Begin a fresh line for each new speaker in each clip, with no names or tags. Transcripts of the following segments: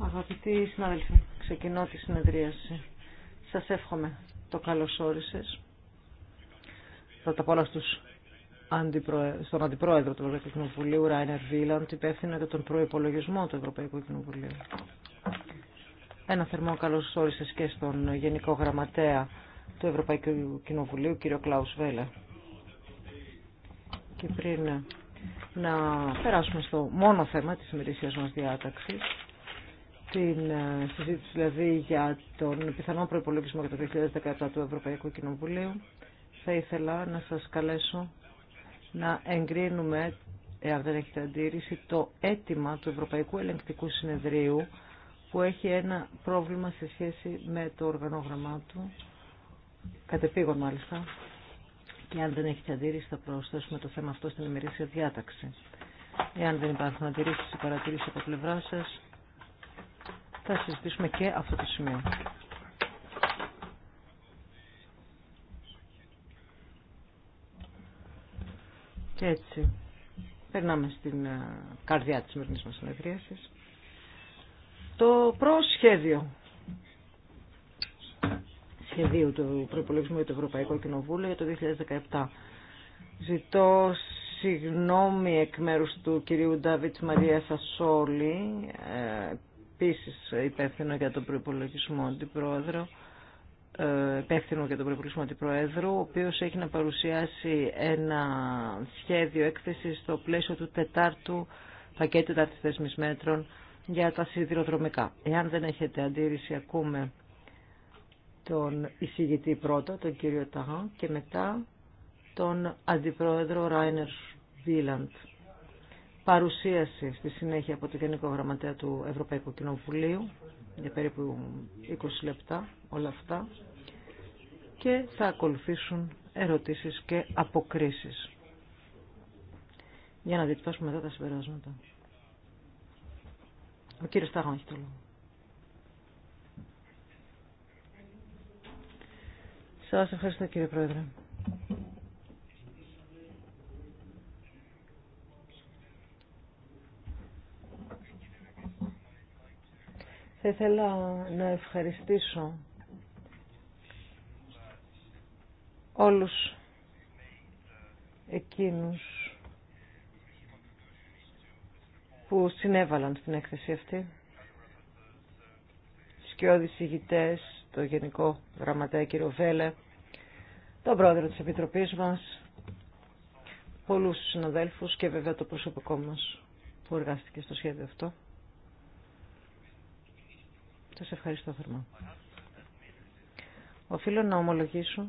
Αγαπητοί συνάδελφοι, ξεκινώ τη συνεδρίαση. Σα εύχομαι το καλώ όρισε Πρώτα απ' όλα στους στον Αντιπρόεδρο του Ευρωπαϊκού Κοινοβουλίου, Ράινερ Βίλαντ, υπεύθυνο για τον προπολογισμό του Ευρωπαϊκού Κοινοβουλίου. Ένα θερμό καλώ όρισε και στον Γενικό Γραμματέα του Ευρωπαϊκού Κοινοβουλίου, κύριο Κλάου Βέλε. Και πριν να περάσουμε στο μόνο θέμα της ημερήσιας μας διάταξης, την ε, συζήτηση δηλαδή για τον πιθανό προϋπολογισμό για το 2017 του Ευρωπαϊκού Κοινοβουλίου. Θα ήθελα να σας καλέσω να εγκρίνουμε, εάν δεν έχετε αντίρρηση, το αίτημα του Ευρωπαϊκού Ελεγκτικού Συνεδρίου που έχει ένα πρόβλημα σε σχέση με το οργανόγραμμά του, κατεπήγον μάλιστα, και αν δεν έχετε αντίρρηση θα προσθέσουμε το θέμα αυτό στην ημερήσια διάταξη. Εάν δεν υπάρχουν αντιρρήσεις ή παρατηρήσεις από πλευρά σα, θα συζητήσουμε και αυτό το σημείο. Και έτσι, περνάμε στην ε, καρδιά της σημερινής μας συνεδρίασης. Το προσχέδιο σχεδίου του προπολογισμού για το Ευρωπαϊκό Κοινοβούλιο για το 2017. Ζητώ συγγνώμη εκ μέρους του κυρίου Ντάβιτ Μαρία Σασόλη, ε, επίση υπεύθυνο για τον προπολογισμό αντιπρόεδρο, ε, υπεύθυνο για τον προπολογισμό προέδρου, ο οποίος έχει να παρουσιάσει ένα σχέδιο έκθεση στο πλαίσιο του τετάρτου πακέτου τετάρτης θέσμης μέτρων για τα σιδηροδρομικά. Εάν δεν έχετε αντίρρηση, ακούμε τον εισηγητή πρώτα, τον κύριο και μετά τον αντιπρόεδρο Ράινερ Βίλαντ. Παρουσίαση στη συνέχεια από το Γενικό Γραμματέα του Ευρωπαϊκού Κοινοβουλίου για περίπου 20 λεπτά όλα αυτά και θα ακολουθήσουν ερωτήσεις και αποκρίσεις για να διπτώσουμε μετά τα συμπεράσματα. Ο κύριος Ταγάν έχει το λόγο. Σας ευχαριστώ κύριε Πρόεδρε. Θα ήθελα να ευχαριστήσω όλους εκείνους που συνέβαλαν στην έκθεση αυτή. Σκιώδεις ηγητές, το Γενικό Γραμματέα κύριο Βέλε, τον πρόεδρο της Επιτροπής μας, πολλούς συναδέλφους και βέβαια το προσωπικό μας που εργάστηκε στο σχέδιο αυτό. Σας ευχαριστώ θερμά. Οφείλω να ομολογήσω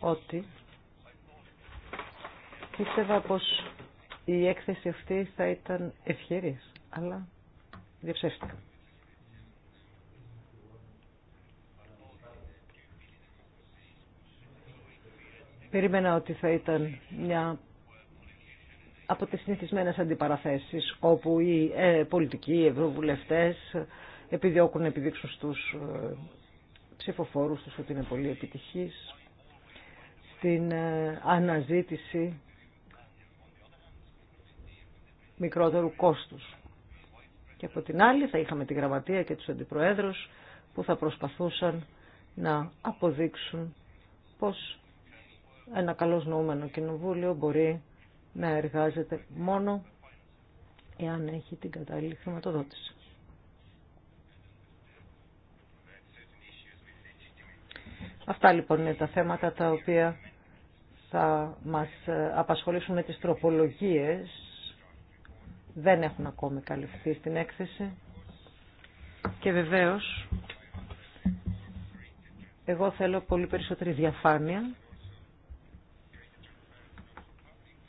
ότι πίστευα πως η έκθεση αυτή θα ήταν ευχερής, αλλά Διαψεύστηκα. Περίμενα ότι θα ήταν μια από τις συνηθισμένες αντιπαραθέσεις όπου οι ε, πολιτικοί, οι ευρωβουλευτές επιδιώκουν να επιδείξουν στους ε, ψηφοφόρους τους ότι είναι πολύ επιτυχής στην ε, αναζήτηση μικρότερου κόστους. Και από την άλλη θα είχαμε τη γραμματεία και τους αντιπροέδρους που θα προσπαθούσαν να αποδείξουν πως ένα καλώς νοούμενο κοινοβούλιο μπορεί να εργάζεται μόνο εάν έχει την κατάλληλη χρηματοδότηση. Αυτά λοιπόν είναι τα θέματα τα οποία θα μας απασχολήσουν με τις τροπολογίες δεν έχουν ακόμη καλυφθεί στην έκθεση. Και βεβαίως, εγώ θέλω πολύ περισσότερη διαφάνεια,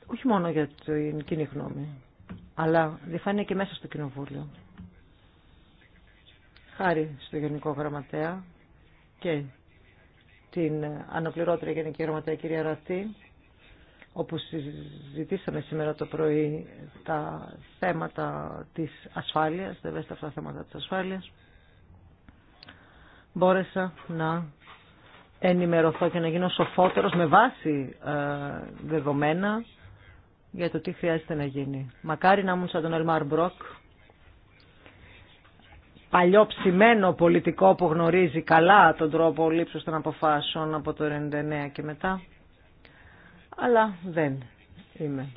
όχι μόνο για την κοινή γνώμη, αλλά διαφάνεια και μέσα στο Κοινοβούλιο. Χάρη στο Γενικό Γραμματέα και την αναπληρώτρια Γενική Γραμματέα κυρία Ρατή, όπου συζητήσαμε σήμερα το πρωί τα θέματα της ασφάλειας, δε ευαίσθητα αυτά τα θέματα της ασφάλειας, μπόρεσα να ενημερωθώ και να γίνω σοφότερος με βάση ε, δεδομένα για το τι χρειάζεται να γίνει. Μακάρι να ήμουν σαν τον Ελμάρ Μπροκ, παλιόψημένο πολιτικό που γνωρίζει καλά τον τρόπο λήψης των αποφάσεων από το 1999 και μετά αλλά δεν είμαι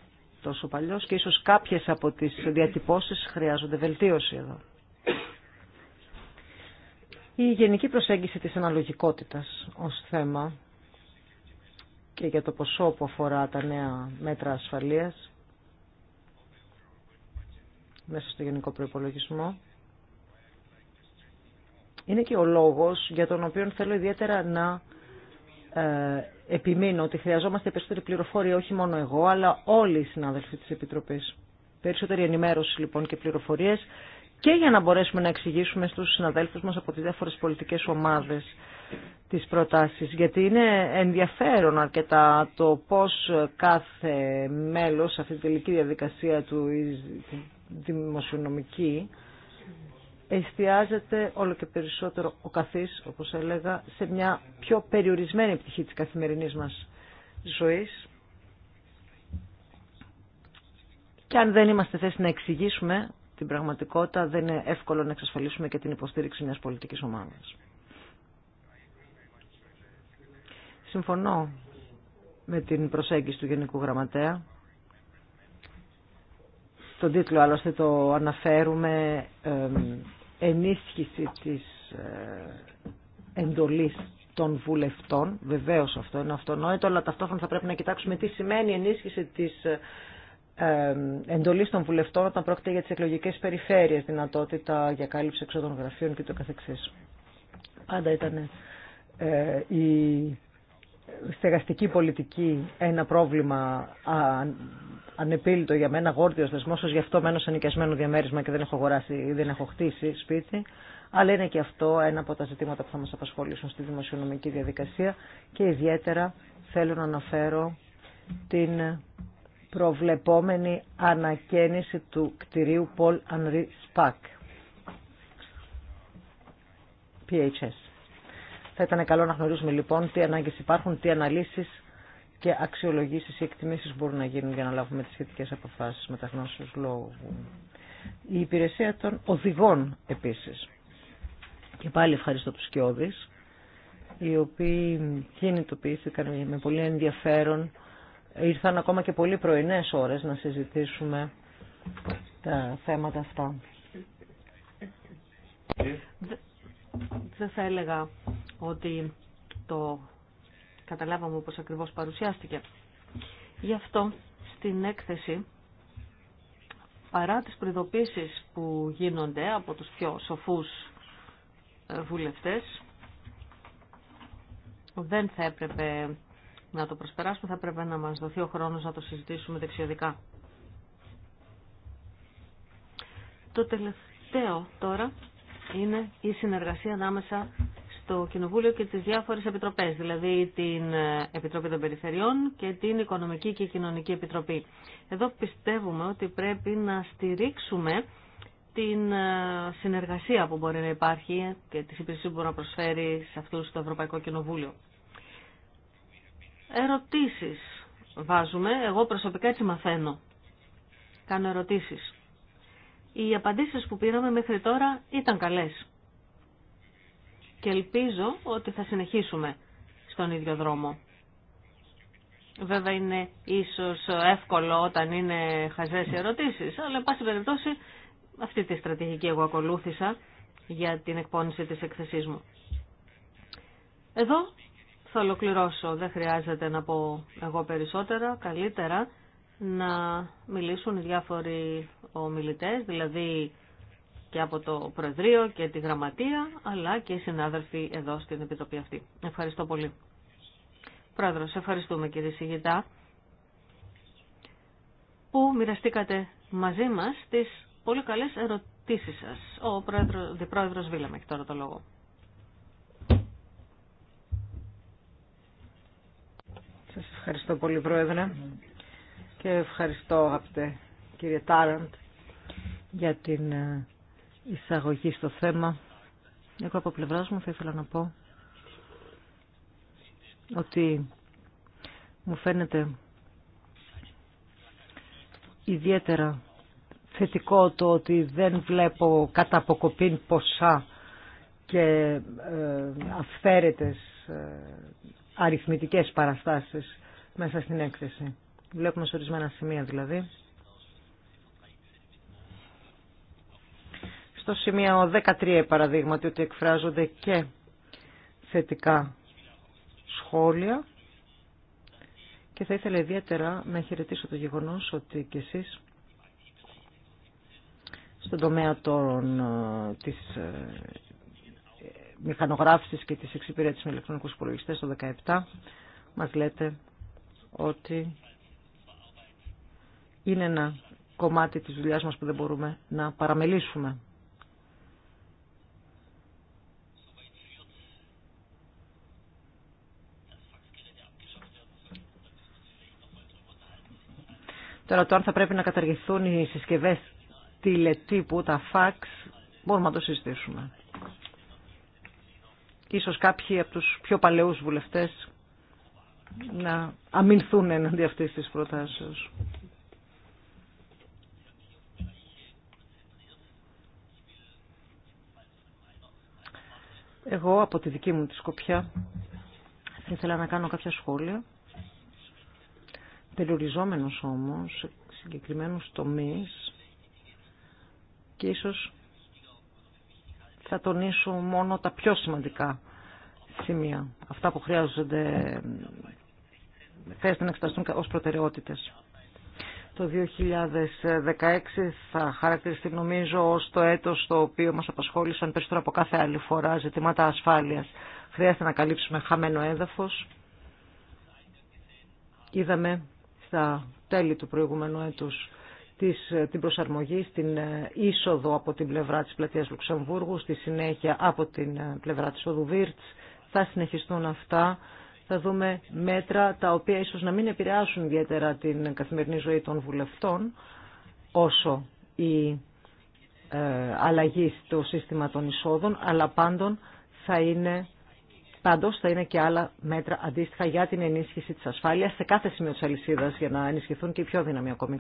τόσο παλιός και ίσως κάποιες από τις διατυπώσεις χρειάζονται βελτίωση εδώ. Η γενική προσέγγιση της αναλογικότητας ως θέμα και για το ποσό που αφορά τα νέα μέτρα ασφαλείας μέσα στο γενικό προϋπολογισμό είναι και ο λόγος για τον οποίο θέλω ιδιαίτερα να ε, επιμείνω ότι χρειαζόμαστε περισσότερη πληροφορία όχι μόνο εγώ αλλά όλοι οι συνάδελφοι της Επιτροπής. Περισσότερη ενημέρωση λοιπόν και πληροφορίες και για να μπορέσουμε να εξηγήσουμε στους συναδέλφους μας από τις διάφορες πολιτικές ομάδες τις προτάσεις. Γιατί είναι ενδιαφέρον αρκετά το πώς κάθε μέλος σε αυτή τη τελική διαδικασία του δημοσιονομική εστιάζεται όλο και περισσότερο ο καθής, όπως έλεγα, σε μια πιο περιορισμένη πτυχή της καθημερινής μας ζωής. Και αν δεν είμαστε θέσει να εξηγήσουμε την πραγματικότητα, δεν είναι εύκολο να εξασφαλίσουμε και την υποστήριξη μιας πολιτικής ομάδας. Συμφωνώ με την προσέγγιση του Γενικού Γραμματέα. Τον τίτλο άλλωστε το αναφέρουμε ενίσχυση της ε, εντολής των βουλευτών. Βεβαίως αυτό είναι αυτονόητο, αλλά ταυτόχρονα θα πρέπει να κοιτάξουμε τι σημαίνει η ενίσχυση της ε, ε, εντολή των βουλευτών όταν πρόκειται για τις εκλογικές περιφέρειες, δυνατότητα για κάλυψη εξόδων γραφείων και το καθεξής. Πάντα ήταν η στεγαστική πολιτική ένα πρόβλημα ανεπίλητο για μένα, γόρτιο θεσμό ω γι' αυτό μένω σε νοικιασμένο διαμέρισμα και δεν έχω αγοράσει δεν έχω χτίσει σπίτι. Αλλά είναι και αυτό ένα από τα ζητήματα που θα μα απασχολήσουν στη δημοσιονομική διαδικασία και ιδιαίτερα θέλω να αναφέρω την προβλεπόμενη ανακαίνιση του κτηρίου Paul Henry Spack. PHS. Θα ήταν καλό να γνωρίζουμε λοιπόν τι ανάγκες υπάρχουν, τι αναλύσεις και αξιολογήσεις ή εκτιμήσεις μπορούν να γίνουν για να λάβουμε τις σχετικές αποφάσεις με τα γνώσεις λόγου. Η υπηρεσία των οδηγών επίσης. Και πάλι ευχαριστώ τους Κιώδης, οι οποίοι κινητοποιήθηκαν με πολύ ενδιαφέρον. Ήρθαν ακόμα και πολύ πρωινές ώρες να συζητήσουμε τα θέματα αυτά.
Δεν θα έλεγα ότι το καταλάβαμε πώς ακριβώς παρουσιάστηκε. Γι' αυτό στην έκθεση, παρά τις προειδοποίησεις που γίνονται από τους πιο σοφούς ε, βουλευτές, δεν θα έπρεπε να το προσπεράσουμε, θα έπρεπε να μας δοθεί ο χρόνος να το συζητήσουμε δεξιωδικά. Το τελευταίο τώρα είναι η συνεργασία ανάμεσα το Κοινοβούλιο και τις διάφορες επιτροπές, δηλαδή την ε, Επιτροπή των Περιφερειών και την Οικονομική και Κοινωνική Επιτροπή. Εδώ πιστεύουμε ότι πρέπει να στηρίξουμε την ε, συνεργασία που μπορεί να υπάρχει και τις υπηρεσίες που μπορεί να προσφέρει σε αυτούς το Ευρωπαϊκό Κοινοβούλιο. Ερωτήσεις βάζουμε. Εγώ προσωπικά έτσι μαθαίνω. Κάνω ερωτήσεις. Οι απαντήσεις που πήραμε μέχρι τώρα ήταν καλές και ελπίζω ότι θα συνεχίσουμε στον ίδιο δρόμο. Βέβαια είναι ίσως εύκολο όταν είναι χαζές οι ερωτήσεις, αλλά εν πάση περιπτώσει αυτή τη στρατηγική εγώ ακολούθησα για την εκπόνηση της εκθεσής μου. Εδώ θα ολοκληρώσω, δεν χρειάζεται να πω εγώ περισσότερα, καλύτερα να μιλήσουν οι διάφοροι ομιλητές, δηλαδή και από το Προεδρείο και τη Γραμματεία, αλλά και οι συνάδελφοι εδώ στην Επιτροπή αυτή. Ευχαριστώ πολύ. Πρόεδρος, ευχαριστούμε κύριε Σιγητά που μοιραστήκατε μαζί μας τις πολύ καλές ερωτήσεις σας. Ο πρόεδρος διπρόεδρος Βίλαμε έχει τώρα το λόγο.
Σας ευχαριστώ πολύ πρόεδρε και ευχαριστώ αγαπητέ κύριε Τάραντ για την ε, εισαγωγή στο θέμα. Εγώ από πλευράς μου θα ήθελα να πω ότι μου φαίνεται ιδιαίτερα θετικό το ότι δεν βλέπω κατά αποκοπήν ποσά και ε, αυθαίρετες ε, αριθμητικές παραστάσεις μέσα στην έκθεση. Βλέπουμε σε ορισμένα σημεία δηλαδή στο σημείο 13 παραδείγματι ότι εκφράζονται και θετικά σχόλια και θα ήθελα ιδιαίτερα να χαιρετήσω το γεγονός ότι και εσείς στον τομέα των, ε, της ε, μηχανογράφησης και της εξυπηρέτησης με ηλεκτρονικούς υπολογιστές το 2017 μας λέτε ότι είναι ένα κομμάτι της δουλειάς μας που δεν μπορούμε να παραμελήσουμε. Τώρα το αν θα πρέπει να καταργηθούν οι συσκευές τηλετύπου, τα φαξ, μπορούμε να το συζητήσουμε. Ίσως κάποιοι από τους πιο παλαιούς βουλευτές να αμυνθούν εναντί αυτής της προτάσεως. Εγώ από τη δική μου τη σκοπιά ήθελα να κάνω κάποια σχόλια περιοριζόμενος όμως σε συγκεκριμένους τομείς και ίσως θα τονίσω μόνο τα πιο σημαντικά σημεία, αυτά που χρειάζονται, ε, χρειάζεται να εξεταστούν ως προτεραιότητες. Το 2016 θα χαρακτηριστεί νομίζω ως το έτος το οποίο μας απασχόλησαν περισσότερο από κάθε άλλη φορά ζητήματα ασφάλειας. Χρειάζεται να καλύψουμε χαμένο έδαφος. Είδαμε στα τέλη του προηγούμενου έτους της, την προσαρμογή στην ε, είσοδο από την πλευρά της πλατείας Λουξεμβούργου, στη συνέχεια από την ε, πλευρά της Οδουβίρτς Θα συνεχιστούν αυτά. Θα δούμε μέτρα τα οποία ίσως να μην επηρεάσουν ιδιαίτερα την καθημερινή ζωή των βουλευτών, όσο η ε, αλλαγή στο σύστημα των εισόδων, αλλά πάντων θα είναι Παντώ θα είναι και άλλα μέτρα αντίστοιχα για την ενίσχυση της ασφάλειας σε κάθε σημείο τη αλυσίδα για να ενισχυθούν και οι πιο δύναμοι ακόμη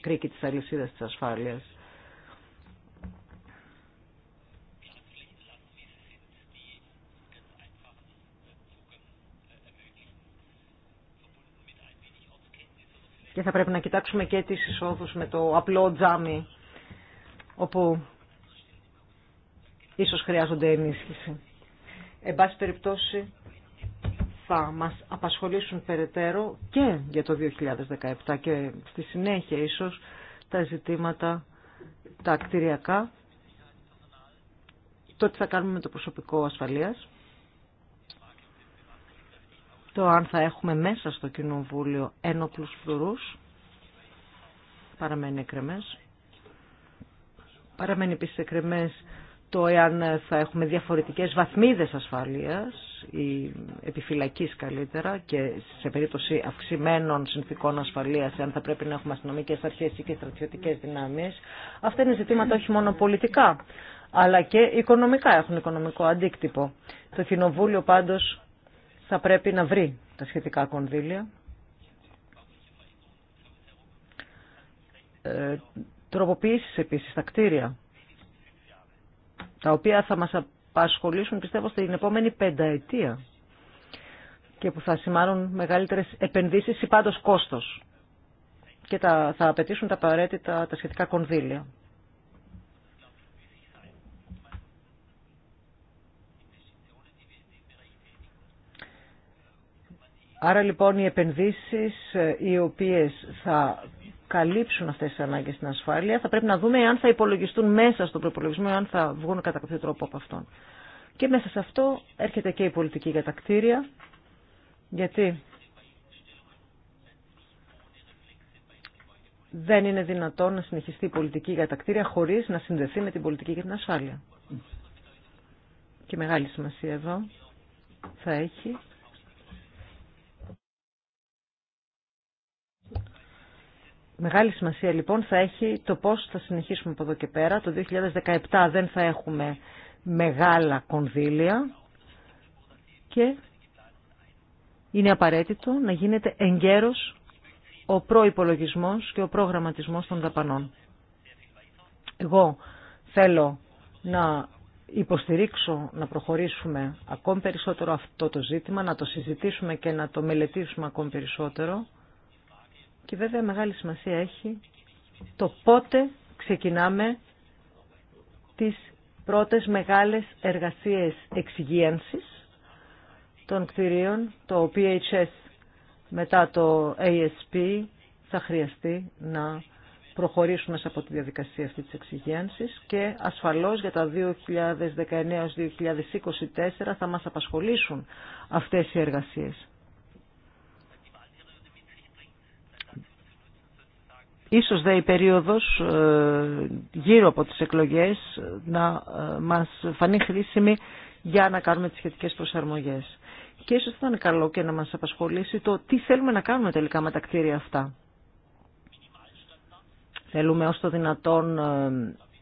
κρίκοι της αλυσίδα της ασφάλειας. Και θα πρέπει να κοιτάξουμε και τις εισόδους με το απλό τζάμι, όπου ίσως χρειάζονται ενίσχυση εν πάση περιπτώσει θα μας απασχολήσουν περαιτέρω και για το 2017 και στη συνέχεια ίσως τα ζητήματα τα ακτηριακά. το τι θα κάνουμε με το προσωπικό ασφαλείας, το αν θα έχουμε μέσα στο Κοινοβούλιο ένοπλους φρουρούς, παραμένει εκκρεμές. Παραμένει επίσης το εάν θα έχουμε διαφορετικές βαθμίδες ασφαλείας ή επιφυλακής καλύτερα και σε περίπτωση αυξημένων συνθήκων ασφαλείας εάν θα πρέπει να έχουμε αστυνομικές αρχές ή και στρατιωτικές δυνάμεις. Αυτά είναι ζητήματα όχι μόνο πολιτικά αλλά και οικονομικά έχουν οικονομικό αντίκτυπο. Το Κοινοβούλιο πάντως θα πρέπει να βρει τα σχετικά κονδύλια. Ε, τροποποιήσεις επίσης στα κτίρια τα οποία θα μας απασχολήσουν πιστεύω στην επόμενη πενταετία και που θα σημάνουν μεγαλύτερες επενδύσεις ή πάντως κόστος και τα, θα απαιτήσουν τα απαραίτητα τα σχετικά κονδύλια. Άρα λοιπόν οι επενδύσεις ε, οι οποίες θα καλύψουν αυτές τις ανάγκες στην ασφάλεια. Θα πρέπει να δούμε αν θα υπολογιστούν μέσα στον προπολογισμό, αν θα βγουν κατά κάποιο τρόπο από αυτόν. Και μέσα σε αυτό έρχεται και η πολιτική για τα κτίρια, γιατί δεν είναι δυνατόν να συνεχιστεί η πολιτική για τα κτίρια χωρίς να συνδεθεί με την πολιτική για την ασφάλεια. Και μεγάλη σημασία εδώ θα έχει Μεγάλη σημασία λοιπόν θα έχει το πώς θα συνεχίσουμε από εδώ και πέρα. Το 2017 δεν θα έχουμε μεγάλα κονδύλια και είναι απαραίτητο να γίνεται εγκαίρος ο προϋπολογισμός και ο προγραμματισμός των δαπανών. Εγώ θέλω να υποστηρίξω να προχωρήσουμε ακόμη περισσότερο αυτό το ζήτημα, να το συζητήσουμε και να το μελετήσουμε ακόμη περισσότερο και βέβαια μεγάλη σημασία έχει το πότε ξεκινάμε τις πρώτες μεγάλες εργασίες εξυγίανσης των κτηρίων, το PHS μετά το ASP θα χρειαστεί να προχωρήσουμε μέσα από τη διαδικασία αυτή της εξυγένσης και ασφαλώς για τα 2019-2024 θα μας απασχολήσουν αυτές οι εργασίες. Ίσως δε η περίοδος ε, γύρω από τις εκλογές να ε, μας φανεί χρήσιμη για να κάνουμε τις σχετικές προσαρμογές. Και ίσως θα καλό και να μας απασχολήσει το τι θέλουμε να κάνουμε τελικά με τα κτίρια αυτά. Θέλουμε ως το δυνατόν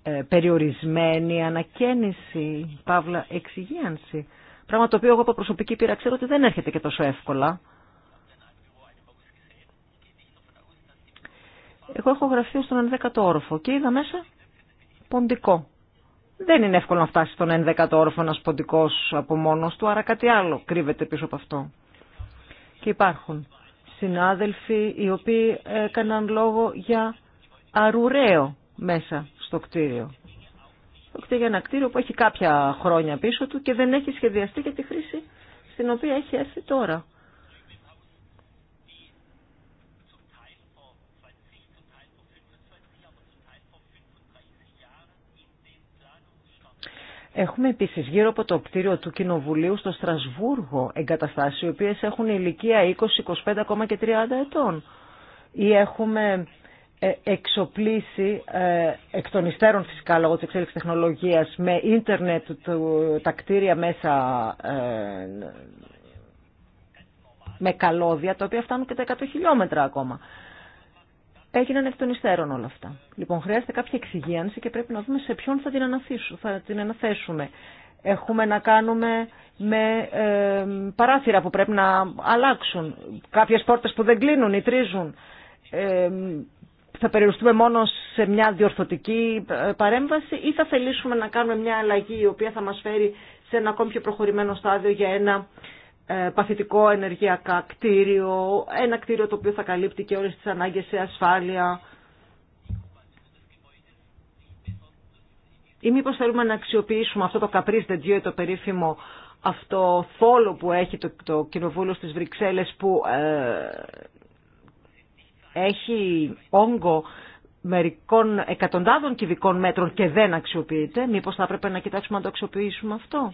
ε, περιορισμένη ανακαίνιση, παύλα εξυγίανση. Πράγμα το οποίο εγώ από προσωπική πείρα ξέρω ότι δεν έρχεται και τόσο εύκολα. Εγώ έχω γραφείο στον 11ο όροφο και είδα μέσα ποντικό. Δεν είναι εύκολο να φτάσει στον 11ο όροφο ένα ποντικό από μόνο του, άρα κάτι άλλο κρύβεται πίσω από αυτό. Και υπάρχουν συνάδελφοι οι οποίοι έκαναν λόγο για αρουραίο μέσα στο κτίριο. κτίριο είναι ένα κτίριο που έχει κάποια χρόνια πίσω του και δεν έχει σχεδιαστεί για τη χρήση στην οποία έχει έρθει τώρα. Έχουμε επίσης γύρω από το κτίριο του Κοινοβουλίου στο Στρασβούργο εγκαταστάσει, οι οποίε έχουν ηλικία 20, 25, ακόμα και 30 ετών. Ή έχουμε ε, εξοπλίσει ε, εκ των υστέρων φυσικά λόγω της εξέλιξης τεχνολογίας με ίντερνετ τα κτίρια μέσα ε, με καλώδια τα οποία φτάνουν και τα 100 χιλιόμετρα ακόμα έγιναν εκ των υστέρων όλα αυτά. Λοιπόν, χρειάζεται κάποια εξυγίανση και πρέπει να δούμε σε ποιον θα την, θα την αναθέσουμε. Έχουμε να κάνουμε με ε, παράθυρα που πρέπει να αλλάξουν, κάποιες πόρτες που δεν κλείνουν ή τρίζουν. Ε, θα περιοριστούμε μόνο σε μια διορθωτική ε, παρέμβαση ή θα θελήσουμε να κάνουμε μια αλλαγή η οποία θα μας φέρει σε ένα ακόμη πιο προχωρημένο στάδιο για ένα ε, παθητικό ενεργειακά κτίριο, ένα κτίριο το οποίο θα καλύπτει και όλες τις ανάγκες σε ασφάλεια. Ή μήπω θέλουμε να αξιοποιήσουμε αυτό το Caprice de Dieu, το περίφημο αυτό θόλο που έχει το, το κοινοβούλιο στις Βρυξέλλες που ε, έχει όγκο μερικών εκατοντάδων κυβικών μέτρων και δεν αξιοποιείται. Μήπως θα έπρεπε να κοιτάξουμε να το αξιοποιήσουμε αυτό.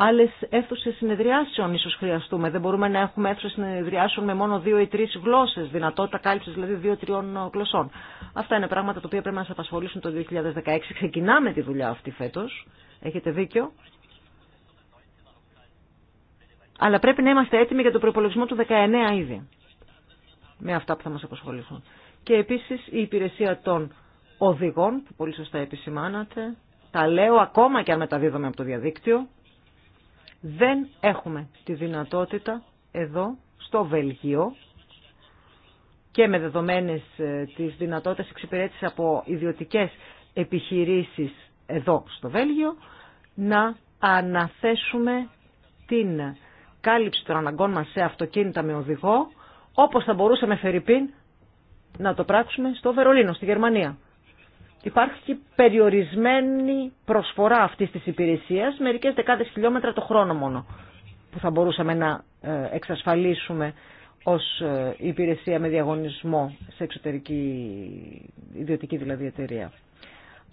Άλλε αίθουσε συνεδριάσεων ίσω χρειαστούμε. Δεν μπορούμε να έχουμε αίθουσε συνεδριάσεων με μόνο δύο ή τρει γλωσσε δυνατοτητα δυνατότητα κάλυψης δηλαδή δύο-τριών γλωσσών. Αυτά είναι πράγματα τα οποία πρέπει να σα απασχολήσουν το 2016. Ξεκινάμε τη δουλειά αυτή φέτο. Έχετε δίκιο. Αλλά πρέπει να είμαστε έτοιμοι για τον προπολογισμό του 19 ήδη. Με αυτά που θα μα απασχολήσουν. Και επίση, η υπηρεσία των οδηγών, που πολύ σωστά επισημάνατε. Τα λέω ακόμα και αν μεταδίδομαι από το διαδίκτυο δεν έχουμε τη δυνατότητα εδώ στο Βελγίο και με δεδομένες ε, τις δυνατότητες εξυπηρέτησης από ιδιωτικές επιχειρήσεις εδώ στο Βέλγιο να αναθέσουμε την κάλυψη των αναγκών μας σε αυτοκίνητα με οδηγό όπως θα μπορούσαμε φερρυπίν να το πράξουμε στο Βερολίνο, στη Γερμανία. Υπάρχει περιορισμένη προσφορά αυτής της υπηρεσίας, μερικές δεκάδες χιλιόμετρα το χρόνο μόνο, που θα μπορούσαμε να ε, εξασφαλίσουμε ως ε, υπηρεσία με διαγωνισμό σε εξωτερική ιδιωτική δηλαδή εταιρεία.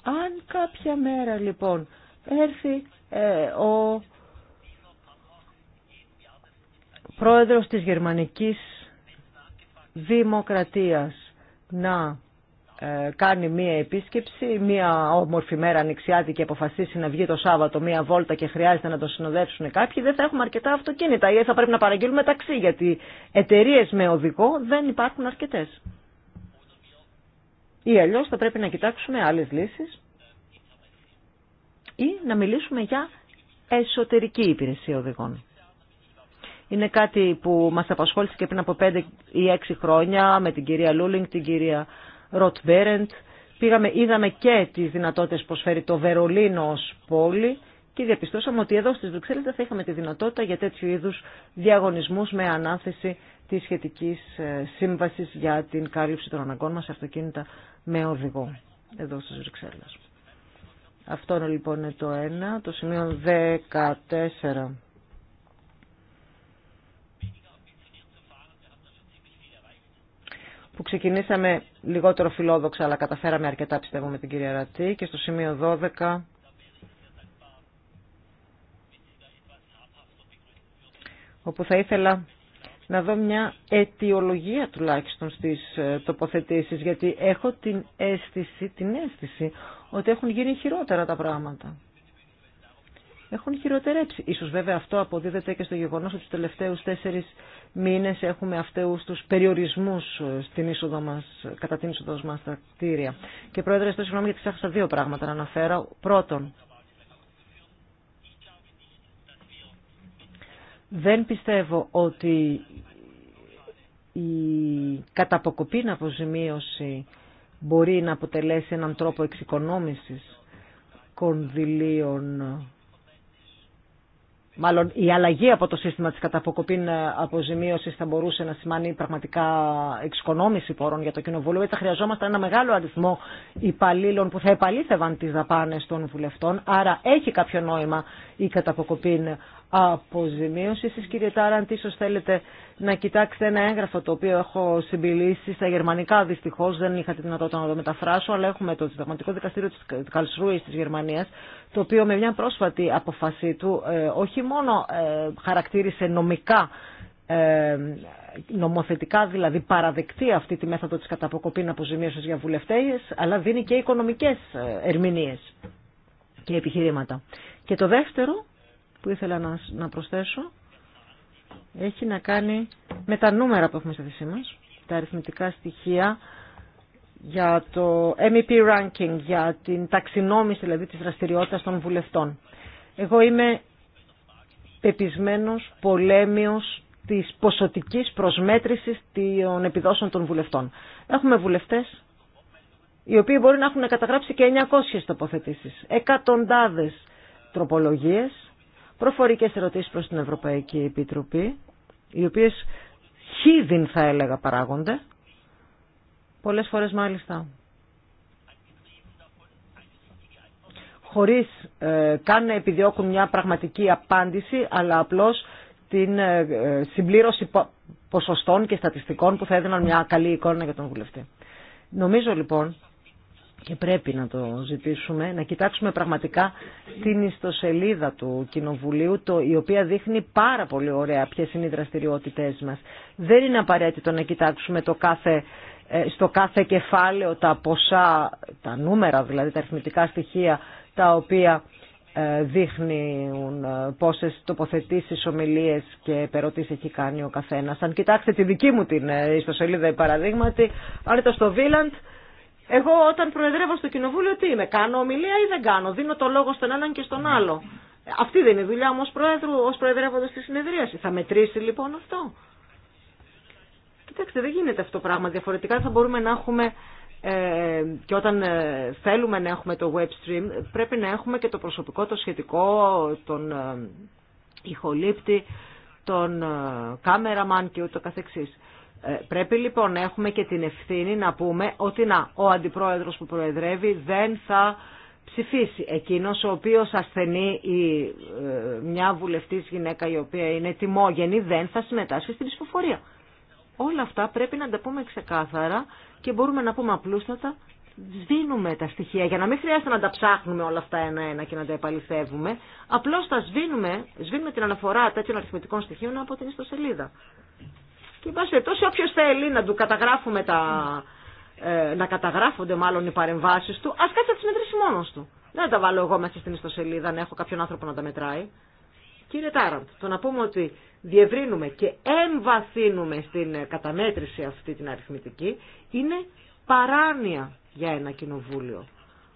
Αν κάποια μέρα λοιπόν έρθει ε, ο πρόεδρος της γερμανικής δημοκρατίας να ε, κάνει μία επίσκεψη, μία όμορφη μέρα ανοιξιάτη και αποφασίσει να βγει το Σάββατο μία βόλτα και χρειάζεται να το συνοδεύσουν κάποιοι, δεν θα έχουμε αρκετά αυτοκίνητα ή θα πρέπει να παραγγείλουμε ταξί, γιατί εταιρείε με οδηγό δεν υπάρχουν αρκετέ. Ή αλλιώ θα πρέπει να κοιτάξουμε άλλε λύσει ή να μιλήσουμε για εσωτερική υπηρεσία οδηγών. Είναι κάτι που μας απασχόλησε και πριν από 5 ή 6 χρόνια με την κυρία Λούλινγκ, την κυρία Ροτ Μπέρεντ. Πήγαμε, είδαμε και τι δυνατότητε που προσφέρει το Βερολίνο ω πόλη και διαπιστώσαμε ότι εδώ στις Βρυξέλλε θα είχαμε τη δυνατότητα για τέτοιου είδου διαγωνισμούς με ανάθεση τη σχετική ε, σύμβασης για την κάλυψη των αναγκών μας σε αυτοκίνητα με οδηγό εδώ στις Βρυξέλλε. Αυτό είναι λοιπόν το ένα, το σημείο 14. που ξεκινήσαμε λιγότερο φιλόδοξα αλλά καταφέραμε αρκετά πιστεύω με την κυρία Ρατή και στο σημείο 12 όπου θα ήθελα να δω μια αιτιολογία τουλάχιστον στις ε, τοποθετήσεις γιατί έχω την αίσθηση, την αίσθηση ότι έχουν γίνει χειρότερα τα πράγματα. Έχουν χειροτερέψει. Ίσως βέβαια αυτό αποδίδεται και στο γεγονός ότι τους τελευταίους τέσσερις μήνες έχουμε αυτούς τους περιορισμούς στην είσοδο μας, κατά την είσοδο μας στα κτίρια. Και πρόεδρε, στο συγγνώμη γιατί ξέχασα δύο πράγματα να αναφέρω. Πρώτον, δεν πιστεύω ότι η να αποζημίωση μπορεί να αποτελέσει έναν τρόπο εξοικονόμησης κονδυλίων μάλλον η αλλαγή από το σύστημα της καταποκοπήν ε, αποζημίωσης θα μπορούσε να σημάνει πραγματικά εξοικονόμηση πόρων για το Κοινοβούλιο. Έτσι θα χρειαζόμασταν ένα μεγάλο αριθμό υπαλλήλων που θα επαλήθευαν τις δαπάνες των βουλευτών. Άρα έχει κάποιο νόημα η καταποκοπή αποζημίωση. Εσείς κύριε Τάραντ, ίσω θέλετε να κοιτάξετε ένα έγγραφο το οποίο έχω συμπηλήσει στα γερμανικά Δυστυχώ, δεν είχα τη δυνατότητα να το μεταφράσω, αλλά έχουμε το Συνταγματικό Δικαστήριο της Καλσρούης της Γερμανίας, το οποίο με μια πρόσφατη αποφασή του ε, όχι μόνο ε, χαρακτήρισε νομικά ε, νομοθετικά δηλαδή παραδεκτεί αυτή τη μέθοδο της καταποκοπήν αποζημίωσης για βουλευτές, αλλά δίνει και οικονομικές ερμηνείες και επιχειρήματα. Και το δεύτερο που ήθελα να, να προσθέσω έχει να κάνει με τα νούμερα που έχουμε στη θέση μας, τα αριθμητικά στοιχεία για το MEP ranking, για την ταξινόμηση δηλαδή της δραστηριότητας των βουλευτών. Εγώ είμαι πεπισμένος πολέμιος της ποσοτικής προσμέτρησης των επιδόσεων των βουλευτών. Έχουμε βουλευτές οι οποίοι μπορεί να έχουν καταγράψει και 900 τοποθετήσεις, εκατοντάδες τροπολογίες προφορικές ερωτήσεις προς την Ευρωπαϊκή Επιτροπή, οι οποίες χίδιν θα έλεγα παράγονται, πολλές φορές μάλιστα. Χωρίς ε, καν να επιδιώκουν μια πραγματική απάντηση, αλλά απλώς την ε, συμπλήρωση ποσοστών και στατιστικών που θα έδιναν μια καλή εικόνα για τον βουλευτή. Νομίζω λοιπόν και πρέπει να το ζητήσουμε, να κοιτάξουμε πραγματικά την ιστοσελίδα του Κοινοβουλίου, το, η οποία δείχνει πάρα πολύ ωραία ποιες είναι οι δραστηριότητές μας. Δεν είναι απαραίτητο να κοιτάξουμε το κάθε, ε, στο κάθε κεφάλαιο τα ποσά, τα νούμερα δηλαδή, τα αριθμητικά στοιχεία, τα οποία ε, δείχνουν ε, πόσες τοποθετήσεις, ομιλίες και περωτήσεις έχει κάνει ο καθένας. Αν κοιτάξτε τη δική μου την ιστοσελίδα, παραδείγματι, αν ήταν στο Βίλαντ, εγώ όταν προεδρεύω στο κοινοβούλιο τι είμαι, κάνω ομιλία ή δεν κάνω, δίνω το λόγο στον έναν και στον άλλο. Αυτή δεν είναι η δουλειά μου ως πρόεδρου, ως προεδρεύοντας τη συνεδρίαση. Θα μετρήσει λοιπόν αυτό. Κοιτάξτε, δεν γίνεται αυτό το πράγμα. Διαφορετικά θα μπορούμε να έχουμε ε, και όταν ε, θέλουμε να έχουμε το web stream, πρέπει να έχουμε και το προσωπικό, το σχετικό, τον ε, ηχολήπτη, τον ε, κάμεραμαν και ούτω καθεξής. Ε, πρέπει λοιπόν να έχουμε και την ευθύνη να πούμε ότι να, ο αντιπρόεδρος που προεδρεύει δεν θα ψηφίσει. Εκείνος ο οποίος ασθενεί ή ε, μια βουλευτής γυναίκα η οποία είναι τιμόγενη δεν θα συμμετάσχει στην ψηφοφορία. Όλα αυτά πρέπει να τα πούμε ξεκάθαρα και μπορούμε να πούμε απλούστατα σβήνουμε τα στοιχεία για να μην χρειάζεται να τα ψάχνουμε όλα αυτά ένα-ένα και να τα επαληθεύουμε. Απλώς τα σβήνουμε, σβήνουμε την αναφορά τέτοιων αριθμητικών στοιχείων από την ιστοσελίδα. Και σε τόσο όποιος θέλει να του καταγράφουμε τα... Ε, να καταγράφονται μάλλον οι παρεμβάσεις του, ας κάτσει να τις μετρήσει μόνος του. Δεν θα τα βάλω εγώ μέσα στην ιστοσελίδα, να έχω κάποιον άνθρωπο να τα μετράει. Κύριε Τάραντ, το να πούμε ότι διευρύνουμε και εμβαθύνουμε στην ε, καταμέτρηση αυτή την αριθμητική, είναι παράνοια για ένα κοινοβούλιο.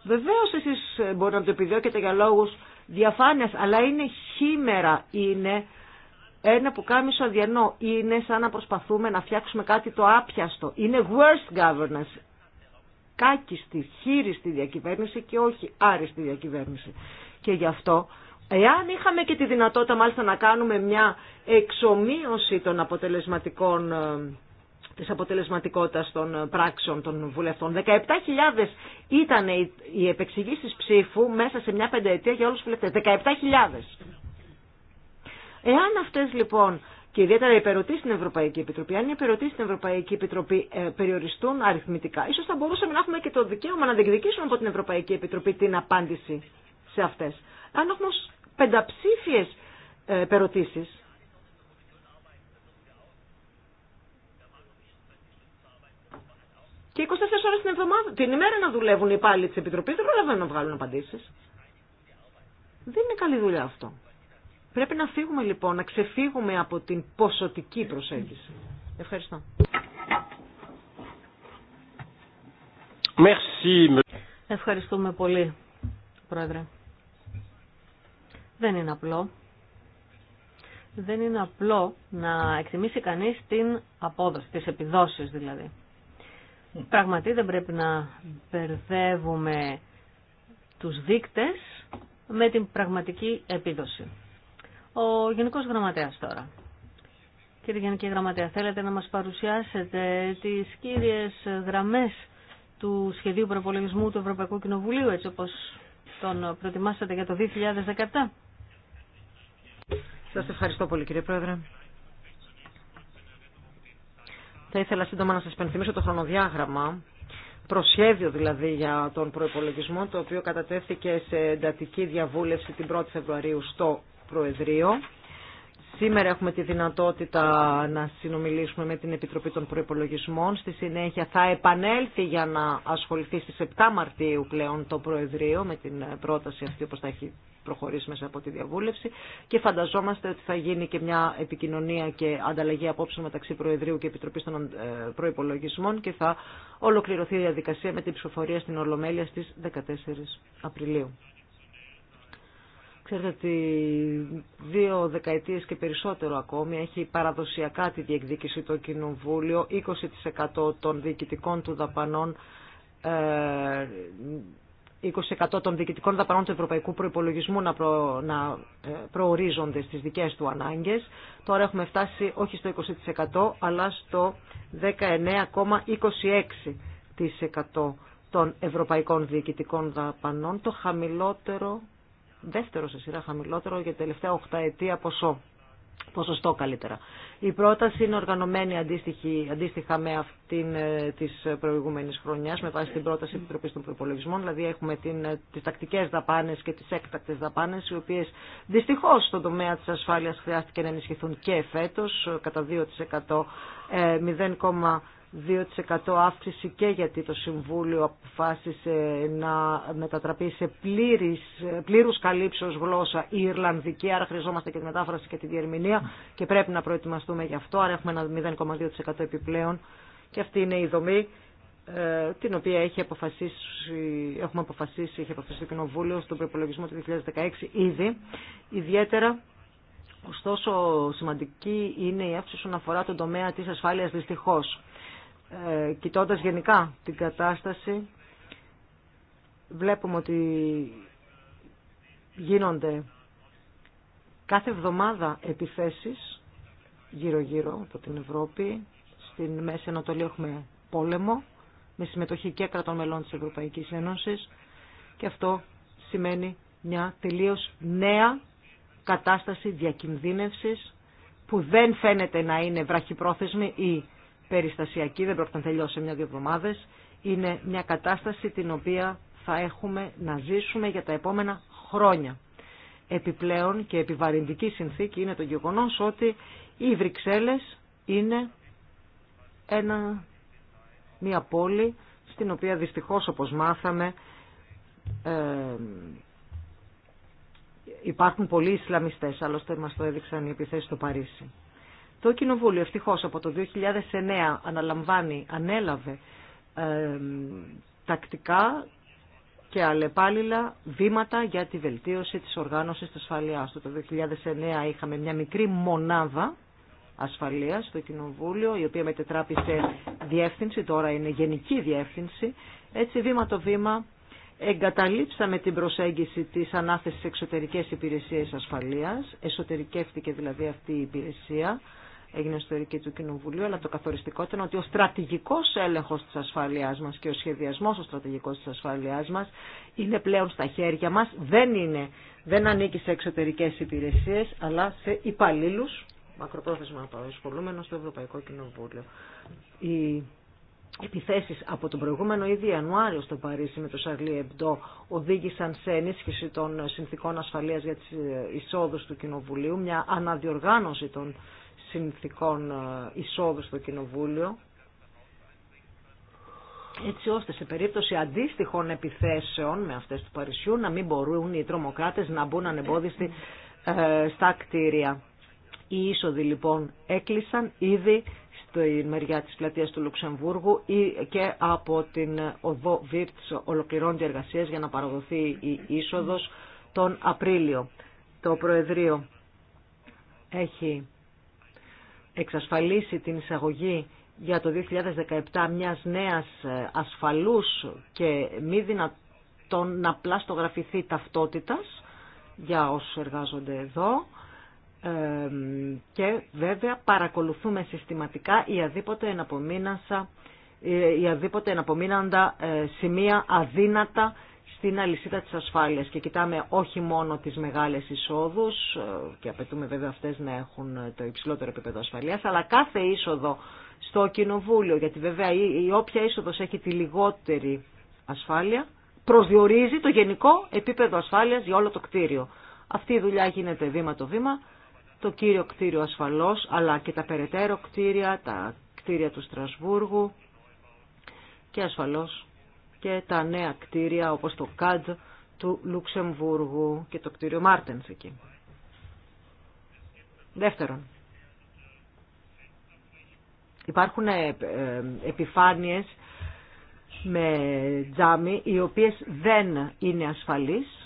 Βεβαίω εσεί ε, μπορεί να το επιδιώκετε για λόγου διαφάνεια, αλλά είναι χήμερα, είναι ένα που κάμισο αδιανό. Είναι σαν να προσπαθούμε να φτιάξουμε κάτι το άπιαστο. Είναι worst governance. Κάκιστη, χείριστη διακυβέρνηση και όχι άριστη διακυβέρνηση. Και γι' αυτό, εάν είχαμε και τη δυνατότητα μάλιστα να κάνουμε μια εξομοίωση των αποτελεσματικών ε, της αποτελεσματικότητας των ε, πράξεων των βουλευτών. 17.000 ήταν οι επεξηγήσεις ψήφου μέσα σε μια πενταετία για όλους τους βουλευτές. 17.000. Εάν αυτέ λοιπόν και ιδιαίτερα οι υπερωτήσει στην Ευρωπαϊκή Επιτροπή. Αν οι υπερωτοί στην Ευρωπαϊκή Επιτροπή ε, περιοριστούν αριθμητικά, ίσω θα μπορούσαμε να έχουμε και το δικαίωμα να διεκδικήσουμε από την Ευρωπαϊκή Επιτροπή την απάντηση σε αυτέ. Αν έχουμε πενταψήφιε ε, Και 24 ώρε την εβδομάδα, την ημέρα να δουλεύουν οι υπάλληλοι τη Επιτροπή, δεν προλαβαίνουν να βγάλουν απαντήσει. Δεν είναι καλή δουλειά αυτό. Πρέπει να φύγουμε λοιπόν, να ξεφύγουμε από την ποσοτική προσέγγιση. Ευχαριστώ.
Merci.
Ευχαριστούμε πολύ, Πρόεδρε. Δεν είναι απλό. Δεν είναι απλό να εκτιμήσει κανείς την απόδοση, τις επιδόσεις δηλαδή. Πραγματικά δεν πρέπει να μπερδεύουμε τους δείκτες με την πραγματική επίδοση. Ο Γενικός Γραμματέας τώρα. Κύριε Γενική Γραμματέα, θέλετε να μας παρουσιάσετε τις κύριες γραμμές του σχεδίου προπολογισμού του Ευρωπαϊκού Κοινοβουλίου, έτσι όπως τον προετοιμάσατε για το 2017. Σας ευχαριστώ πολύ κύριε Πρόεδρε. Θα ήθελα σύντομα να σας πενθυμίσω
το χρονοδιάγραμμα, προσχέδιο δηλαδή για τον προϋπολογισμό, το οποίο κατατέθηκε σε εντατική διαβούλευση την 1η Φεβρουαρίου στο Προεδρείο. Σήμερα έχουμε τη δυνατότητα να συνομιλήσουμε με την Επιτροπή των Προϋπολογισμών. Στη συνέχεια θα επανέλθει για να ασχοληθεί στις 7 Μαρτίου πλέον το Προεδρείο με την πρόταση αυτή όπως θα έχει προχωρήσει μέσα από τη διαβούλευση και φανταζόμαστε ότι θα γίνει και μια επικοινωνία και ανταλλαγή απόψεων μεταξύ Προεδρείου και Επιτροπής των ε, Προϋπολογισμών και θα ολοκληρωθεί η διαδικασία με την ψηφοφορία στην Ολομέλεια στις 14 Απριλίου. Ξέρετε ότι δύο δεκαετίες και περισσότερο ακόμη έχει παραδοσιακά τη διεκδίκηση το Κοινοβούλιο, 20% των διοικητικών του δαπανών 20% ε, των διοικητικών δαπανών του ευρωπαϊκού προϋπολογισμού να, να ε, προορίζονται στις δικές του ανάγκες. Τώρα έχουμε φτάσει όχι στο 20% αλλά στο 19,26% των ευρωπαϊκών διοικητικών δαπανών, το χαμηλότερο δεύτερο σε σειρά χαμηλότερο για τα τελευταία 8 ετία ποσό. Ποσοστό καλύτερα. Η πρόταση είναι οργανωμένη αντίστοιχα με αυτήν ε, τη προηγούμενη χρονιά, με βάση την πρόταση Επιτροπή των Προπολογισμών. Δηλαδή, έχουμε ε, τι τακτικέ δαπάνε και τι έκτακτε δαπάνε, οι οποίε δυστυχώ στον τομέα τη ασφάλεια χρειάστηκε να ενισχυθούν και φέτο ε, κατά 2%. Ε, 0, 2% αύξηση και γιατί το Συμβούλιο αποφάσισε να μετατραπεί σε πλήρης, πλήρους καλύψεως γλώσσα η Ιρλανδική, άρα χρειαζόμαστε και τη μετάφραση και τη διερμηνία και πρέπει να προετοιμαστούμε γι' αυτό, άρα έχουμε ένα 0,2% επιπλέον και αυτή είναι η δομή ε, την οποία έχει αποφασίσει, έχουμε αποφασίσει, έχει αποφασίσει το Κοινοβούλιο στον προπολογισμό του 2016 ήδη. Ιδιαίτερα Ωστόσο, σημαντική είναι η αύξηση όσον αφορά τον τομέα της ασφάλειας δυστυχώς ε, κοιτώντας γενικά την κατάσταση, βλέπουμε ότι γίνονται κάθε εβδομάδα επιθέσεις γύρω-γύρω από την Ευρώπη. Στην Μέση Ανατολή έχουμε πόλεμο με συμμετοχή και κρατών μελών της Ευρωπαϊκής Ένωσης και αυτό σημαίνει μια τελείως νέα κατάσταση διακινδύνευσης που δεν φαίνεται να είναι βραχυπρόθεσμη ή περιστασιακή, δεν πρόκειται να τελειώσει μια κατάσταση την οποία θα έχουμε να ζήσουμε για τα επόμενα χρόνια. Επιπλέον και επιβαρυντική συνθήκη είναι το γεγονός ότι οι Βρυξέλλες είναι μια πόλη στην οποία δυστυχώς όπως μάθαμε ε, υπάρχουν πολλοί Ισλαμιστές, άλλωστε μας το έδειξαν οι επιθέσεις στο Παρίσι. Το Κοινοβούλιο ευτυχώ από το 2009 αναλαμβάνει, ανέλαβε τακτικά και αλλεπάλληλα βήματα για τη βελτίωση της οργάνωσης της ασφαλείας Το 2009 είχαμε μια μικρή μονάδα ασφαλείας στο Κοινοβούλιο, η οποία μετετράπησε σε διεύθυνση, τώρα είναι γενική διεύθυνση. Έτσι βήμα το βήμα εγκαταλείψαμε την προσέγγιση της ανάθεσης εξωτερικές υπηρεσίες ασφαλείας, εσωτερικεύτηκε δηλαδή αυτή η υπηρεσία, έγινε ιστορική του Κοινοβουλίου, αλλά το καθοριστικό ήταν ότι ο στρατηγικό έλεγχο τη ασφάλεια μα και ο σχεδιασμό ο στρατηγικό τη ασφαλείας μα είναι πλέον στα χέρια μα, δεν, είναι, δεν ανήκει σε εξωτερικέ υπηρεσίε, αλλά σε υπαλλήλου μακροπρόθεσμα απασχολούμενο στο Ευρωπαϊκό Κοινοβούλιο. Οι επιθέσει από τον προηγούμενο ήδη Ιανουάριο στο Παρίσι με το Σαρλί Εμπτό οδήγησαν σε ενίσχυση των συνθήκων ασφαλεία για τι εισόδου του Κοινοβουλίου, μια αναδιοργάνωση των συνθήκων ε, εισόδου στο Κοινοβούλιο, έτσι ώστε σε περίπτωση αντίστοιχων επιθέσεων με αυτές του Παρισιού να μην μπορούν οι τρομοκράτες να μπουν ανεμπόδιστοι ε, στα κτίρια. Οι είσοδοι λοιπόν έκλεισαν ήδη στη μεριά της πλατείας του Λουξεμβούργου και από την οδό Βίρτς ολοκληρώνται εργασίες για να παραδοθεί η είσοδος τον Απρίλιο. Το Προεδρείο έχει εξασφαλίσει την εισαγωγή για το 2017 μιας νέας ε, ασφαλούς και μη δυνατόν να πλαστογραφηθεί ταυτότητας για όσους εργάζονται εδώ και βέβαια παρακολουθούμε συστηματικά η αδίποτε ε, εναπομείναντα ε, σημεία αδύνατα στην αλυσίδα της ασφάλειας και κοιτάμε όχι μόνο τις μεγάλες εισόδους ε, και απαιτούμε βέβαια αυτές να έχουν ε, το υψηλότερο επίπεδο ασφαλείας αλλά κάθε είσοδο στο κοινοβούλιο γιατί βέβαια η όποια είσοδος έχει τη λιγότερη ασφάλεια προσδιορίζει το γενικό επίπεδο ασφάλειας για όλο το κτίριο. Αυτή η δουλειά γίνεται βήμα το βήμα, το κύριο κτίριο ασφαλώς αλλά και τα περαιτέρω κτίρια, τα κτίρια του Στρασβούργου και ασφαλώς και τα νέα κτίρια όπως το ΚΑΤΖ του Λουξεμβούργου και το κτίριο Μάρτενς εκεί. Δεύτερον, υπάρχουν ε, ε, επιφάνειες με τζάμι οι οποίες δεν είναι ασφαλείς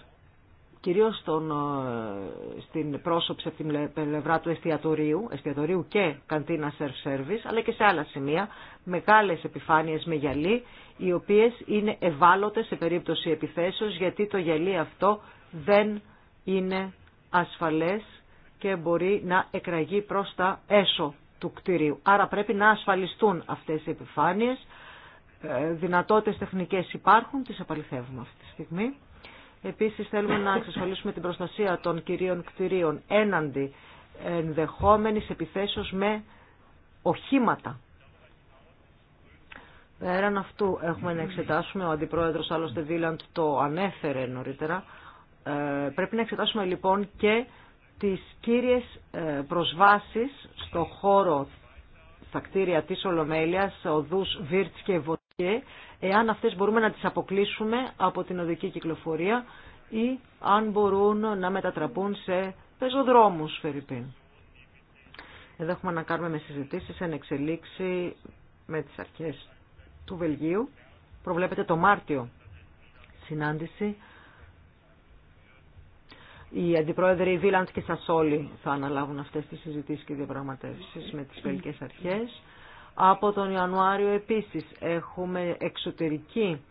κυρίως στον, ε, στην πρόσωψη από την πλευρά του εστιατορίου, εστιατορίου και καντινα Surf self-service, αλλά και σε άλλα σημεία, μεγάλες επιφάνειες με γυαλί, οι οποίες είναι ευάλωτες σε περίπτωση επιθέσεως, γιατί το γυαλί αυτό δεν είναι ασφαλές και μπορεί να εκραγεί προς τα έσω του κτηρίου. Άρα πρέπει να ασφαλιστούν αυτές οι επιφάνειες. Ε, δυνατότητες τεχνικές υπάρχουν, τις απαληθεύουμε αυτή τη στιγμή. Επίσης θέλουμε να εξασφαλίσουμε την προστασία των κυρίων κτηρίων έναντι ενδεχόμενης επιθέσεως με οχήματα. Πέραν αυτού έχουμε να εξετάσουμε, ο αντιπρόεδρο άλλωστε Βίλαντ το ανέφερε νωρίτερα, ε, πρέπει να εξετάσουμε λοιπόν και τις κύριες ε, προσβάσεις στο χώρο στα κτίρια τη ολομέλεια, οδού Βίρτ και Βοτ και εάν αυτές μπορούμε να τις αποκλείσουμε από την οδική κυκλοφορία ή αν μπορούν να μετατραπούν σε πεζοδρόμους, Φερρυπίν. Εδώ έχουμε να κάνουμε με συζητήσεις εν εξελίξη με τις αρχές του Βελγίου. Προβλέπεται το Μάρτιο συνάντηση. Οι αντιπρόεδροι Βίλαντ και Σασόλη θα αναλάβουν αυτές τις συζητήσεις και διαπραγματεύσεις με τις βελικές αρχές. Από τον Ιανουάριο επίσης έχουμε εξωτερική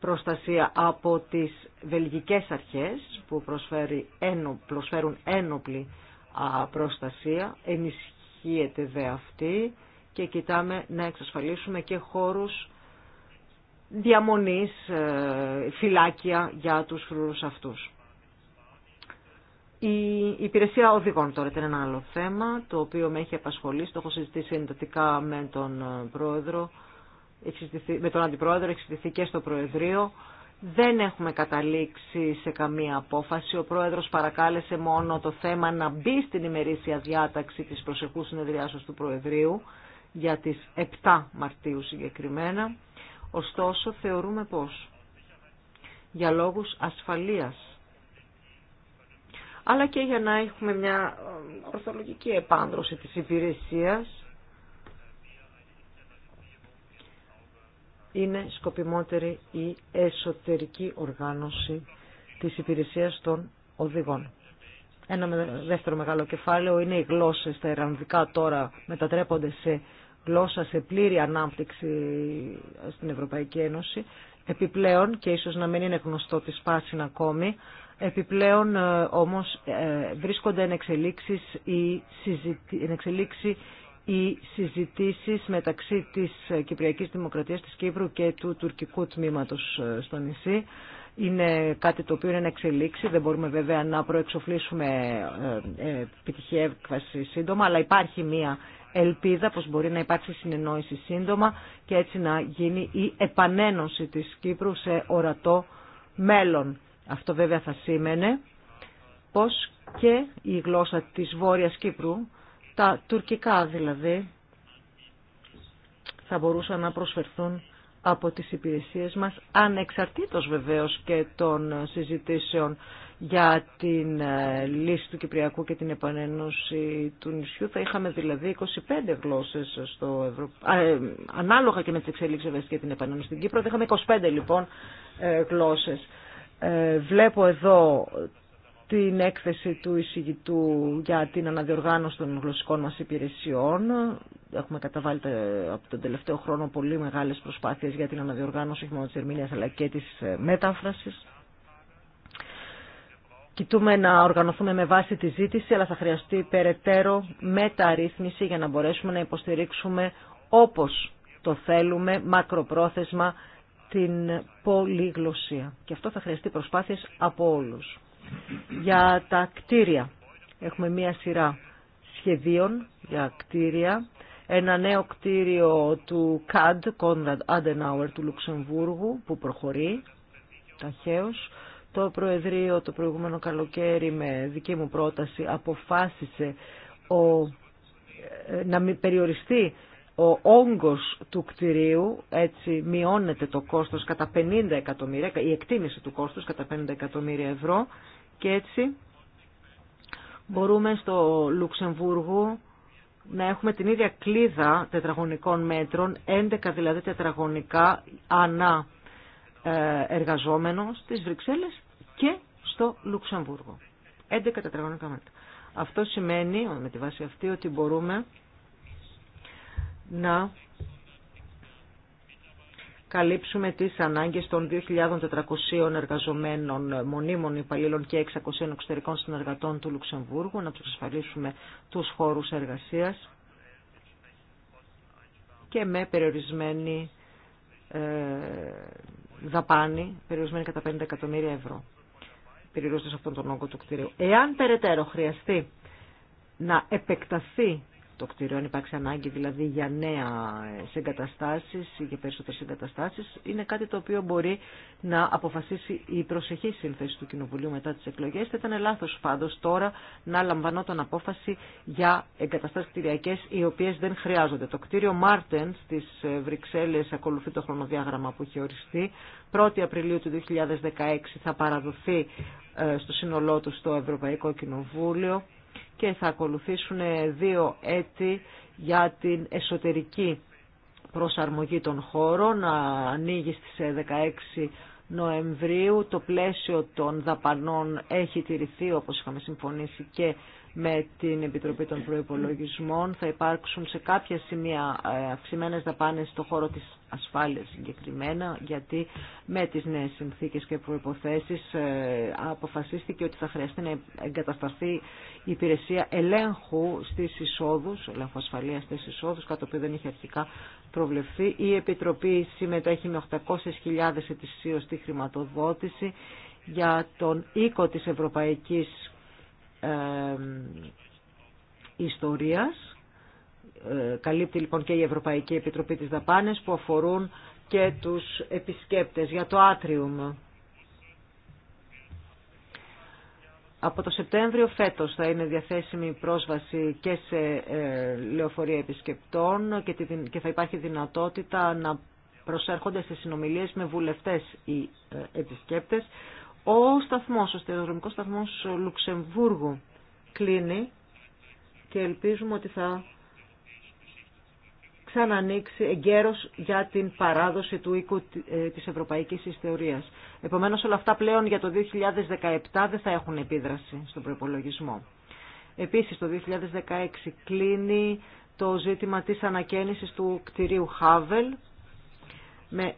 προστασία από τις βελγικές αρχές που προσφέρει, προσφέρουν ένοπλη προστασία. Ενισχύεται δε αυτή και κοιτάμε να εξασφαλίσουμε και χώρους διαμονής, ε, φυλάκια για τους φρουρούς αυτούς. Η υπηρεσία οδηγών τώρα ήταν ένα άλλο θέμα, το οποίο με έχει απασχολήσει, το έχω συζητήσει εντατικά με τον ε, πρόεδρο, με τον αντιπρόεδρο, έχει συζητηθεί και στο Προεδρείο. Δεν έχουμε καταλήξει σε καμία απόφαση. Ο Πρόεδρος παρακάλεσε μόνο το θέμα να μπει στην ημερήσια διάταξη της προσεχούς συνεδριάσεως του Προεδρείου για τις 7 Μαρτίου συγκεκριμένα. Ωστόσο θεωρούμε πως για λόγους ασφαλείας αλλά και για να έχουμε μια ε, ορθολογική επάνδρωση της υπηρεσίας. Είναι σκοπιμότερη η εσωτερική οργάνωση της υπηρεσίας των οδηγών. Ένα δεύτερο μεγάλο κεφάλαιο είναι οι γλώσσες. Τα ιρανδικά τώρα μετατρέπονται σε γλώσσα σε πλήρη ανάπτυξη στην Ευρωπαϊκή Ένωση. Επιπλέον, και ίσως να μην είναι γνωστό τη Σπάσιν ακόμη, Επιπλέον ε, όμως ε, βρίσκονται εν εξελίξει οι οι συζητήσεις μεταξύ της ε, Κυπριακής Δημοκρατίας της Κύπρου και του τουρκικού τμήματος στο νησί. Είναι κάτι το οποίο είναι να εξελίξει, δεν μπορούμε βέβαια να προεξοφλήσουμε επιτυχία έκβαση σύντομα, αλλά υπάρχει μία ελπίδα πως μπορεί να υπάρξει συνεννόηση σύντομα και έτσι να γίνει η επανένωση της Κύπρου σε ορατό μέλλον. Αυτό βέβαια θα σήμαινε πως και η γλώσσα της Βόρειας Κύπρου, τα τουρκικά δηλαδή, θα μπορούσαν να προσφερθούν από τις υπηρεσίες μας, ανεξαρτήτως βεβαίως και των συζητήσεων για την ε, λύση του Κυπριακού και την επανένωση του νησιού. Θα είχαμε δηλαδή 25 γλώσσες στο Ευρω... Ε, ανάλογα και με τις εξελίξεις και την επανένωση στην Κύπρο, θα είχαμε 25 λοιπόν ε, γλώσσες. Ε, βλέπω εδώ την έκθεση του εισηγητού για την αναδιοργάνωση των γλωσσικών μας υπηρεσιών. Έχουμε καταβάλει από τον τελευταίο χρόνο πολύ μεγάλες προσπάθειες για την αναδιοργάνωση όχι μόνο της ερμηνείας αλλά και της ε, μετάφρασης. Κοιτούμε να οργανωθούμε με βάση τη ζήτηση, αλλά θα χρειαστεί περαιτέρω μεταρρύθμιση για να μπορέσουμε να υποστηρίξουμε όπως το θέλουμε, μακροπρόθεσμα, την πολυγλωσία. Και αυτό θα χρειαστεί προσπάθειες από όλους. Για τα κτίρια έχουμε μία σειρά σχεδίων για κτίρια. Ένα νέο κτίριο του CAD, Κόνραντ Αντενάουερ του Λουξεμβούργου, που προχωρεί ταχαίως. Το Προεδρείο το προηγούμενο καλοκαίρι με δική μου πρόταση αποφάσισε ο, ε, να μην περιοριστεί ο όγκος του κτηρίου έτσι μειώνεται το κόστος κατά 50 εκατομμύρια, η εκτίμηση του κόστους κατά 50 εκατομμύρια ευρώ και έτσι μπορούμε στο Λουξεμβούργο να έχουμε την ίδια κλίδα τετραγωνικών μέτρων, 11 δηλαδή τετραγωνικά ανά ε, εργαζόμενο στις Βρυξέλλες και στο Λουξεμβούργο. 11 τετραγωνικά μέτρα. Αυτό σημαίνει, με τη βάση αυτή, ότι μπορούμε να καλύψουμε τις ανάγκες των 2.400 εργαζομένων μονίμων υπαλλήλων και 600 εξωτερικών συνεργατών του Λουξεμβούργου, να τους εξασφαλίσουμε τους χώρους εργασίας και με περιορισμένη ε, δαπάνη, περιορισμένη κατά 50 εκατομμύρια ευρώ, περιορίζοντας αυτόν τον όγκο του κτηρίου. Εάν περαιτέρω χρειαστεί να επεκταθεί το κτίριο, αν υπάρξει ανάγκη δηλαδή για νέα εγκαταστάσει ή για περισσότερε εγκαταστάσει, είναι κάτι το οποίο μπορεί να αποφασίσει η προσεχή σύνθεση του Κοινοβουλίου μετά τι εκλογέ. Θα ήταν λάθο πάντω τώρα να λαμβανόταν απόφαση για εγκαταστάσει κτηριακέ οι οποίε δεν χρειάζονται. Το κτίριο Μάρτεν στι ε, Βρυξέλλε ακολουθεί το χρονοδιάγραμμα που έχει οριστεί. 1η Απριλίου του 2016 θα παραδοθεί ε, στο σύνολό του στο Ευρωπαϊκό Κοινοβούλιο και θα ακολουθήσουν δύο έτη για την εσωτερική προσαρμογή των χώρων, να ανοίγει στις 16 ε, Νοεμβρίου. Το πλαίσιο των δαπανών έχει τηρηθεί όπως είχαμε συμφωνήσει και με την Επιτροπή των Προϋπολογισμών. Θα υπάρξουν σε κάποια σημεία ε, αυξημένες δαπάνες στο χώρο της ασφάλειας συγκεκριμένα, γιατί με τις νέες συνθήκες και προϋποθέσεις ε, αποφασίστηκε ότι θα χρειαστεί να εγκατασταθεί η υπηρεσία ελέγχου στις εισόδους, ελέγχου ασφαλείας στις εισόδους, κάτι που δεν είχε αρχικά προβλεφθεί. Η Επιτροπή συμμετέχει με 800.000 ετησίως στη χρηματοδότηση για τον οίκο της Ευρωπαϊκής ιστορίας. Ε, καλύπτει λοιπόν και η Ευρωπαϊκή Επιτροπή της Δαπάνες που αφορούν και τους επισκέπτες για το Άτριουμ. Από το Σεπτέμβριο φέτος θα είναι διαθέσιμη η πρόσβαση και σε ε, λεωφορεία επισκεπτών και θα υπάρχει δυνατότητα να προσέρχονται σε συνομιλίες με βουλευτές οι ε, επισκέπτες ο σταθμός, ο στερεοδρομικός σταθμός Λουξεμβούργου κλείνει και ελπίζουμε ότι θα ξανανοίξει εγκαίρως για την παράδοση του οίκου ε, της ευρωπαϊκής ιστορίας. Επομένως όλα αυτά πλέον για το 2017 δεν θα έχουν επίδραση στον προπολογισμό. Επίσης το 2016 κλείνει το ζήτημα της ανακαίνησης του κτηρίου Χάβελ με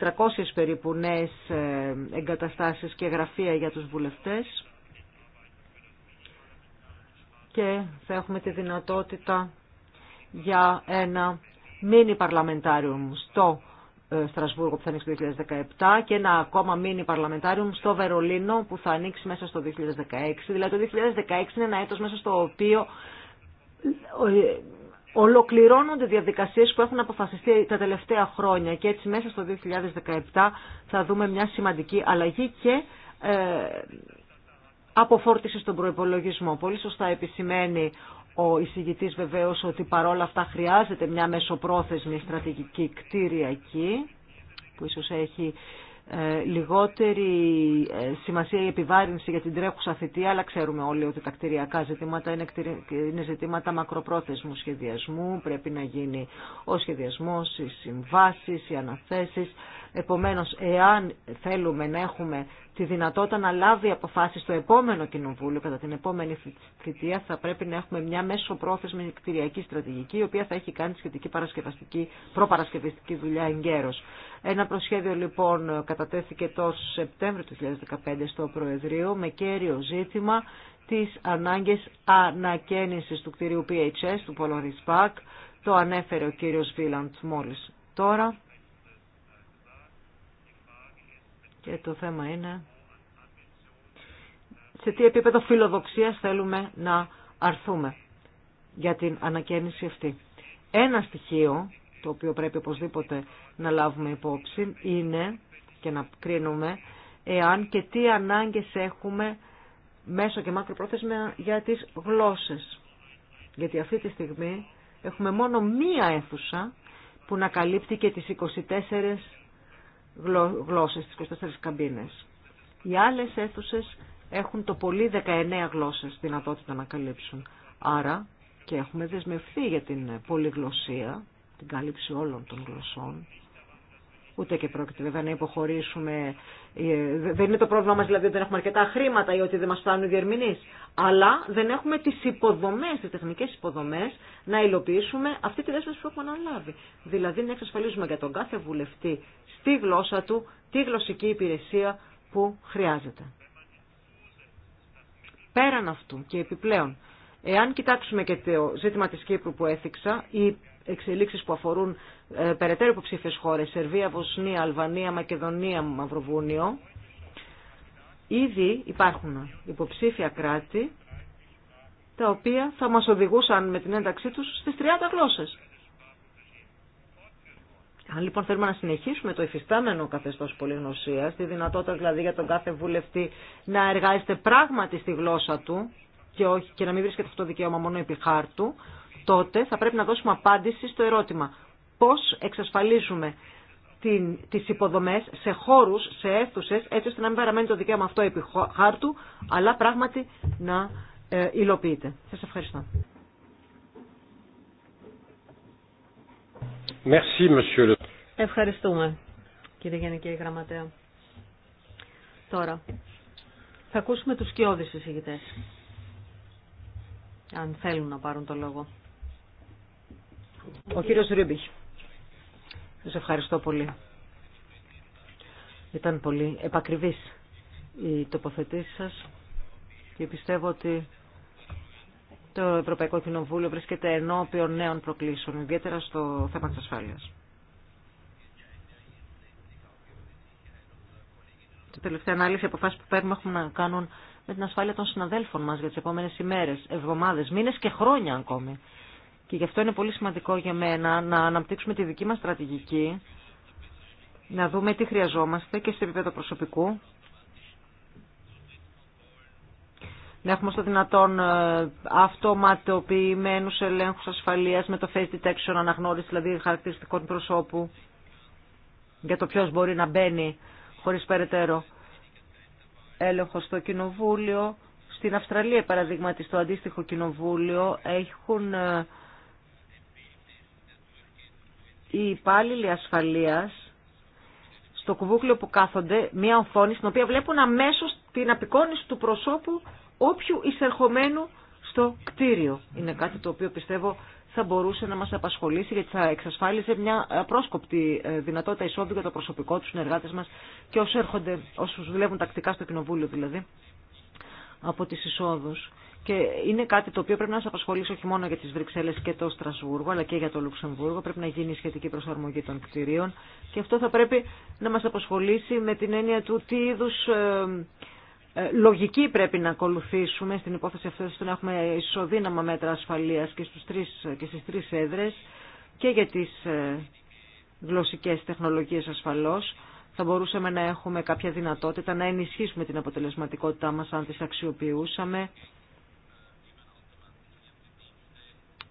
300 περίπου νέες ε, εγκαταστάσεις και γραφεία για τους βουλευτές και θα έχουμε τη δυνατότητα για ένα μίνι μίνι-παρλαμεντάριο στο ε, Στρασβούργο που θα ανοίξει το 2017 και ένα ακόμα μίνι μίνι-παρλαμεντάριο στο Βερολίνο που θα ανοίξει μέσα στο 2016. Δηλαδή το 2016 είναι ένα έτος μέσα στο οποίο ε, ολοκληρώνονται διαδικασίες που έχουν αποφασιστεί τα τελευταία χρόνια και έτσι μέσα στο 2017 θα δούμε μια σημαντική αλλαγή και ε, αποφόρτιση στον προϋπολογισμό. Πολύ σωστά επισημαίνει ο εισηγητής βεβαίως ότι παρόλα αυτά χρειάζεται μια μεσοπρόθεσμη στρατηγική κτίρια εκεί που ίσως έχει ε, λιγότερη ε, σημασία η επιβάρυνση για την τρέχουσα θητεία, αλλά ξέρουμε όλοι ότι τα κτηριακά ζητήματα είναι, ζητήματα μακροπρόθεσμου σχεδιασμού, πρέπει να γίνει ο σχεδιασμός, οι συμβάσεις, οι αναθέσεις Επομένως, εάν θέλουμε να έχουμε τη δυνατότητα να λάβει αποφάσεις στο επόμενο κοινοβούλιο, κατά την επόμενη θητεία, θα πρέπει να έχουμε μια μέσο πρόθεσμη κτηριακή στρατηγική, η οποία θα έχει κάνει σχετική παρασκευαστική, προπαρασκευαστική δουλειά εγκαίρως. Ένα προσχέδιο λοιπόν κατατέθηκε το Σεπτέμβριο του 2015 στο Προεδρείο με κέριο ζήτημα τις ανάγκες ανακαίνησης του κτηρίου PHS του Polaris Το ανέφερε ο κύριος Βίλαντ μόλις τώρα. Και το θέμα είναι σε τι επίπεδο φιλοδοξίας θέλουμε να αρθούμε για την ανακαίνιση αυτή. Ένα στοιχείο το οποίο πρέπει οπωσδήποτε να λάβουμε υπόψη είναι και να κρίνουμε εάν και τι ανάγκες έχουμε μέσω και μακροπρόθεσμα για τις γλώσσες. Γιατί αυτή τη στιγμή έχουμε μόνο μία αίθουσα που να καλύπτει και τις 24 γλώσσες στις 24 καμπίνες. Οι άλλες αίθουσες έχουν το πολύ 19 γλώσσες δυνατότητα να καλύψουν. Άρα και έχουμε δεσμευθεί για την πολυγλωσσία, την κάλυψη όλων των γλωσσών Ούτε και πρόκειται βέβαια να υποχωρήσουμε. Ε, δεν είναι το πρόβλημά μα δηλαδή ότι δεν έχουμε αρκετά χρήματα ή ότι δεν μα φτάνουν οι διερμηνεί. Αλλά δεν έχουμε τι υποδομέ, τι τεχνικέ υποδομέ να υλοποιήσουμε αυτή τη δέσμευση που έχουμε αναλάβει. Δηλαδή να εξασφαλίζουμε για τον κάθε βουλευτή στη γλώσσα του τη γλωσσική υπηρεσία που χρειάζεται. Πέραν αυτού και επιπλέον, εάν κοιτάξουμε και το ζήτημα της Κύπρου που έθιξα, η εξελίξεις που αφορούν ε, περαιτέρω υποψήφιες χώρες, Σερβία, Βοσνία, Αλβανία, Μακεδονία, Μαυροβούνιο, ήδη υπάρχουν υποψήφια κράτη τα οποία θα μας οδηγούσαν με την ένταξή τους στις 30 γλώσσες. Αν λοιπόν θέλουμε να συνεχίσουμε το υφιστάμενο καθεστώ πολυγνωσία, τη δυνατότητα δηλαδή για τον κάθε βουλευτή να εργάζεται πράγματι στη γλώσσα του και, όχι, και να μην βρίσκεται αυτό το δικαίωμα μόνο επί χάρτου, τότε θα πρέπει να δώσουμε απάντηση στο ερώτημα πώς εξασφαλίζουμε την, τις υποδομές σε χώρους, σε αίθουσες, έτσι ώστε να μην παραμένει το δικαίωμα αυτό επί χάρτου, αλλά πράγματι να ε, υλοποιείται. Σας ευχαριστώ.
Merci,
Ευχαριστούμε, κύριε Γενική Γραμματέα. Τώρα, θα ακούσουμε τους σκιώδεις εισηγητές, αν θέλουν να πάρουν το λόγο. Ο κύριος Ρίμπιχ. Σας
ευχαριστώ πολύ. Ήταν πολύ επακριβής η τοποθετήση σας και πιστεύω ότι το Ευρωπαϊκό Κοινοβούλιο βρίσκεται ενώπιον νέων προκλήσεων, ιδιαίτερα στο θέμα της ασφάλειας. Την τελευταία ανάλυση αποφάσει που παίρνουμε έχουν να κάνουν με την ασφάλεια των συναδέλφων μας για τις επόμενες ημέρες, εβδομάδες, μήνες και χρόνια ακόμη. Και γι' αυτό είναι πολύ σημαντικό για μένα να αναπτύξουμε τη δική μας στρατηγική, να δούμε τι χρειαζόμαστε και σε επίπεδο προσωπικού, να έχουμε στο δυνατόν ε, αυτοματοποιημένους ελέγχους ασφαλείας με το face detection αναγνώριση, δηλαδή χαρακτηριστικών προσώπου, για το ποιος μπορεί να μπαίνει χωρίς περαιτέρω έλεγχο στο κοινοβούλιο. Στην Αυστραλία, παραδείγματι, στο αντίστοιχο κοινοβούλιο έχουν ε, οι υπάλληλοι ασφαλείας στο κουβούκλιο που κάθονται μια οθόνη στην οποία βλέπουν αμέσως την απεικόνηση του προσώπου όποιου εισερχομένου στο κτίριο. Είναι κάτι το οποίο πιστεύω θα μπορούσε να μας απασχολήσει γιατί θα εξασφάλιζε μια πρόσκοπτη ε, δυνατότητα εισόδου για το προσωπικό του συνεργάτε μας και όσους δουλεύουν τακτικά στο κοινοβούλιο δηλαδή, από τις εισόδους. Και είναι κάτι το οποίο πρέπει να σα απασχολήσει όχι μόνο για τι Βρυξέλλε και το Στρασβούργο, αλλά και για το Λουξεμβούργο. Πρέπει να γίνει σχετική προσαρμογή των κτηρίων. Και αυτό θα πρέπει να μα απασχολήσει με την έννοια του τι είδου ε, ε, λογική πρέπει να ακολουθήσουμε στην υπόθεση αυτή, ώστε να έχουμε ισοδύναμα μέτρα ασφαλεία και, και στι τρει έδρε και για τι ε, γλωσσικέ τεχνολογίε ασφαλώ. Θα μπορούσαμε να έχουμε κάποια δυνατότητα να ενισχύσουμε την αποτελεσματικότητά μας αν τις αξιοποιούσαμε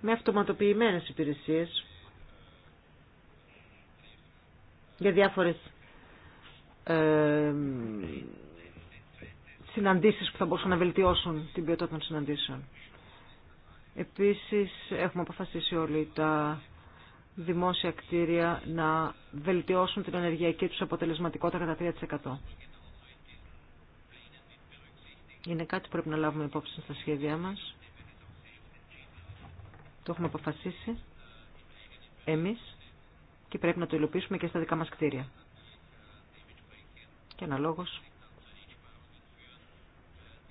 με αυτοματοποιημένες υπηρεσίες για διάφορες ε, συναντήσεις που θα μπορούσαν να βελτιώσουν την ποιότητα των συναντήσεων. Επίσης έχουμε αποφασίσει όλοι τα δημόσια κτίρια να βελτιώσουν την ενεργειακή τους αποτελεσματικότητα κατά 3%. Είναι κάτι που πρέπει να λάβουμε υπόψη στα σχέδιά μας. Το έχουμε αποφασίσει εμείς και πρέπει να το υλοποιήσουμε και στα δικά μας κτίρια. Και αναλόγως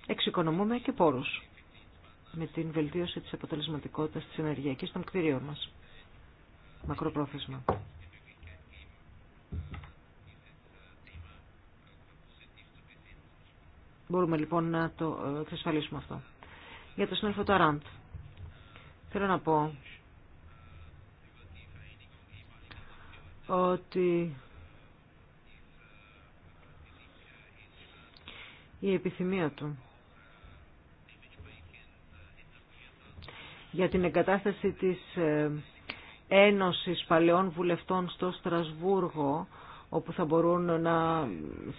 εξοικονομούμε και πόρους με την βελτίωση της αποτελεσματικότητας της ενεργειακής των κτιρίων μας. Μακροπρόθεσμα. Μπορούμε λοιπόν να το ε, εξασφαλίσουμε αυτό. Για το του Ταράντ. Θέλω να πω ότι η επιθυμία του για την εγκατάσταση της ε, Ένωσης Παλαιών Βουλευτών στο Στρασβούργο όπου θα μπορούν να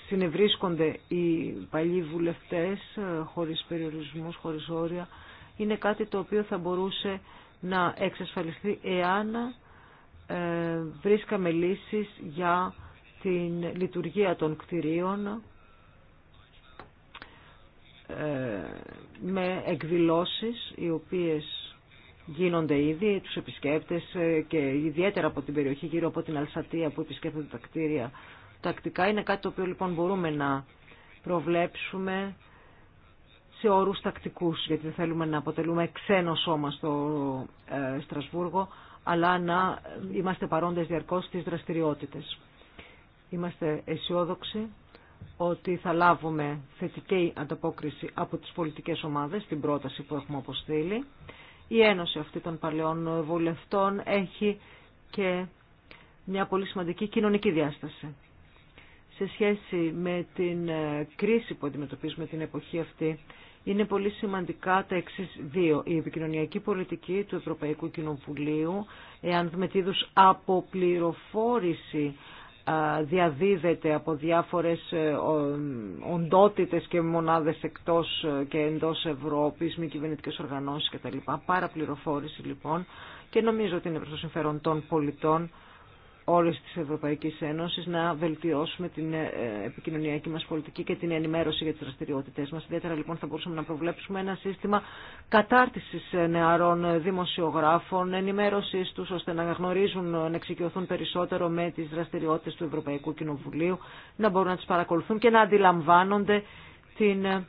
συνευρίσκονται οι παλιοί βουλευτές ε, χωρίς περιορισμούς, χωρίς όρια είναι κάτι το οποίο θα μπορούσε να εξασφαλιστεί εάν ε, βρίσκαμε λύσεις για την λειτουργία των κτηρίων ε, με εκδηλώσεις οι οποίες γίνονται ήδη, τους επισκέπτες ε, και ιδιαίτερα από την περιοχή γύρω από την Αλσατία που επισκέπτονται τα κτίρια τακτικά. Είναι κάτι το οποίο λοιπόν μπορούμε να προβλέψουμε σε όρους τακτικούς, γιατί δεν θέλουμε να αποτελούμε ξένο σώμα στο ε, Στρασβούργο, αλλά να είμαστε παρόντες διαρκώς στις δραστηριότητες. Είμαστε αισιόδοξοι ότι θα λάβουμε θετική ανταπόκριση από τις πολιτικές ομάδες στην πρόταση που έχουμε αποστείλει. Η Ένωση αυτή των παλαιών βουλευτών έχει και μια πολύ σημαντική κοινωνική διάσταση σε σχέση με την ε, κρίση που αντιμετωπίζουμε την εποχή αυτή είναι πολύ σημαντικά τα εξή δύο. Η επικοινωνιακή πολιτική του Ευρωπαϊκού Κοινοβουλίου, εάν δούμε τι είδου αποπληροφόρηση ε, διαδίδεται από διάφορες ε, οντότητες και μονάδες εκτός και εντός Ευρώπης, μη κυβερνητικές οργανώσεις κτλ. Παραπληροφόρηση λοιπόν και νομίζω ότι είναι προς το συμφέρον των πολιτών Όλες της Ευρωπαϊκής Ένωσης να βελτιώσουμε την ε, επικοινωνιακή μας πολιτική και την ενημέρωση για τις δραστηριότητε μας. Ιδιαίτερα λοιπόν θα μπορούσαμε να προβλέψουμε ένα σύστημα κατάρτισης νεαρών δημοσιογράφων, ενημέρωσης τους ώστε να γνωρίζουν, να εξοικειωθούν περισσότερο με τις δραστηριότητες του Ευρωπαϊκού Κοινοβουλίου, να μπορούν να τις παρακολουθούν και να αντιλαμβάνονται την, ε,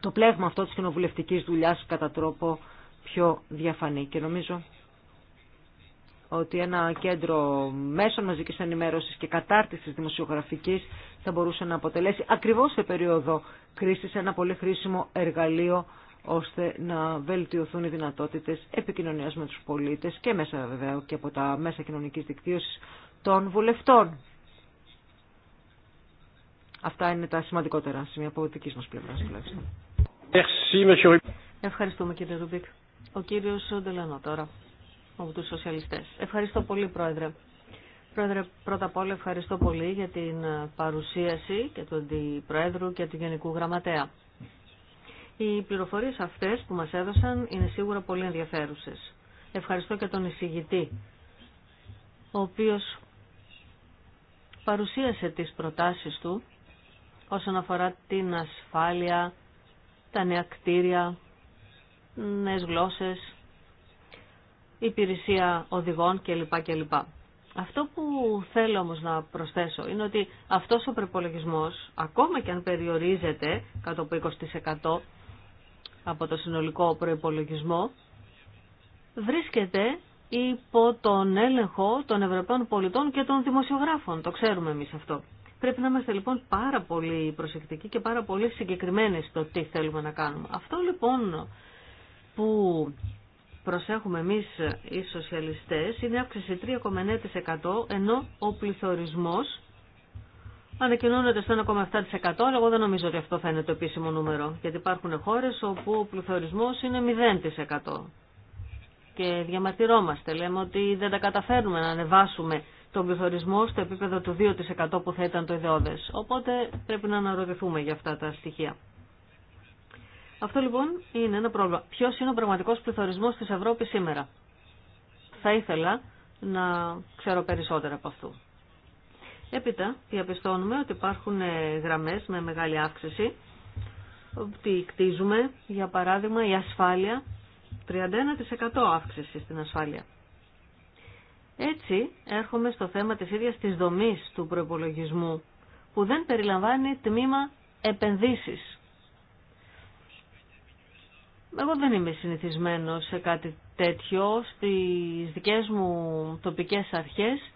το πλέγμα αυτό της κοινοβουλευτικής δουλειάς κατά τρόπο πιο διαφανή. Και νομίζω ότι ένα κέντρο μέσων μαζικής ενημέρωσης και κατάρτισης δημοσιογραφικής θα μπορούσε να αποτελέσει ακριβώς σε περίοδο κρίσης ένα πολύ χρήσιμο εργαλείο ώστε να βελτιωθούν οι δυνατότητες επικοινωνίας με τους πολίτες και μέσα βεβαίω και από τα μέσα κοινωνικής δικτύωσης των βουλευτών. Αυτά είναι τα σημαντικότερα σημεία από δική μας πλευρά
Ευχαριστούμε κύριε Ρουμπίκ. Ο κύριος Σοντελανό τώρα από τους σοσιαλιστές. Ευχαριστώ πολύ, Πρόεδρε. Πρόεδρε, πρώτα απ' όλα ευχαριστώ πολύ για την ε, παρουσίαση και του Αντιπροέδρου και του Γενικού Γραμματέα. Οι πληροφορίες αυτές που μας έδωσαν είναι σίγουρα πολύ ενδιαφέρουσες. Ευχαριστώ και τον εισηγητή, ο οποίος παρουσίασε τις προτάσεις του όσον αφορά την ασφάλεια, τα νέα κτίρια, νέες γλώσσες, υπηρεσία οδηγών κλπ. κλπ. Αυτό που θέλω όμως να προσθέσω είναι ότι αυτός ο προπολογισμό, ακόμα και αν περιορίζεται κάτω από 20% από το συνολικό προϋπολογισμό, βρίσκεται υπό τον έλεγχο των Ευρωπαίων πολιτών και των δημοσιογράφων. Το ξέρουμε εμείς αυτό. Πρέπει να είμαστε λοιπόν πάρα πολύ προσεκτικοί και πάρα πολύ συγκεκριμένοι στο τι θέλουμε να κάνουμε. Αυτό λοιπόν που προσέχουμε εμείς οι σοσιαλιστές είναι αύξηση 3,9% ενώ ο πληθωρισμός ανακοινώνεται στο 1,7% αλλά εγώ δεν νομίζω ότι αυτό θα είναι το επίσημο νούμερο γιατί υπάρχουν χώρες όπου ο πληθωρισμός είναι 0% και διαμαρτυρόμαστε. Λέμε ότι δεν τα καταφέρνουμε να ανεβάσουμε τον πληθωρισμό στο επίπεδο του 2% που θα ήταν το ιδεώδες. Οπότε πρέπει να αναρωτηθούμε για αυτά τα στοιχεία. Αυτό λοιπόν είναι ένα πρόβλημα. Ποιο είναι ο πραγματικό πληθωρισμό τη Ευρώπη σήμερα. Θα ήθελα να ξέρω περισσότερα από αυτού. Έπειτα διαπιστώνουμε ότι υπάρχουν γραμμές με μεγάλη αύξηση. Τι κτίζουμε, για παράδειγμα, η ασφάλεια. 31% αύξηση στην ασφάλεια. Έτσι έρχομαι στο θέμα της ίδιας της δομής του προπολογισμού που δεν περιλαμβάνει τμήμα επενδύσεις εγώ δεν είμαι συνηθισμένο σε κάτι τέτοιο. Στις δικές μου τοπικές αρχές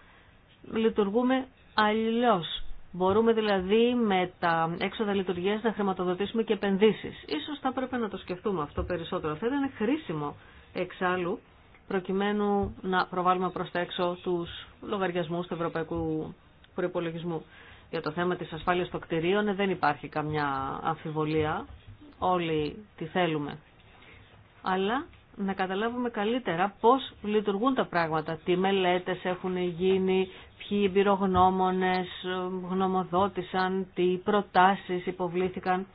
λειτουργούμε αλλιώς. Μπορούμε δηλαδή με τα έξοδα λειτουργίας να χρηματοδοτήσουμε και επενδύσεις. Ίσως θα πρέπει να το σκεφτούμε αυτό περισσότερο. Θα ήταν χρήσιμο εξάλλου προκειμένου να προβάλλουμε προς τα έξω τους λογαριασμούς του ευρωπαϊκού προϋπολογισμού. Για το θέμα της ασφάλειας των κτηρίων δεν υπάρχει καμιά αμφιβολία. Όλοι τη θέλουμε αλλά να καταλάβουμε καλύτερα πώς λειτουργούν τα πράγματα, τι μελέτες έχουν γίνει, ποιοι εμπειρογνώμονες ε, γνωμοδότησαν, τι προτάσεις υποβλήθηκαν.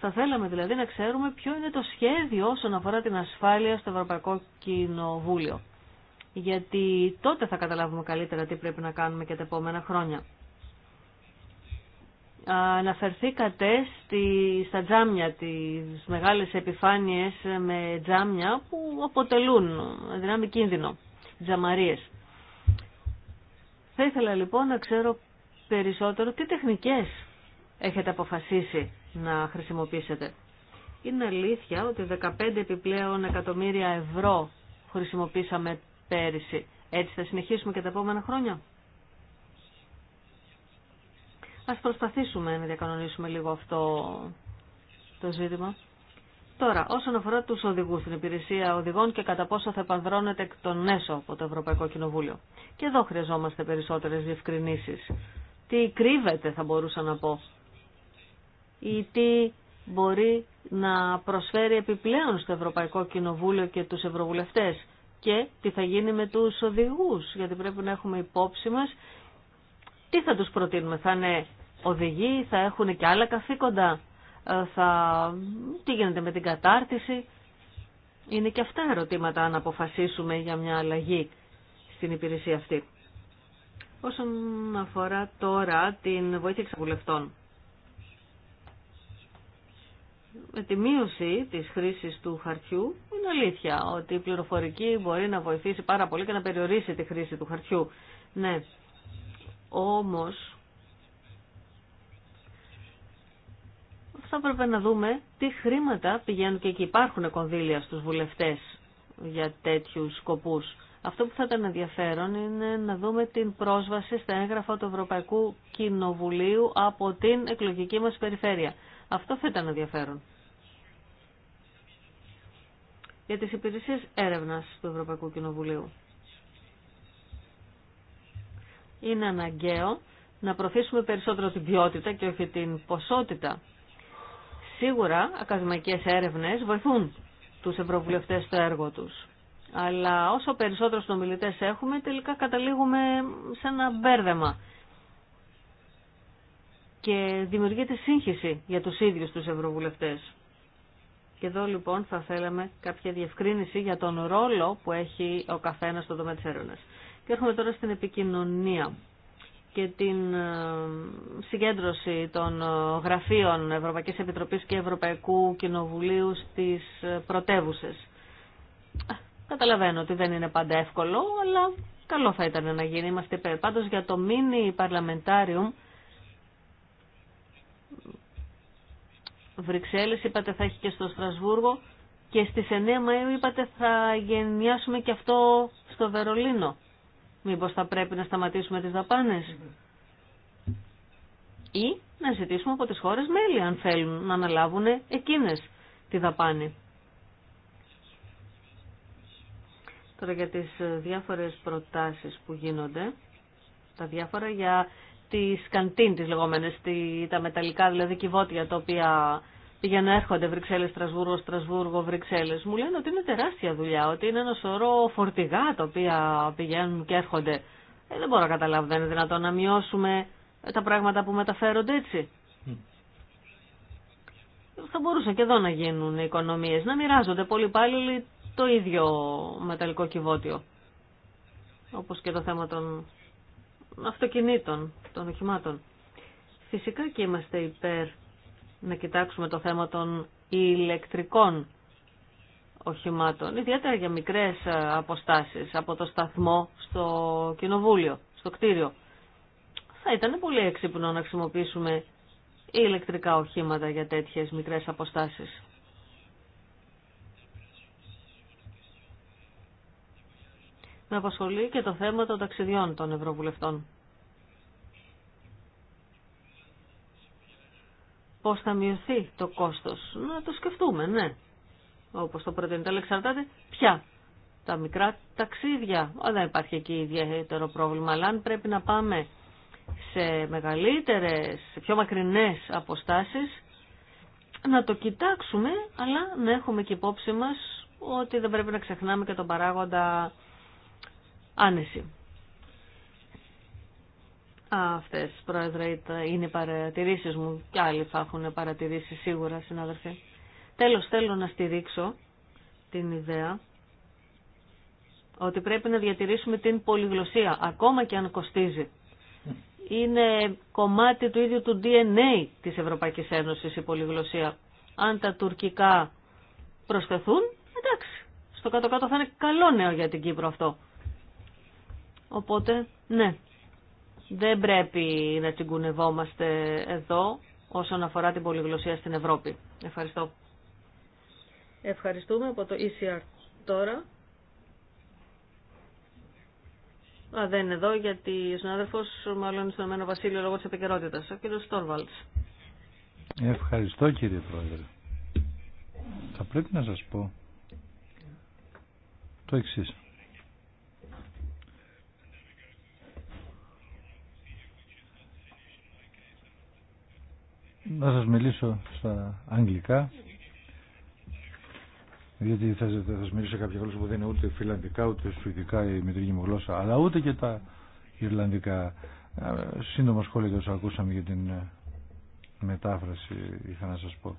Θα θέλαμε δηλαδή να ξέρουμε ποιο είναι το σχέδιο όσον αφορά την ασφάλεια στο Ευρωπαϊκό Κοινοβούλιο. Γιατί τότε θα καταλάβουμε καλύτερα τι πρέπει να κάνουμε και τα επόμενα χρόνια. Αναφερθήκατε στη, στα τζάμια, τις μεγάλες επιφάνειες με τζάμια που αποτελούν δυνάμει κίνδυνο, τζαμαρίες. Θα ήθελα λοιπόν να ξέρω περισσότερο τι τεχνικές έχετε αποφασίσει να χρησιμοποιήσετε. Είναι αλήθεια ότι 15 επιπλέον εκατομμύρια ευρώ χρησιμοποίησαμε πέρυσι. Έτσι θα συνεχίσουμε και τα επόμενα χρόνια. Ας προσπαθήσουμε να διακανονίσουμε λίγο αυτό το ζήτημα. Τώρα, όσον αφορά τους οδηγούς, την υπηρεσία οδηγών και κατά πόσο θα επανδρώνεται εκ των έσω από το Ευρωπαϊκό Κοινοβούλιο. Και εδώ χρειαζόμαστε περισσότερες διευκρινήσεις. Τι κρύβεται θα μπορούσα να πω ή τι μπορεί να προσφέρει επιπλέον στο Ευρωπαϊκό Κοινοβούλιο και τους Ευρωβουλευτές και τι θα γίνει με τους οδηγούς, γιατί πρέπει να έχουμε υπόψη μας τι θα τους προτείνουμε, θα είναι οδηγοί, θα έχουν και άλλα καθήκοντα, ε, θα... τι γίνεται με την κατάρτιση. Είναι και αυτά ερωτήματα να αποφασίσουμε για μια αλλαγή στην υπηρεσία αυτή. Όσον αφορά τώρα την βοήθεια εξαγουλευτών. Με τη μείωση της χρήσης του χαρτιού είναι αλήθεια ότι η πληροφορική μπορεί να βοηθήσει πάρα πολύ και να περιορίσει τη χρήση του χαρτιού. Ναι, όμως, θα έπρεπε να δούμε τι χρήματα πηγαίνουν και εκεί υπάρχουν κονδύλια στους βουλευτές για τέτοιους σκοπούς. Αυτό που θα ήταν ενδιαφέρον είναι να δούμε την πρόσβαση στα έγγραφα του Ευρωπαϊκού Κοινοβουλίου από την εκλογική μας περιφέρεια. Αυτό θα ήταν ενδιαφέρον. Για τις υπηρεσίες έρευνας του Ευρωπαϊκού Κοινοβουλίου είναι αναγκαίο να προωθήσουμε περισσότερο την ποιότητα και όχι την ποσότητα. Σίγουρα ακαδημαϊκές έρευνες βοηθούν τους ευρωβουλευτές στο έργο τους. Αλλά όσο περισσότερους συνομιλητές έχουμε τελικά καταλήγουμε σε ένα μπέρδεμα και δημιουργείται σύγχυση για τους ίδιους τους ευρωβουλευτές. Και εδώ λοιπόν θα θέλαμε κάποια διευκρίνηση για τον ρόλο που έχει ο καθένας στο τομέα της έρευνας. Και έρχομαι τώρα στην επικοινωνία και την ε, συγκέντρωση των ε, γραφείων Ευρωπαϊκής Επιτροπής και Ευρωπαϊκού Κοινοβουλίου στις ε, πρωτεύουσε. Καταλαβαίνω ότι δεν είναι πάντα εύκολο, αλλά καλό θα ήταν να γίνει. Είμαστε Πάντως για το μίνι παρλαμεντάριουμ Βρυξέλλες είπατε θα έχει και στο Στρασβούργο και στις 9 Μαΐου είπατε θα γενιάσουμε και αυτό στο Βερολίνο. Μήπως θα πρέπει να σταματήσουμε τις δαπάνες ή να ζητήσουμε από τις χώρες μέλη αν θέλουν να αναλάβουν εκείνες τη δαπάνη. Τώρα για τις ε, διάφορες προτάσεις που γίνονται, τα διάφορα για τις καντίν τις λεγόμενες, τα μεταλλικά δηλαδή κυβότια τα οποία για να έρχονται Βρυξέλλες, Στρασβούργο, Στρασβούργο, Βρυξέλλες. Μου λένε ότι είναι τεράστια δουλειά, ότι είναι ένα σωρό φορτηγά τα οποία πηγαίνουν και έρχονται. Ε, δεν μπορώ να καταλάβω, δεν είναι δυνατόν να μειώσουμε τα πράγματα που μεταφέρονται έτσι. Θα μπορούσαν και εδώ να γίνουν οικονομίες, να μοιράζονται πολύ πάλι το ίδιο μεταλλικό κυβότιο. Όπως και το θέμα των αυτοκινήτων, των οχημάτων. Φυσικά και είμαστε υπέρ να κοιτάξουμε το θέμα των ηλεκτρικών οχημάτων, ιδιαίτερα για μικρές ε, αποστάσεις από το σταθμό στο κοινοβούλιο, στο κτίριο. Θα ήταν πολύ έξυπνο να χρησιμοποιήσουμε ηλεκτρικά οχήματα για τέτοιες μικρές αποστάσεις. Με απασχολεί και το θέμα των ταξιδιών των Ευρωβουλευτών. πώς θα μειωθεί το κόστος. Να το σκεφτούμε, ναι. Όπως το προτείνετε, αλλά εξαρτάται ποια. Τα μικρά ταξίδια. Δεν υπάρχει εκεί ιδιαίτερο πρόβλημα, αλλά αν πρέπει να πάμε σε μεγαλύτερες, σε πιο μακρινές αποστάσεις, να το κοιτάξουμε, αλλά να έχουμε και υπόψη μας ότι δεν πρέπει να ξεχνάμε και τον παράγοντα άνεση. Αυτές, Πρόεδρε, είναι οι παρατηρήσει μου και άλλοι θα έχουν παρατηρήσει σίγουρα, συνάδελφοι. Τέλος, θέλω να στηρίξω την ιδέα ότι πρέπει να διατηρήσουμε την πολυγλωσία, ακόμα και αν κοστίζει. Είναι κομμάτι του ίδιου του DNA της Ευρωπαϊκής Ένωσης η πολυγλωσία. Αν τα τουρκικά προσθεθούν, εντάξει, στο κάτω-κάτω θα είναι καλό νέο για την Κύπρο αυτό. Οπότε, ναι, δεν πρέπει να τσιγκουνευόμαστε εδώ όσον αφορά την πολυγλωσία στην Ευρώπη. Ευχαριστώ. Ευχαριστούμε από το ECR τώρα. Α, δεν είναι εδώ γιατί ο συνάδελφο μάλλον είναι στον Εμένο Βασίλειο λόγω τη επικαιρότητα. Ο κύριο Στόρβαλτ.
Ευχαριστώ κύριε Πρόεδρε. Θα πρέπει να σας πω το εξή. Να σας μιλήσω στα αγγλικά, γιατί θα, σας μιλήσω κάποια γλώσσα που δεν είναι ούτε φιλανδικά, ούτε σουηδικά η μητρική μου γλώσσα, αλλά ούτε και τα Ιρλανδικά. Ε, σύντομα σχόλια και όσα ακούσαμε για την ε, μετάφραση είχα να σας πω.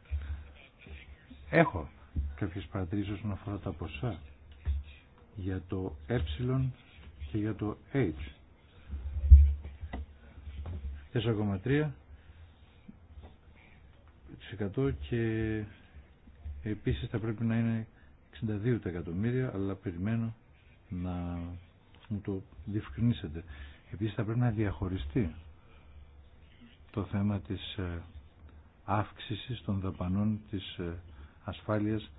Έχω κάποιες παρατηρήσεις όσον αφορά τα ποσά για το ε και για το h. 4,3 100% και επίσης θα πρέπει να είναι 62 τα εκατομμύρια αλλά περιμένω να μου το διευκρινίσετε. Επίσης θα πρέπει να διαχωριστεί το θέμα της ε, αύξησης των δαπανών της ε, ασφάλειας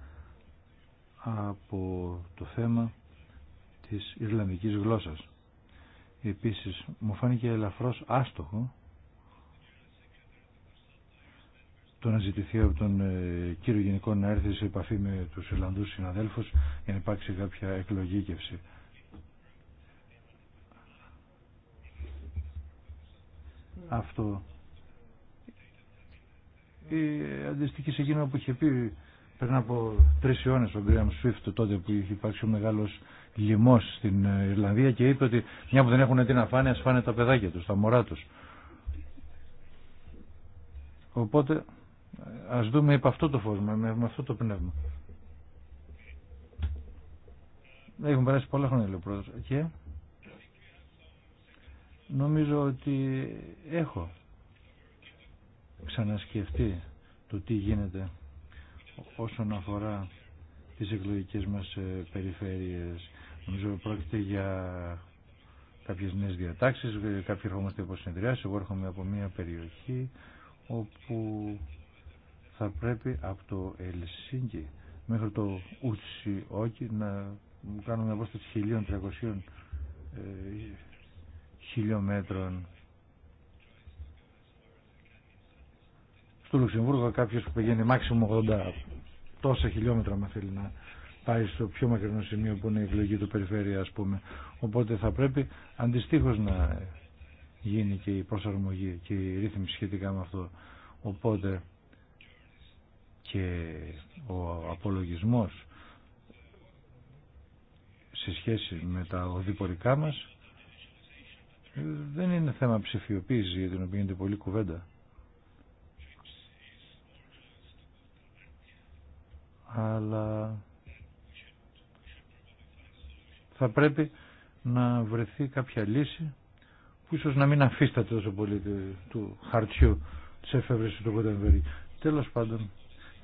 από το θέμα της Ιρλανδικής γλώσσας. Επίσης μου φάνηκε ελαφρώς άστοχο το να ζητηθεί από τον ε, κύριο Γενικό να έρθει σε επαφή με τους Ιρλανδούς συναδέλφους για να υπάρξει κάποια εκλογήκευση. Αυτό. Η αντιστοιχή σε εκείνο που είχε πει πριν από τρει αιώνε ο Γκρέμ Σουίφτ, τότε που είχε υπάρξει ο μεγάλο λοιμό στην ε, Ιρλανδία και είπε ότι μια που δεν έχουν τι να φάνε, α φάνε τα παιδάκια του, τα μωρά του. Οπότε Α δούμε υπ' αυτό το φως, με, αυτό το πνεύμα. Έχουν περάσει πολλά χρόνια, λέει ο Και νομίζω ότι έχω ξανασκεφτεί το τι γίνεται όσον αφορά τις εκλογικές μας ε, περιφέρειες. Νομίζω πρόκειται για κάποιες νέες διατάξεις, ε, κάποιοι ερχόμαστε από συνεδριάσεις, εγώ έρχομαι από μια περιοχή όπου θα πρέπει από το Ελσίνκι μέχρι το Όκι να κάνουμε απόσταση 1300 ε, χιλιόμετρων. Στο Λουξεμβούργο κάποιος που πηγαίνει μάξιμο 80 τόσα χιλιόμετρα μα θέλει να πάει στο πιο μακρινό σημείο που είναι η εκλογή του περιφέρεια ας πούμε. Οπότε θα πρέπει αντιστοίχως να γίνει και η προσαρμογή και η ρύθμιση σχετικά με αυτό. Οπότε και ο απολογισμός σε σχέση με τα οδηπορικά μας δεν είναι θέμα ψηφιοποίηση για την οποία γίνεται πολλή κουβέντα. Αλλά θα πρέπει να βρεθεί κάποια λύση που ίσως να μην αφίσταται τόσο πολύ του, χαρτιού της εφεύρεσης του Κοντεμβερή. Τέλος πάντων,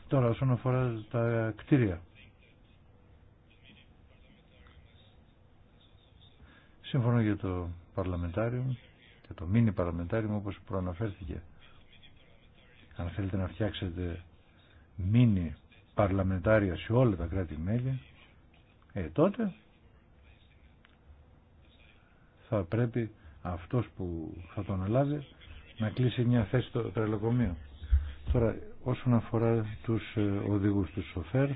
Τώρα όσον αφορά τα κτίρια. Σύμφωνα για το παρλαμεντάριο και το μίνι παρλαμεντάριο όπως προαναφέρθηκε. Αν θέλετε να φτιάξετε μίνι παρλαμεντάρια σε όλα τα κράτη-μέλη, ε, τότε θα πρέπει αυτός που θα τον λάβει να κλείσει μια θέση στο τρελοκομείο. Τώρα όσον αφορά τους ε, οδηγούς του σοφέρ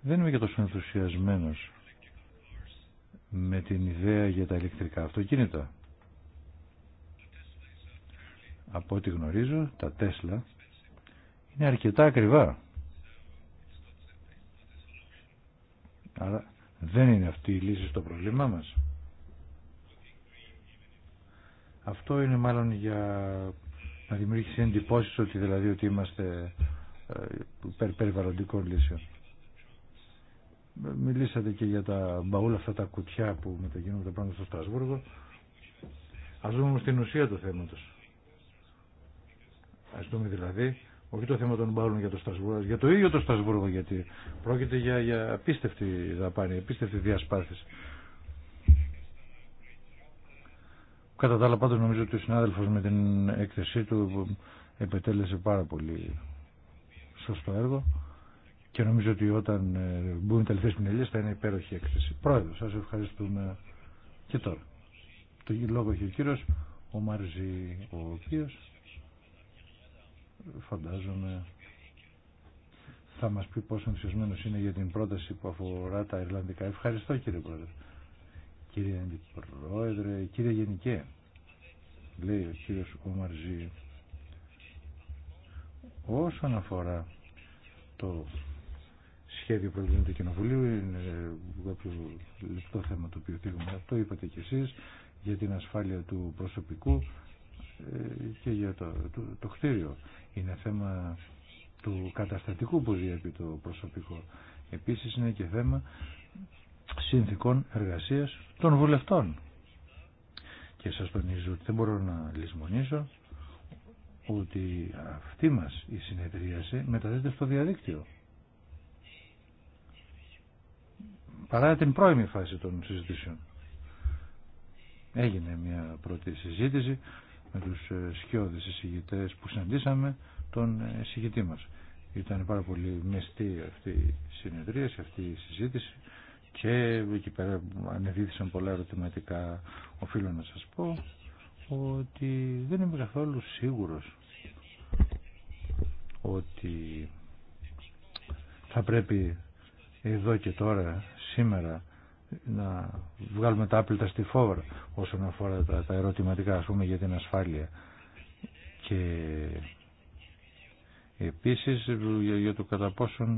δεν είμαι και τόσο ενθουσιασμένος με την ιδέα για τα ηλεκτρικά αυτοκίνητα. Από ό,τι γνωρίζω, τα Τέσλα είναι αρκετά ακριβά. Άρα δεν είναι αυτή η λύση στο πρόβλημά μας. Αυτό είναι μάλλον για να δημιουργήσει εντυπώσει ότι δηλαδή ότι είμαστε ε, περιβαλλοντικών λύσεων. Μιλήσατε και για τα μπαούλα αυτά τα κουτιά που μεταγίνονται πάνω στο Στρασβούργο. Ας δούμε όμως την ουσία του θέματος. Ας δούμε δηλαδή, όχι το θέμα των μπαούλων για το Στρασβούργο, για το ίδιο το Στρασβούργο γιατί πρόκειται για, για απίστευτη δαπάνη, απίστευτη διασπάθηση. Κατά τα άλλα πάντως νομίζω ότι ο συνάδελφος με την έκθεσή του επετέλεσε πάρα πολύ σωστό έργο και νομίζω ότι όταν ε, μπουν οι τελευταίες πινελίες θα είναι υπέροχη έκθεση. Πρόεδρο, σας ευχαριστούμε και τώρα. Το λόγο έχει ο κύριος ο Μαρζή, ο οποίος φαντάζομαι θα μας πει πόσο ενθουσιασμένος είναι για την πρόταση που αφορά τα Ιρλανδικά. Ευχαριστώ κύριε Πρόεδρε. Κύριε Αντιπρόεδρε, κύριε Γενικέ, λέει ο κύριος Ομαρζή, όσον αφορά το σχέδιο προβλήματο του Κοινοβουλίου, είναι κάποιο λεπτό θέμα το οποίο θίγουμε. Αυτό είπατε κι εσείς για την ασφάλεια του προσωπικού ε, και για το, το, το Είναι θέμα του καταστατικού που διέπει το προσωπικό. Επίσης είναι και θέμα συνθήκων εργασίας των βουλευτών. Και σας τονίζω ότι δεν μπορώ να λησμονήσω ότι αυτή μας η συνεδρίαση μεταδίδεται στο διαδίκτυο. Παρά την πρώιμη φάση των συζητήσεων. Έγινε μια πρώτη συζήτηση με τους ε, σκιώδεις εισηγητές που συναντήσαμε τον ε, εισηγητή μας. Ήταν πάρα πολύ μεστή αυτή η συνεδρίαση, αυτή η συζήτηση και εκεί πέρα ανεβήθησαν πολλά ερωτηματικά. Οφείλω να σας πω ότι δεν είμαι καθόλου σίγουρος ότι θα πρέπει εδώ και τώρα, σήμερα, να βγάλουμε τα άπλυτα στη φόβρα όσον αφορά τα, ερωτηματικά, ας πούμε, για την ασφάλεια. Και Επίσης για το κατά πόσον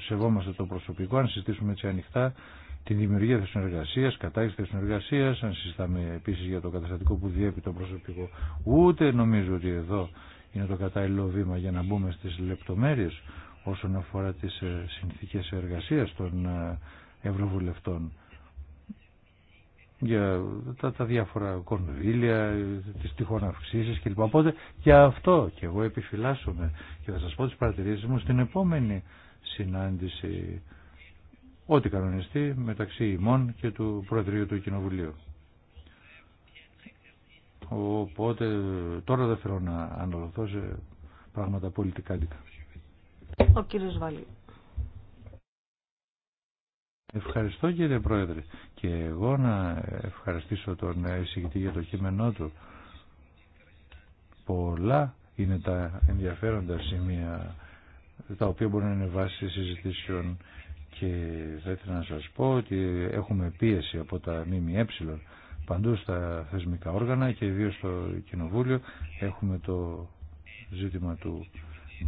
σεβόμαστε το προσωπικό, αν συζητήσουμε έτσι ανοιχτά την δημιουργία της συνεργασίας, κατάργηση της συνεργασίας, αν συζητάμε επίσης για το καταστατικό που διέπει το προσωπικό. Ούτε νομίζω ότι εδώ είναι το κατάλληλο βήμα για να μπούμε στις λεπτομέρειες όσον αφορά τις ε, συνθήκες εργασίας των ε, Ευρωβουλευτών για τα, τα διάφορα κονδύλια, τις τυχόν αυξήσεις κλπ. Οπότε και αυτό και εγώ επιφυλάσσομαι και θα σας πω τις παρατηρήσεις μου στην επόμενη συνάντηση ό,τι κανονιστεί μεταξύ ημών και του Προεδρείου του Κοινοβουλίου. Οπότε τώρα δεν θέλω να αναλωθώ σε πράγματα πολιτικά
Ο κύριος Βαλή.
Ευχαριστώ κύριε Πρόεδρε και εγώ να ευχαριστήσω τον εισηγητή για το κείμενό του. Πολλά είναι τα ενδιαφέροντα σημεία τα οποία μπορούν να είναι βάση συζητήσεων και θα ήθελα να σας πω ότι έχουμε πίεση από τα ΜΜΕ παντού στα θεσμικά όργανα και ιδίως στο Κοινοβούλιο έχουμε το ζήτημα του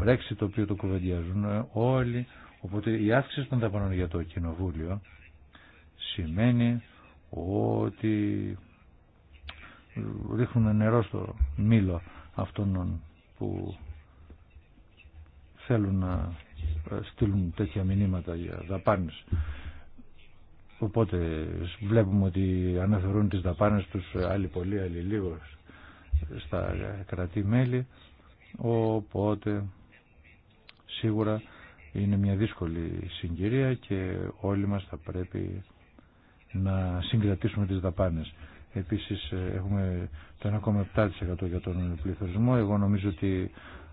Brexit το οποίο το κουβεντιάζουν όλοι Οπότε η αύξηση των δαπανών για το κοινοβούλιο σημαίνει ότι ρίχνουν νερό στο μήλο αυτών που θέλουν να στείλουν τέτοια μηνύματα για δαπάνες. Οπότε βλέπουμε ότι αναφερούν τις δαπάνες τους άλλοι πολύ, άλλοι λίγο στα κρατή μέλη. Οπότε σίγουρα είναι μια δύσκολη συγκυρία και όλοι μας θα πρέπει να συγκρατήσουμε τις δαπάνες. Επίσης ε, έχουμε το 1,7% για τον πληθωρισμό. Εγώ νομίζω ότι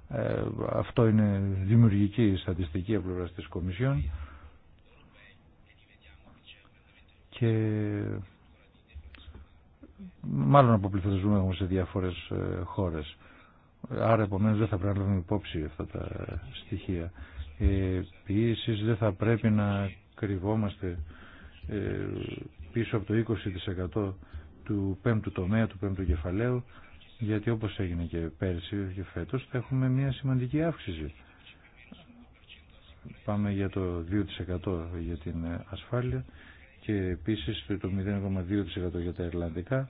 ε, αυτό είναι δημιουργική στατιστική από της Κομισιόν και μάλλον από πληθωρισμό έχουμε σε διάφορες ε, χώρες. Άρα επομένως δεν θα πρέπει να λάβουμε υπόψη αυτά τα στοιχεία. Επίση δεν θα πρέπει να κρυβόμαστε ε, πίσω από το 20% του πέμπτου τομέα, του πέμπτου κεφαλαίου, γιατί όπως έγινε και πέρσι και φέτος θα έχουμε μια σημαντική αύξηση. Πάμε για το 2% για την ασφάλεια και επίσης το 0,2% για τα Ιρλανδικά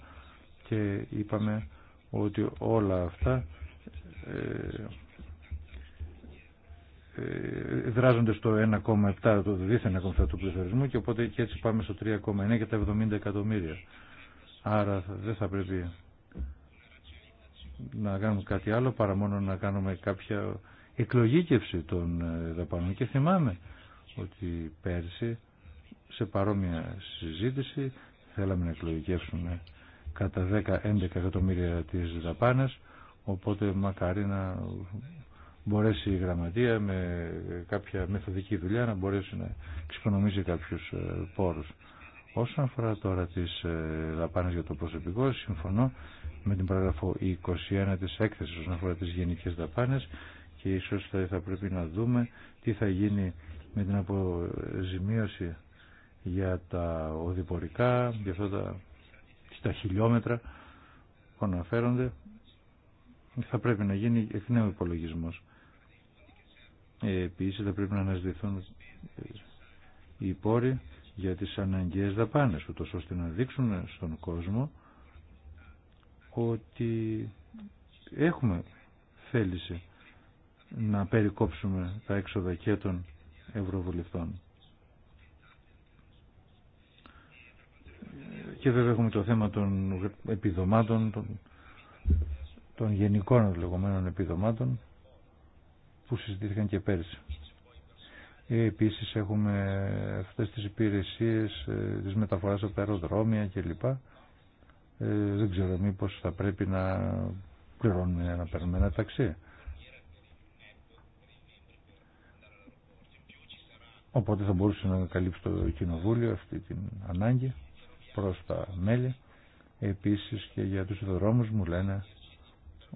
και είπαμε ότι όλα αυτά ε, ε, δράζονται στο 1,7 το δίθεν ακόμα του πληθωρισμού και οπότε και έτσι πάμε στο 3,9 και τα 70 εκατομμύρια. Άρα δεν θα πρέπει να κάνουμε κάτι άλλο παρά μόνο να κάνουμε κάποια εκλογήκευση των ε, δαπανών. Και θυμάμαι ότι πέρσι σε παρόμοια συζήτηση θέλαμε να εκλογικεύσουμε κατά 10-11 εκατομμύρια τις δαπάνες οπότε μακάρι να μπορέσει η γραμματεία με κάποια μεθοδική δουλειά να μπορέσει να εξοικονομήσει κάποιους ε, πόρους. Όσον αφορά τώρα τις ε, δαπάνες για το προσωπικό, συμφωνώ με την παραγραφό 21 της έκθεσης όσον αφορά τις γενικές δαπάνες και ίσως θα, θα πρέπει να δούμε τι θα γίνει με την αποζημίωση για τα οδηπορικά, για αυτά τα, χιλιόμετρα που αναφέρονται. Θα πρέπει να γίνει εκ νέου υπολογισμός. Ε, επίσης θα πρέπει να αναζητηθούν οι πόροι για τις αναγκαίες δαπάνες, ούτως ώστε να δείξουν στον κόσμο ότι έχουμε θέληση να περικόψουμε τα έξοδα και των ευρωβουλευτών. Και βέβαια έχουμε το θέμα των επιδομάτων, των, των γενικών λεγόμενων επιδομάτων, που συζητήθηκαν και πέρσι. Ε, επίσης έχουμε αυτές τις υπηρεσίες ε, της μεταφοράς από τα αεροδρόμια κλπ. Ε, δεν ξέρω μήπως θα πρέπει να πληρώνουμε ένα παίρνουμε ένα ταξί. Οπότε θα μπορούσε να καλύψει το κοινοβούλιο αυτή την ανάγκη προς τα μέλη. Επίσης και για τους δρόμους μου λένε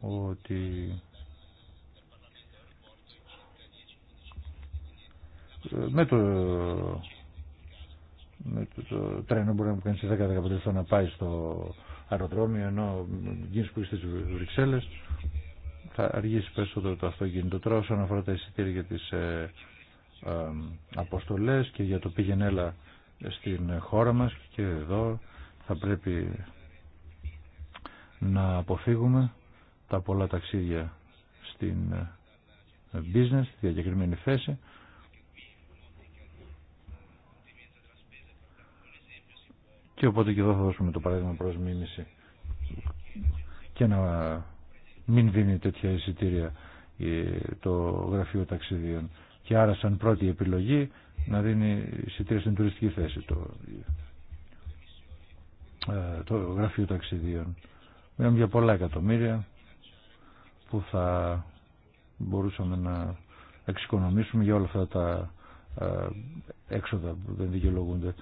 ότι με το, με το, τρένο μπορεί να μου κάνει 10-15 να πάει στο αεροδρόμιο ενώ γίνει που είστε στις Βρυξέλλες θα αργήσει περισσότερο το αυτοκίνητο τώρα όσον αφορά τα εισιτήρια για τις ε, ε, αποστολές και για το πήγαινε έλα στην χώρα μας και εδώ θα πρέπει να αποφύγουμε τα πολλά ταξίδια στην ε, business, στη διακεκριμένη θέση Και οπότε και εδώ θα δώσουμε το παράδειγμα προς και να μην δίνει τέτοια εισιτήρια ε, το γραφείο ταξιδίων. Και άρα σαν πρώτη επιλογή να δίνει εισιτήρια στην τουριστική θέση το, ε, το γραφείο ταξιδίων. Μιλάμε για πολλά εκατομμύρια που θα μπορούσαμε να εξοικονομήσουμε για όλα αυτά τα ε, έξοδα που δεν δικαιολογούνται.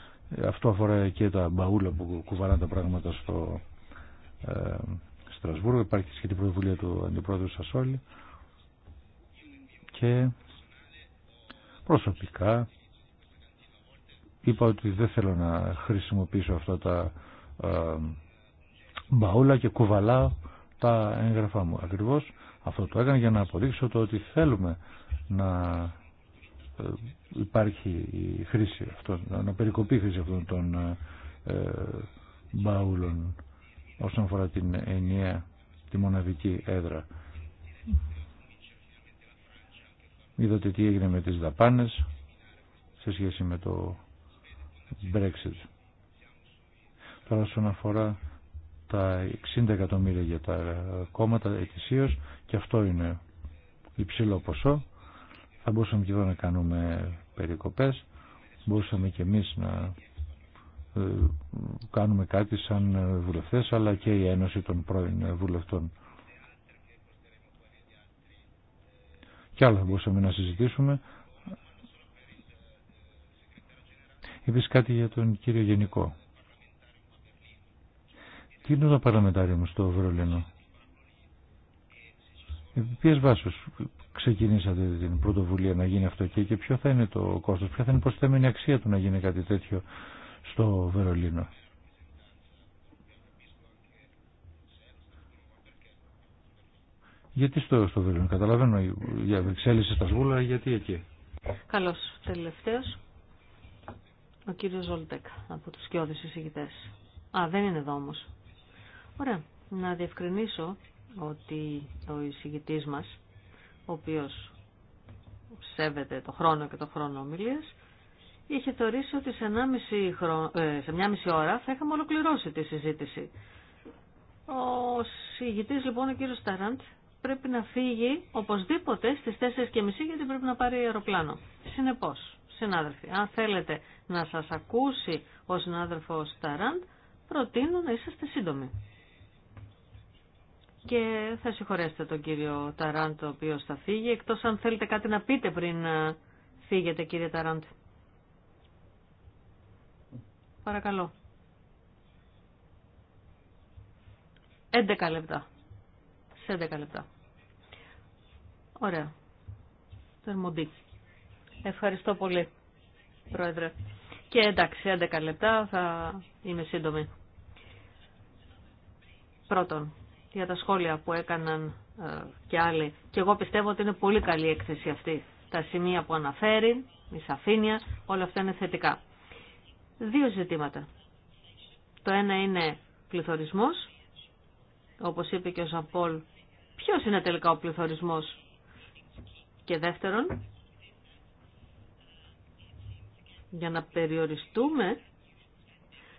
Αυτό αφορά και τα μπαούλα που κουβαλάνε τα πράγματα στο ε, Στρασβούργο. Υπάρχει και την πρωτοβουλία του Αντιπρόεδρου Σασόλη. Και προσωπικά είπα ότι δεν θέλω να χρησιμοποιήσω αυτά τα ε, μπαούλα και κουβαλάω τα έγγραφά μου. Ακριβώς αυτό το έκανα για να αποδείξω το ότι θέλουμε να ε, υπάρχει η χρήση αυτών, να περικοπεί η χρήση αυτών των ε, ε, μπάουλων όσον αφορά την ενιαία, τη μοναδική έδρα. Είδατε τι έγινε με τις δαπάνες σε σχέση με το Brexit. Τώρα όσον αφορά τα 60 εκατομμύρια για τα κόμματα ετησίως και αυτό είναι υψηλό ποσό θα μπορούσαμε και εδώ να κάνουμε περικοπές, μπορούσαμε και εμείς να ε, κάνουμε κάτι σαν βουλευτές, αλλά και η Ένωση των πρώην βουλευτών. Και άλλα θα μπορούσαμε να συζητήσουμε. Επίσης κάτι για τον κύριο Γενικό. Τι είναι το παραμετάριο μου στο Βερολίνο. Ε, ποιες βάσεις ξεκινήσατε την πρωτοβουλία να γίνει αυτό και, και ποιο θα είναι το κόστος, ποια θα είναι η προσθέμενη αξία του να γίνει κάτι τέτοιο στο Βερολίνο. Γιατί στο, στο Βερολίνο, καταλαβαίνω, για εξέλιξη στα σβούλα, γιατί εκεί.
Καλώς, τελευταίος. Ο κύριος Ζολτέκ από τους κοιόδης εισηγητές. Α, δεν είναι εδώ όμως. Ωραία, να διευκρινίσω ότι ο εισηγητής μας ο οποίος σέβεται το χρόνο και το χρόνο ομιλίας, είχε θεωρήσει ότι ε, σε, μια μισή ώρα θα είχαμε ολοκληρώσει τη συζήτηση. Ο συγητής λοιπόν, ο κύριος Ταραντ, πρέπει να φύγει οπωσδήποτε στις 4.30 γιατί πρέπει να πάρει αεροπλάνο. Συνεπώς, συνάδελφοι, αν θέλετε να σας ακούσει ο συνάδελφος Ταραντ, προτείνω να είσαστε σύντομοι και θα συγχωρέσετε τον κύριο Ταράντ ο οποίος θα φύγει εκτός αν θέλετε κάτι να πείτε πριν ε, φύγετε κύριε Ταράντ παρακαλώ 11 λεπτά σε 11 λεπτά ωραία Τερμοντή ευχαριστώ πολύ πρόεδρε και εντάξει 11 λεπτά θα είμαι σύντομη πρώτον για τα σχόλια που έκαναν ε, και άλλοι. Και εγώ πιστεύω ότι είναι πολύ καλή έκθεση αυτή. Τα σημεία που αναφέρει, η σαφήνεια, όλα αυτά είναι θετικά. Δύο ζητήματα. Το ένα είναι πληθωρισμός. Όπως είπε και ο Ζαμπόλ, ποιος είναι τελικά ο πληθωρισμός. Και δεύτερον, για να περιοριστούμε,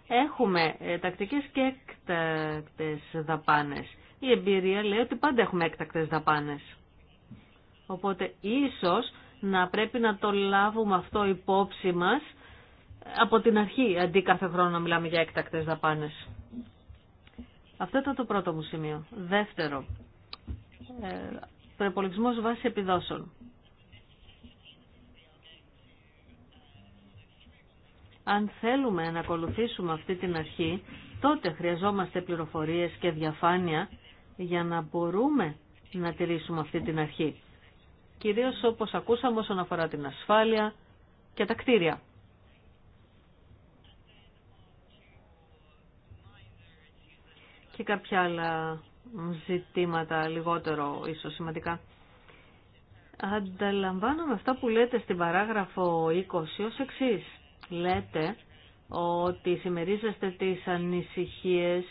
έχουμε ε, τακτικές και έκτακτες δαπάνες η εμπειρία λέει ότι πάντα έχουμε έκτακτες δαπάνες. Οπότε ίσως να πρέπει να το λάβουμε αυτό υπόψη μας από την αρχή, αντί κάθε χρόνο να μιλάμε για έκτακτες δαπάνες. Αυτό ήταν το πρώτο μου σημείο. Δεύτερο, ε, βάση επιδόσεων. Αν θέλουμε να ακολουθήσουμε αυτή την αρχή, τότε χρειαζόμαστε πληροφορίες και διαφάνεια για να μπορούμε να τηρήσουμε αυτή την αρχή. Κυρίως όπως ακούσαμε όσον αφορά την ασφάλεια και τα κτίρια. Και κάποια άλλα ζητήματα λιγότερο ίσως σημαντικά. Ανταλαμβάνομαι αυτά που λέτε στην παράγραφο 20 ως εξής. Λέτε ότι συμμερίζεστε τις ανησυχίες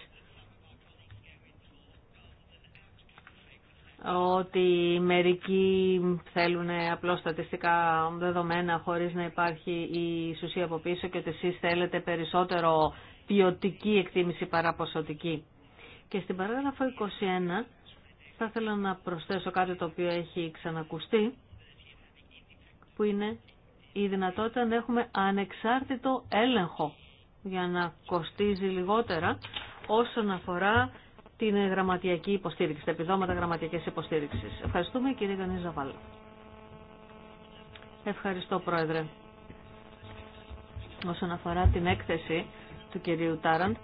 ότι μερικοί θέλουν απλώς στατιστικά δεδομένα χωρίς να υπάρχει η σουσία από πίσω και ότι εσείς θέλετε περισσότερο ποιοτική εκτίμηση παρά ποσοτική. Και στην παράγραφο 21 θα ήθελα να προσθέσω κάτι το οποίο έχει ξανακουστεί, που είναι η δυνατότητα να έχουμε ανεξάρτητο έλεγχο για να κοστίζει λιγότερα όσον αφορά την γραμματιακή υποστήριξη, τα επιδόματα γραμματιακής υποστήριξης. Ευχαριστούμε κύριε Γανίζα ζαβάλ. Ευχαριστώ Πρόεδρε. Όσον αφορά την έκθεση του κυρίου Τάραν,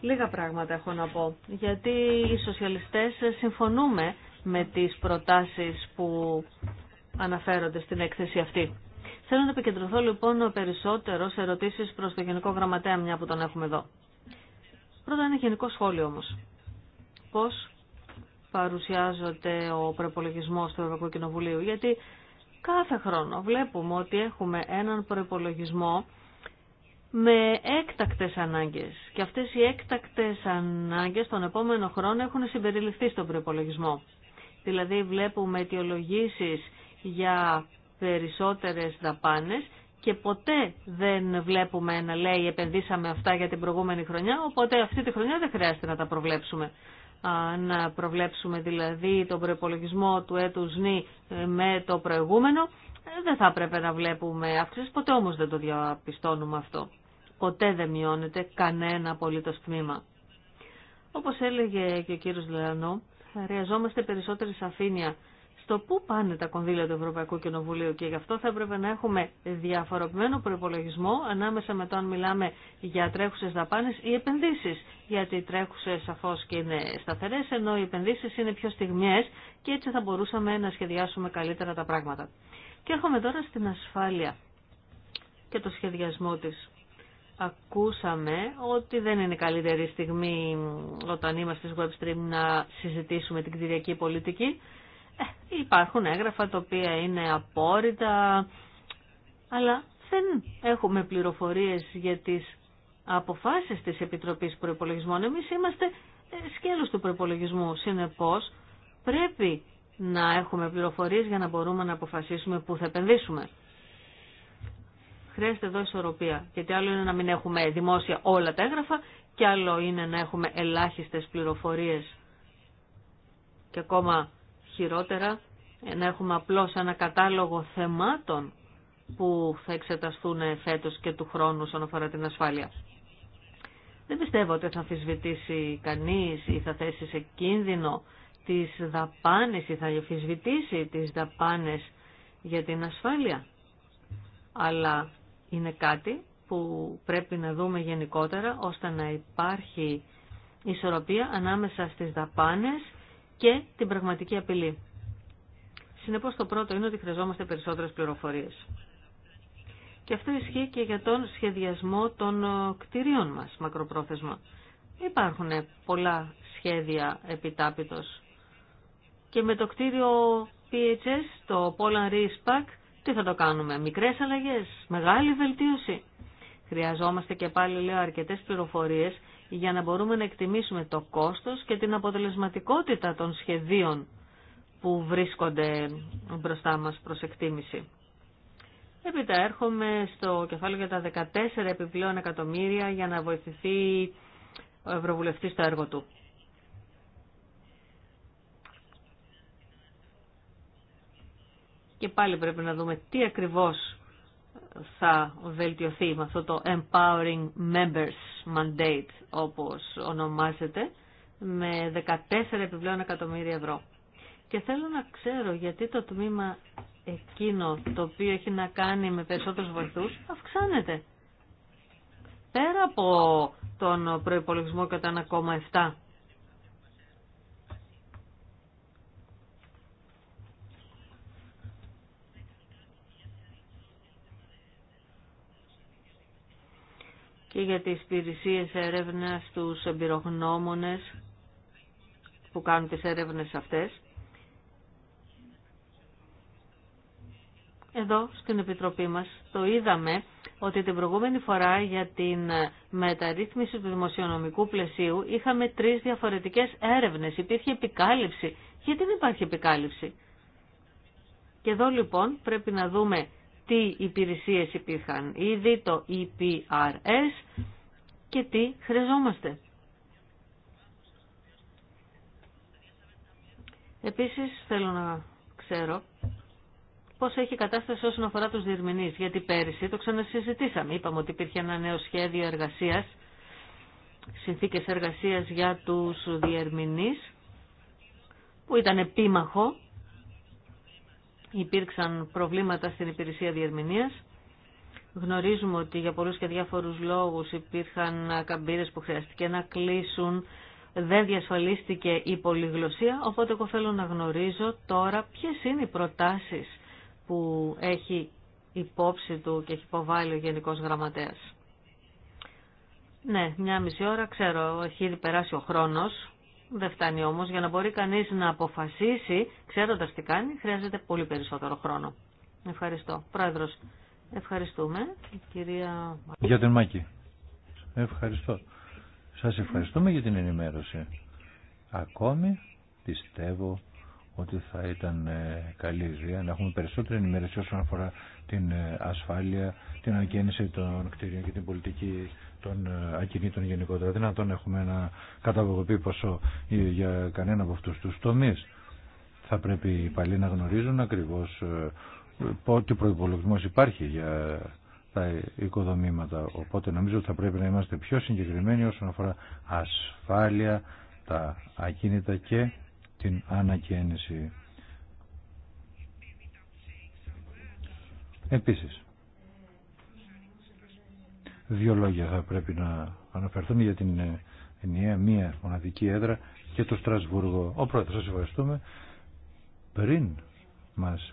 λίγα πράγματα έχω να πω, γιατί οι σοσιαλιστές συμφωνούμε με τις προτάσεις που αναφέρονται στην έκθεση αυτή. Θέλω να επικεντρωθώ λοιπόν περισσότερο σε ερωτήσεις προς το Γενικό Γραμματέα, μια που τον έχουμε εδώ. Πρώτα ένα γενικό σχόλιο όμως. Πώς παρουσιάζεται ο προπολογισμό του Ευρωπαϊκού Κοινοβουλίου. Γιατί κάθε χρόνο βλέπουμε ότι έχουμε έναν προπολογισμό με έκτακτες ανάγκες. Και αυτές οι έκτακτες ανάγκες τον επόμενο χρόνο έχουν συμπεριληφθεί στον προπολογισμό. Δηλαδή βλέπουμε αιτιολογήσεις για περισσότερες δαπάνες και ποτέ δεν βλέπουμε να λέει επενδύσαμε αυτά για την προηγούμενη χρονιά, οπότε αυτή τη χρονιά δεν χρειάζεται να τα προβλέψουμε. Να προβλέψουμε δηλαδή τον προπολογισμό του έτους νη ε, με το προηγούμενο, ε, δεν θα έπρεπε να βλέπουμε αύξηση, ποτέ όμως δεν το διαπιστώνουμε αυτό. Ποτέ δεν μειώνεται κανένα απολύτως τμήμα. Όπως έλεγε και ο κύριος Λεανό, χρειαζόμαστε περισσότερη σαφήνεια το πού πάνε τα κονδύλια του Ευρωπαϊκού Κοινοβουλίου και γι' αυτό θα έπρεπε να έχουμε διαφοροποιημένο προπολογισμό ανάμεσα με το αν μιλάμε για τρέχουσε δαπάνε ή επενδύσει. Γιατί οι τρέχουσε σαφώ και είναι σταθερέ, ενώ οι επενδύσει είναι πιο στιγμίε και έτσι θα μπορούσαμε να σχεδιάσουμε καλύτερα τα πράγματα. Και έρχομαι τώρα στην ασφάλεια και το σχεδιασμό τη. Ακούσαμε ότι δεν είναι καλύτερη στιγμή όταν είμαστε στις webstream να συζητήσουμε την κτηριακή πολιτική υπάρχουν έγγραφα τα οποία είναι απόρριτα, αλλά δεν έχουμε πληροφορίες για τις αποφάσεις της Επιτροπής Προϋπολογισμών. Εμείς είμαστε ε, σκέλος του προϋπολογισμού, συνεπώς πρέπει να έχουμε πληροφορίες για να μπορούμε να αποφασίσουμε πού θα επενδύσουμε. Χρειάζεται εδώ ισορροπία, γιατί άλλο είναι να μην έχουμε δημόσια όλα τα έγγραφα και άλλο είναι να έχουμε ελάχιστες πληροφορίες και ακόμα χειρότερα να έχουμε απλώς ένα κατάλογο θεμάτων που θα εξεταστούν φέτος και του χρόνου όσον αφορά την ασφάλεια. Δεν πιστεύω ότι θα αμφισβητήσει κανείς ή θα θέσει σε κίνδυνο τις δαπάνες ή θα αμφισβητήσει τις δαπάνες για την ασφάλεια. Αλλά είναι κάτι που πρέπει να δούμε γενικότερα ώστε να υπάρχει ισορροπία ανάμεσα στις δαπάνες και την πραγματική απειλή. Συνεπώς το πρώτο είναι ότι χρειαζόμαστε περισσότερες πληροφορίε. Και αυτό ισχύει και για τον σχεδιασμό των ε, κτηρίων μας μακροπρόθεσμα. Υπάρχουν πολλά σχέδια επιτάπητος. Και με το κτίριο PHS, το Poland Pack, τι θα το κάνουμε, μικρές αλλαγές, μεγάλη βελτίωση. Χρειαζόμαστε και πάλι λέω αρκετέ πληροφορίε για να μπορούμε να εκτιμήσουμε το κόστος και την αποτελεσματικότητα των σχεδίων που βρίσκονται μπροστά μας προς εκτίμηση. Έπειτα έρχομαι στο κεφάλαιο για τα 14 επιπλέον εκατομμύρια για να βοηθηθεί ο Ευρωβουλευτής στο έργο του. Και πάλι πρέπει να δούμε τι ακριβώς θα βελτιωθεί με αυτό το Empowering Members Mandate όπως ονομάζεται με 14 επιπλέον εκατομμύρια ευρώ. Και θέλω να ξέρω γιατί το τμήμα εκείνο το οποίο έχει να κάνει με περισσότερους βοηθούς αυξάνεται. Πέρα από τον προϋπολογισμό κατά 1,7 και για τις υπηρεσίε έρευνας, τους εμπειρογνώμονες που κάνουν τις έρευνες αυτές. Εδώ στην Επιτροπή μας το είδαμε ότι την προηγούμενη φορά για την μεταρρύθμιση του δημοσιονομικού πλαισίου είχαμε τρεις διαφορετικές έρευνες. Υπήρχε επικάλυψη. Γιατί δεν υπάρχει επικάλυψη. Και εδώ λοιπόν πρέπει να δούμε τι υπηρεσίες υπήρχαν ήδη, το EPRS και τι χρειαζόμαστε. Επίσης θέλω να ξέρω πώς έχει κατάσταση όσον αφορά τους διερμηνείς, γιατί πέρυσι το ξανασυζητήσαμε. Είπαμε ότι υπήρχε ένα νέο σχέδιο εργασίας, συνθήκες εργασίας για τους διερμηνείς, που ήταν επίμαχο υπήρξαν προβλήματα στην υπηρεσία διερμηνίας. Γνωρίζουμε ότι για πολλούς και διάφορους λόγους υπήρχαν καμπύρες που χρειαστηκε να κλείσουν, δεν διασφαλίστηκε η πολυγλωσία, οπότε εγώ θέλω να γνωρίζω τώρα ποιες είναι οι προτάσεις που έχει υπόψη του και έχει υποβάλει ο Γενικός Γραμματέας. Ναι, μια μισή ώρα, ξέρω, έχει ήδη περάσει ο χρόνος, δεν φτάνει όμως για να μπορεί κανείς να αποφασίσει, ξέροντας τι κάνει, χρειάζεται πολύ περισσότερο χρόνο. Ευχαριστώ. Πρόεδρος, ευχαριστούμε. Κυρία...
Για την Μάκη. Ευχαριστώ. Σας ευχαριστούμε για την ενημέρωση. Ακόμη πιστεύω ότι θα ήταν ε, καλή ιδέα να έχουμε περισσότερη ενημέρωση όσον αφορά την ε, ασφάλεια, την ανακαίνιση των κτίριων και την πολιτική των ε, ακινήτων γενικότερα. τον έχουμε ένα καταβογωπή ποσό ε, για κανένα από αυτούς τους τομείς. Θα πρέπει οι παλιοί να γνωρίζουν ακριβώς πότε προϋπολογισμός υπάρχει για τα οικοδομήματα. Οπότε νομίζω ότι θα πρέπει να είμαστε πιο συγκεκριμένοι όσον αφορά ασφάλεια, τα ακίνητα και την ανακαίνιση. Επίσης, δύο λόγια θα πρέπει να αναφερθούν για την ενιαία μία μοναδική έδρα και το Στρασβούργο. Ο πρόεδρος, σας ευχαριστούμε. Πριν μας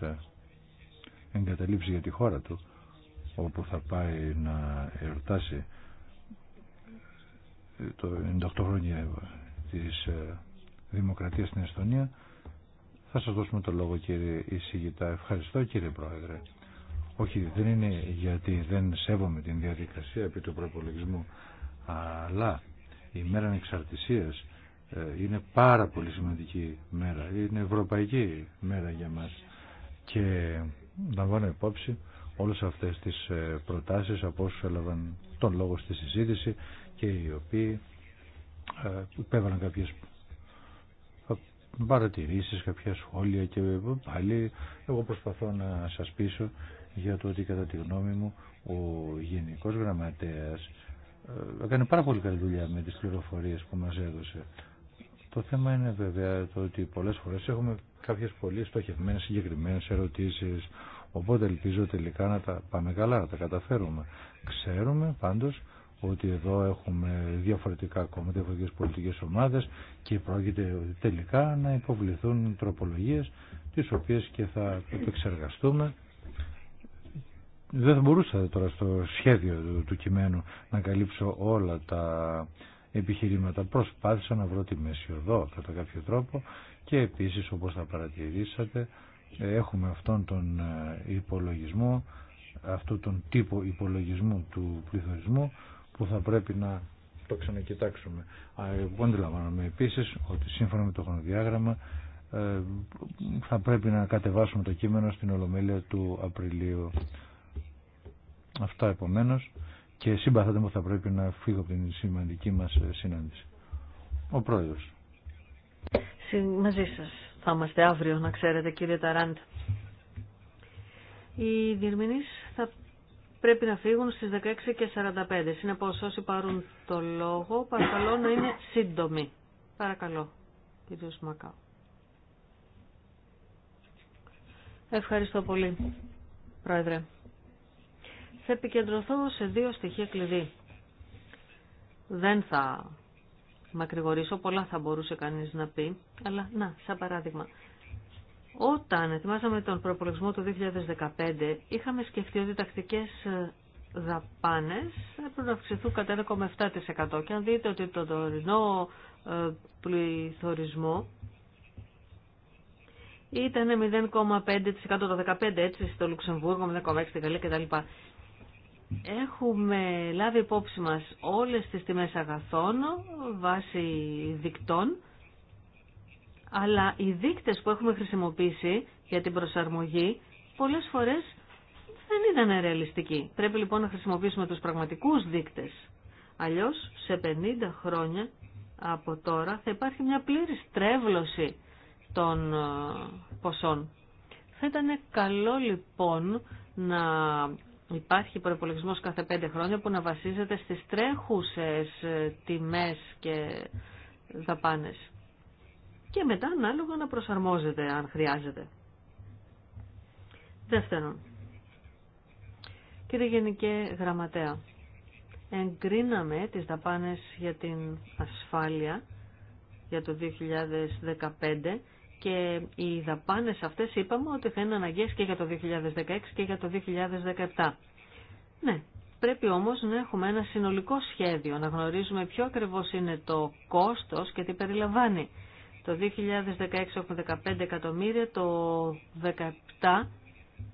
εγκαταλείψει για τη χώρα του, όπου θα πάει να ερωτάσει το 98 χρόνια της δημοκρατίας στην Εστονία, θα σας δώσουμε το λόγο κύριε Ισηγητά. Ευχαριστώ κύριε Πρόεδρε. Όχι, δεν είναι γιατί δεν σέβομαι την διαδικασία επί του προπολογισμού, αλλά η μέρα ανεξαρτησίας ε, είναι πάρα πολύ σημαντική μέρα. Είναι ευρωπαϊκή μέρα για μας και λαμβάνω υπόψη όλες αυτές τις ε, προτάσεις από όσους έλαβαν τον λόγο στη συζήτηση και οι οποίοι ε, υπέβαλαν κάποιες παρατηρήσεις, κάποια σχόλια και πάλι εγώ προσπαθώ να σας πείσω για το ότι κατά τη γνώμη μου ο Γενικός Γραμματέας ε, έκανε πάρα πολύ καλή δουλειά με τις πληροφορίες που μας έδωσε. Το θέμα είναι βέβαια το ότι πολλές φορές έχουμε κάποιες πολύ στοχευμένες συγκεκριμένες ερωτήσεις οπότε ελπίζω τελικά να τα πάμε καλά, να τα καταφέρουμε. Ξέρουμε πάντως ότι εδώ έχουμε διαφορετικά κόμματα, διαφορετικές πολιτικές ομάδες και πρόκειται τελικά να υποβληθούν τροπολογίες τις οποίες και θα επεξεργαστούμε δεν θα μπορούσα τώρα στο σχέδιο του, κειμένου να καλύψω όλα τα επιχειρήματα. Προσπάθησα να βρω τη μέση εδώ κατά κάποιο τρόπο και επίσης όπως θα παρατηρήσατε έχουμε αυτόν τον ε, υπολογισμό, αυτό τον τύπο υπολογισμού του πληθωρισμού που θα πρέπει να το ξανακοιτάξουμε. Εγώ αντιλαμβάνομαι επίσης ότι σύμφωνα με το χρονοδιάγραμμα ε, θα πρέπει να κατεβάσουμε το κείμενο στην Ολομέλεια του Απριλίου. Αυτά επομένω. και συμπαθάτε μου θα πρέπει να φύγω από την σημαντική μας ε, συνάντηση. Ο πρόεδρος.
Μαζί σας θα είμαστε αύριο, να ξέρετε κύριε Ταράντ. Οι διερμηνείς θα πρέπει να φύγουν στις 16 και 45. Συνεπώς όσοι πάρουν το λόγο, παρακαλώ να είναι σύντομοι. Παρακαλώ, κύριος Μακάου. Ευχαριστώ πολύ, Πρόεδρε. Θα επικεντρωθώ σε δύο στοιχεία κλειδί. Δεν θα μακρηγορήσω, πολλά θα μπορούσε κανείς να πει, αλλά να, σαν παράδειγμα. Όταν ετοιμάσαμε τον προπολογισμό του 2015, είχαμε σκεφτεί ότι τακτικές ε, δαπάνες έπρεπε να αυξηθούν κατά 1,7%. Και αν δείτε ότι το τωρινό ε, πληθωρισμό ήταν 0,5% το 2015 έτσι στο Λουξεμβούργο, 0,6% στη Γαλλία κτλ. Έχουμε λάβει υπόψη μας όλες τις τιμές αγαθών βάσει δικτών, αλλά οι δείκτες που έχουμε χρησιμοποιήσει για την προσαρμογή πολλές φορές δεν ήταν ρεαλιστικοί. Πρέπει λοιπόν να χρησιμοποιήσουμε τους πραγματικούς δείκτες. Αλλιώς σε 50 χρόνια από τώρα θα υπάρχει μια πλήρη στρέβλωση των ε, ποσών. Θα ήταν καλό λοιπόν να Υπάρχει προπολογισμό κάθε πέντε χρόνια που να βασίζεται στις τρέχουσες ε, τιμές και δαπάνες. Και μετά ανάλογα να προσαρμόζεται αν χρειάζεται. Δεύτερον, κύριε Γενικέ Γραμματέα, εγκρίναμε τις δαπάνες για την ασφάλεια για το 2015 και οι δαπάνες αυτές είπαμε ότι θα είναι αναγκαίες και για το 2016 και για το 2017. Ναι, πρέπει όμως να έχουμε ένα συνολικό σχέδιο, να γνωρίζουμε ποιο ακριβώς είναι το κόστος και τι περιλαμβάνει. Το 2016 έχουμε 15 εκατομμύρια, το 2017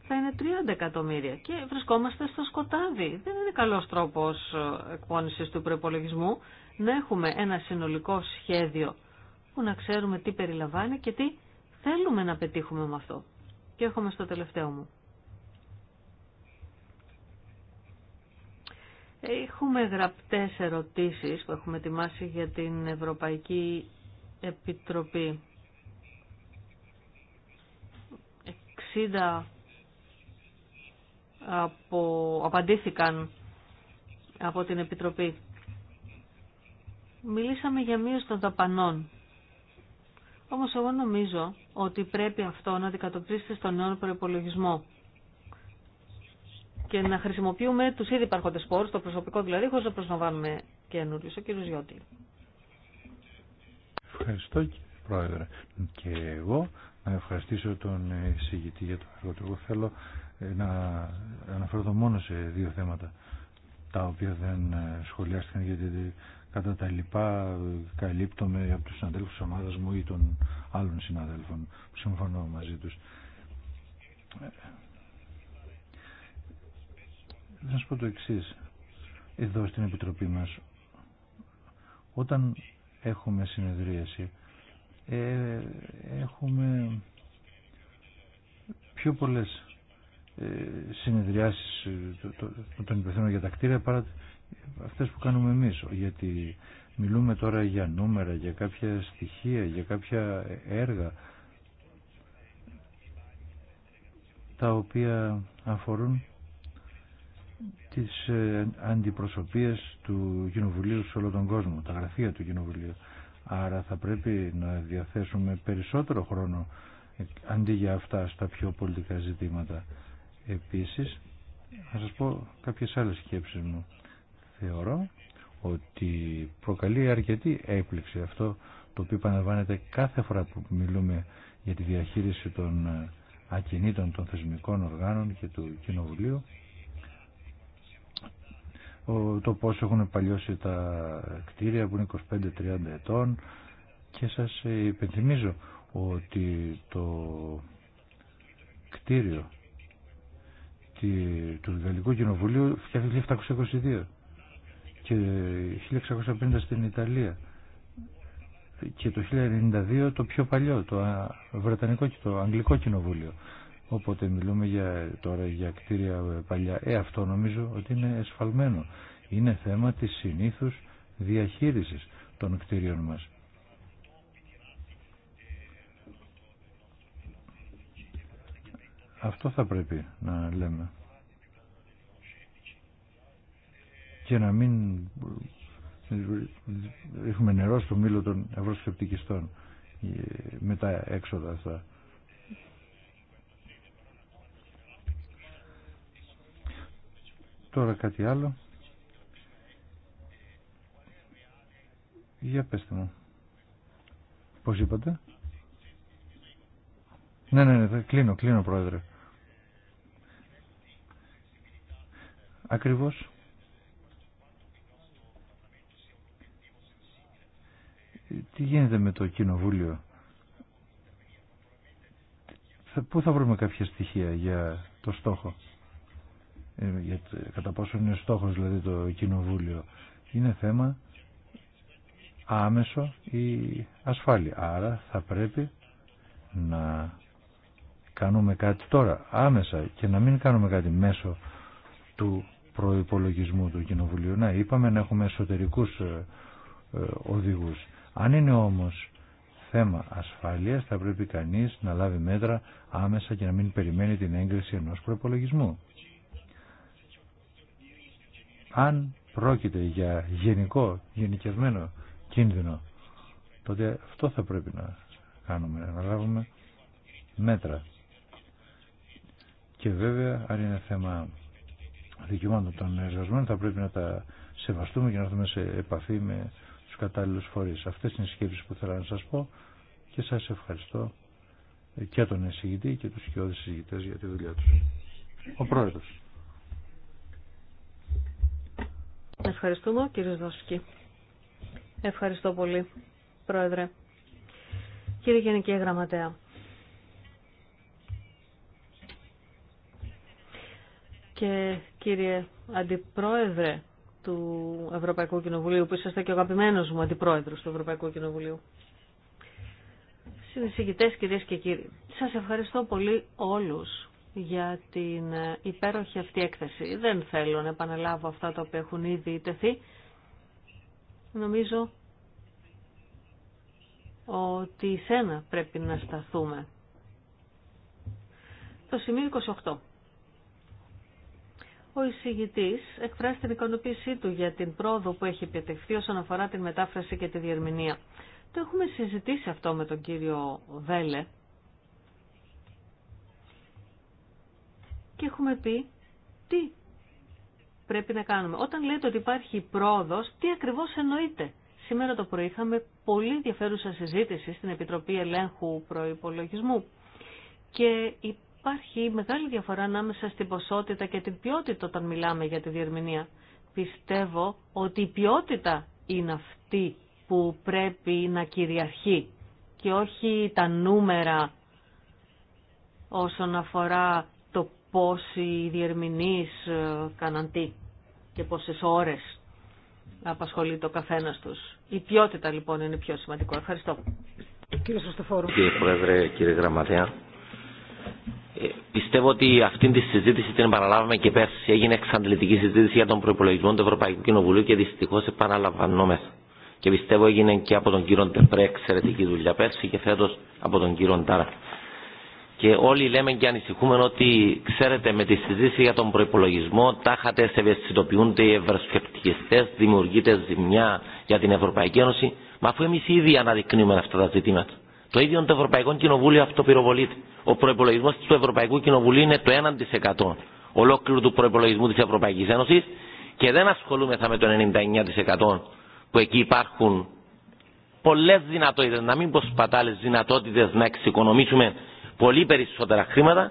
θα είναι 30 εκατομμύρια και βρισκόμαστε στο σκοτάδι. Δεν είναι καλός τρόπος ε, εκπόνησης του προπολογισμού να έχουμε ένα συνολικό σχέδιο που να ξέρουμε τι περιλαμβάνει και τι θέλουμε να πετύχουμε με αυτό. Και έχουμε στο τελευταίο μου. Έχουμε γραπτές ερωτήσεις που έχουμε ετοιμάσει για την Ευρωπαϊκή Επιτροπή. 60 από, απαντήθηκαν από την Επιτροπή. Μιλήσαμε για μείωση των δαπανών όμως εγώ νομίζω ότι πρέπει αυτό να αντικατοπτρίσετε στον νέο προπολογισμό και να χρησιμοποιούμε τους ήδη υπάρχοντες πόρους, το προσωπικό δηλαδή, χωρίς να προσλαμβάνουμε καινούριους. Ο κύριος Γιώτη.
Ευχαριστώ κύριε Πρόεδρε. Και εγώ να ευχαριστήσω τον εισηγητή για το έργο του. Εγώ θέλω ε, να αναφέρω μόνο σε δύο θέματα τα οποία δεν ε, σχολιάστηκαν γιατί κατά τα λοιπά ε, καλύπτομαι από τους συναδέλφους της ομάδας μου ή των άλλων συναδέλφων που συμφωνώ μαζί τους. Θα ε, σας πω το εξής. Εδώ στην Επιτροπή μας όταν έχουμε συνεδρίαση ε, έχουμε πιο πολλές ε, συνεδριάσει ε, των υπευθύνων για τα κτίρια παρά αυτές που κάνουμε εμείς γιατί μιλούμε τώρα για νούμερα για κάποια στοιχεία για κάποια έργα τα οποία αφορούν τις ε, αντιπροσωπείες του Κοινοβουλίου σε όλο τον κόσμο, τα γραφεία του Κοινοβουλίου. Άρα θα πρέπει να διαθέσουμε περισσότερο χρόνο αντί για αυτά στα πιο πολιτικά ζητήματα. Επίσης, να σας πω κάποιες άλλες σκέψεις μου. Θεωρώ ότι προκαλεί αρκετή έπληξη αυτό το οποίο επαναλαμβάνεται κάθε φορά που μιλούμε για τη διαχείριση των ε, ακινήτων των θεσμικών οργάνων και του Κοινοβουλίου το πώς έχουν παλιώσει τα κτίρια που είναι 25-30 ετών και σας ε, υπενθυμίζω ότι το κτίριο του Γαλλικού Κοινοβουλίου φτιάχνει 1722 και 1650 στην Ιταλία και το 1992 το πιο παλιό, το Βρετανικό και το Αγγλικό Κοινοβούλιο. Οπότε μιλούμε για, τώρα για κτίρια ε, παλιά. Ε, αυτό νομίζω ότι είναι εσφαλμένο. Είναι θέμα της συνήθους διαχείρισης των κτίριων μας. Αυτό θα πρέπει να λέμε. Και να μην έχουμε νερό στο μήλο των ευρωσκεπτικιστών ε, με τα έξοδα αυτά. Τώρα κάτι άλλο. Για πέστε μου. Πώς είπατε. Ναι, ναι, ναι, κλείνω, κλείνω πρόεδρε. ακριβώς τι γίνεται με το κοινοβούλιο πού θα βρούμε κάποια στοιχεία για το στόχο ε, για κατά πόσο είναι στόχος δηλαδή το κοινοβούλιο είναι θέμα άμεσο ή ασφάλεια άρα θα πρέπει να κάνουμε κάτι τώρα άμεσα και να μην κάνουμε κάτι μέσω του προϋπολογισμού του Κοινοβουλίου. Να είπαμε να έχουμε εσωτερικούς ε, ε, οδηγούς. Αν είναι όμως θέμα ασφάλειας θα πρέπει κανείς να λάβει μέτρα άμεσα και να μην περιμένει την έγκριση ενός προϋπολογισμού. Αν πρόκειται για γενικό, γενικευμένο κίνδυνο, τότε αυτό θα πρέπει να κάνουμε, να λάβουμε μέτρα. Και βέβαια, αν είναι θέμα δικαιωμάτων των εργαζομένων θα πρέπει να τα σεβαστούμε και να έρθουμε σε επαφή με τους κατάλληλους φορείς. Αυτές είναι οι σκέψεις που θέλω να σας πω και σας ευχαριστώ και τον εισηγητή και τους σκιώδεις εισηγητές για τη δουλειά τους. Ο Πρόεδρος.
Ευχαριστούμε κύριε Δόσκη. Ευχαριστώ πολύ Πρόεδρε. Κύριε Γενική Γραμματέα. Και κύριε Αντιπρόεδρε του Ευρωπαϊκού Κοινοβουλίου, που είσαστε και ο αγαπημένο μου Αντιπρόεδρος του Ευρωπαϊκού Κοινοβουλίου. Συνεισηγητέ, κυρίες και κύριοι, σας ευχαριστώ πολύ όλους για την υπέροχη αυτή έκθεση. Δεν θέλω να επαναλάβω αυτά τα οποία έχουν ήδη τεθεί. Νομίζω ότι σένα πρέπει να σταθούμε. Το σημείο 28 ο εισηγητή εκφράσει την ικανοποίησή του για την πρόοδο που έχει επιτευχθεί όσον αφορά την μετάφραση και τη διερμηνία. Το έχουμε συζητήσει αυτό με τον κύριο Βέλε και έχουμε πει τι πρέπει να κάνουμε. Όταν λέτε ότι υπάρχει πρόοδος, τι ακριβώς εννοείται. Σήμερα το πρωί είχαμε πολύ ενδιαφέρουσα συζήτηση στην Επιτροπή Ελέγχου Προϋπολογισμού και υπάρχει μεγάλη διαφορά ανάμεσα στην ποσότητα και την ποιότητα όταν μιλάμε για τη διερμηνία. Πιστεύω ότι η ποιότητα είναι αυτή που πρέπει να κυριαρχεί και όχι τα νούμερα όσον αφορά το πόσοι διερμηνείς ε, κάναν τι και πόσες ώρες απασχολεί το καθένα τους. Η ποιότητα λοιπόν είναι πιο σημαντικό. Ευχαριστώ. Κύριε Σωστοφόρου.
Κύριε
Πρόεδρε, κύριε Γραμματέα, ε, πιστεύω ότι αυτή τη συζήτηση την επαναλάβαμε και πέρσι. Έγινε εξαντλητική συζήτηση για τον προπολογισμό του Ευρωπαϊκού Κοινοβουλίου και δυστυχώ επαναλαμβανόμεθα. Και πιστεύω έγινε και από τον κύριο Ντεπρέ εξαιρετική δουλειά πέρσι και φέτο από τον κύριο Ντάρα. Και όλοι λέμε και ανησυχούμε ότι, ξέρετε, με τη συζήτηση για τον προπολογισμό τάχατε σε ευαισθητοποιούνται οι ευρωσκεπτικιστέ, δημιουργείται ζημιά για την Ευρωπαϊκή Ένωση. Μα αφού εμεί ήδη αναδεικνύουμε αυτά τα ζητήματα. Το ίδιο το Ευρωπαϊκό Κοινοβούλιο αυτοπυροβολείται. Ο προπολογισμό του Ευρωπαϊκού Κοινοβουλίου είναι το 1% ολόκληρου του προπολογισμού τη Ευρωπαϊκή Ένωση και δεν ασχολούμεθα με το 99% που εκεί υπάρχουν πολλέ δυνατότητε, να μην πω σπατάλε δυνατότητε να εξοικονομήσουμε πολύ περισσότερα χρήματα.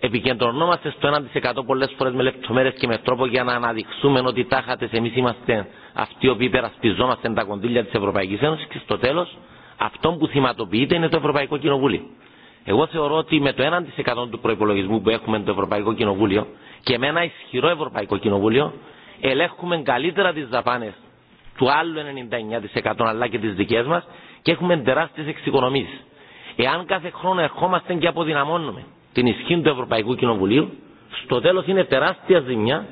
Επικεντρωνόμαστε στο 1% πολλέ φορέ με λεπτομέρειε και με τρόπο για να αναδειχθούμε ότι τάχατε εμεί είμαστε αυτοί οι οποίοι υπερασπιζόμαστε τα κονδύλια τη Ευρωπαϊκή Ένωση και στο τέλο αυτό που θυματοποιείται είναι το Ευρωπαϊκό Κοινοβούλιο. Εγώ θεωρώ ότι με το 1% του προπολογισμού που έχουμε το Ευρωπαϊκό Κοινοβούλιο και με ένα ισχυρό Ευρωπαϊκό Κοινοβούλιο ελέγχουμε καλύτερα τι δαπάνε του άλλου 99% αλλά και τι δικέ μα και έχουμε τεράστιε εξοικονομήσει. Εάν κάθε χρόνο ερχόμαστε και αποδυναμώνουμε την ισχύ του Ευρωπαϊκού Κοινοβουλίου, στο τέλο είναι τεράστια ζημιά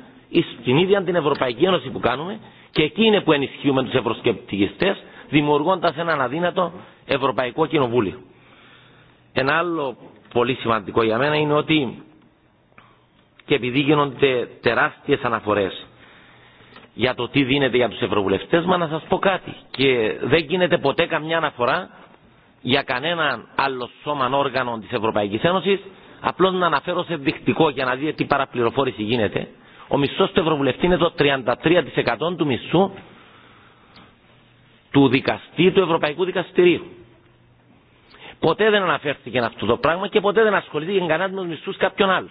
στην ίδια την Ευρωπαϊκή Ένωση που κάνουμε και εκεί είναι που ενισχύουμε του ευρωσκεπτικιστέ Δημιουργώντα έναν αδύνατο Ευρωπαϊκό Κοινοβούλιο. Ένα άλλο πολύ σημαντικό για μένα είναι ότι και επειδή γίνονται τεράστιες αναφορές για το τι δίνεται για του ευρωβουλευτές μα να σας πω κάτι και δεν γίνεται ποτέ καμιά αναφορά για κανέναν άλλο σώμα όργανο της Ευρωπαϊκής Ένωση, απλώς να αναφέρω σε δεικτικό για να δείτε τι παραπληροφόρηση γίνεται ο μισθός του ευρωβουλευτή είναι το 33% του μισθού του δικαστή του Ευρωπαϊκού Δικαστηρίου. Ποτέ δεν αναφέρθηκε αυτό το πράγμα και ποτέ δεν ασχολήθηκε κανένα με του μισθού κάποιον άλλο.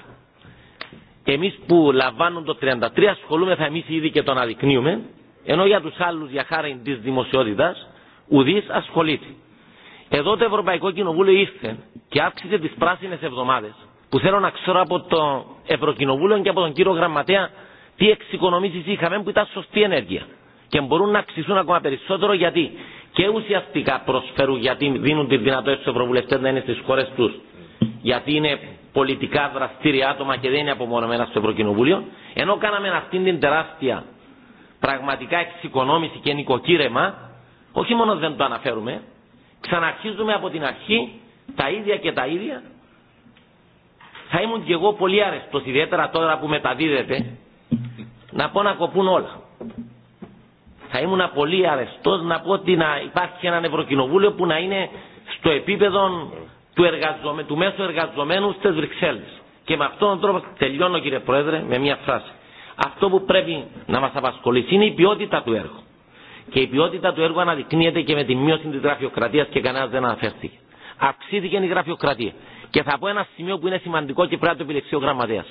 Εμεί που λαμβάνουν το 33 ασχολούμεθα εμεί ήδη και τον αδεικνύουμε, ενώ για του άλλου για χάρη τη δημοσιότητα ουδή ασχολείται. Εδώ το Ευρωπαϊκό Κοινοβούλιο ήρθε και αύξησε τι πράσινε εβδομάδε, που θέλω να ξέρω από το Ευρωκοινοβούλιο και από τον κύριο Γραμματέα τι εξοικονομήσει είχαμε που ήταν σωστή ενέργεια και μπορούν να αυξηθούν ακόμα περισσότερο γιατί και ουσιαστικά προσφέρουν γιατί δίνουν τη δυνατότητα στους ευρωβουλευτέ να είναι στι χώρε του, γιατί είναι πολιτικά δραστήρια άτομα και δεν είναι απομονωμένα στο Ευρωκοινοβούλιο, ενώ κάναμε αυτήν την τεράστια πραγματικά εξοικονόμηση και νοικοκύρεμα, όχι μόνο δεν το αναφέρουμε, ξαναρχίζουμε από την αρχή τα ίδια και τα ίδια. Θα ήμουν και εγώ πολύ άρεστος, ιδιαίτερα τώρα που μεταδίδεται, να πω να κοπούν όλα θα ήμουν πολύ αρεστό να πω ότι να υπάρχει ένα Ευρωκοινοβούλιο που να είναι στο επίπεδο του, εργαζομε... του μέσου εργαζομένου στι Βρυξέλλε. Και με αυτόν τον τρόπο τελειώνω κύριε Πρόεδρε με μια φράση. Αυτό που πρέπει να μα απασχολήσει είναι η ποιότητα του έργου. Και η ποιότητα του έργου αναδεικνύεται και με τη μείωση τη γραφειοκρατία και κανένα δεν αναφέρθηκε. Αυξήθηκε η γραφειοκρατία. Και θα πω ένα σημείο που είναι σημαντικό και πρέπει να το επιλεξεί ο γραμματέα.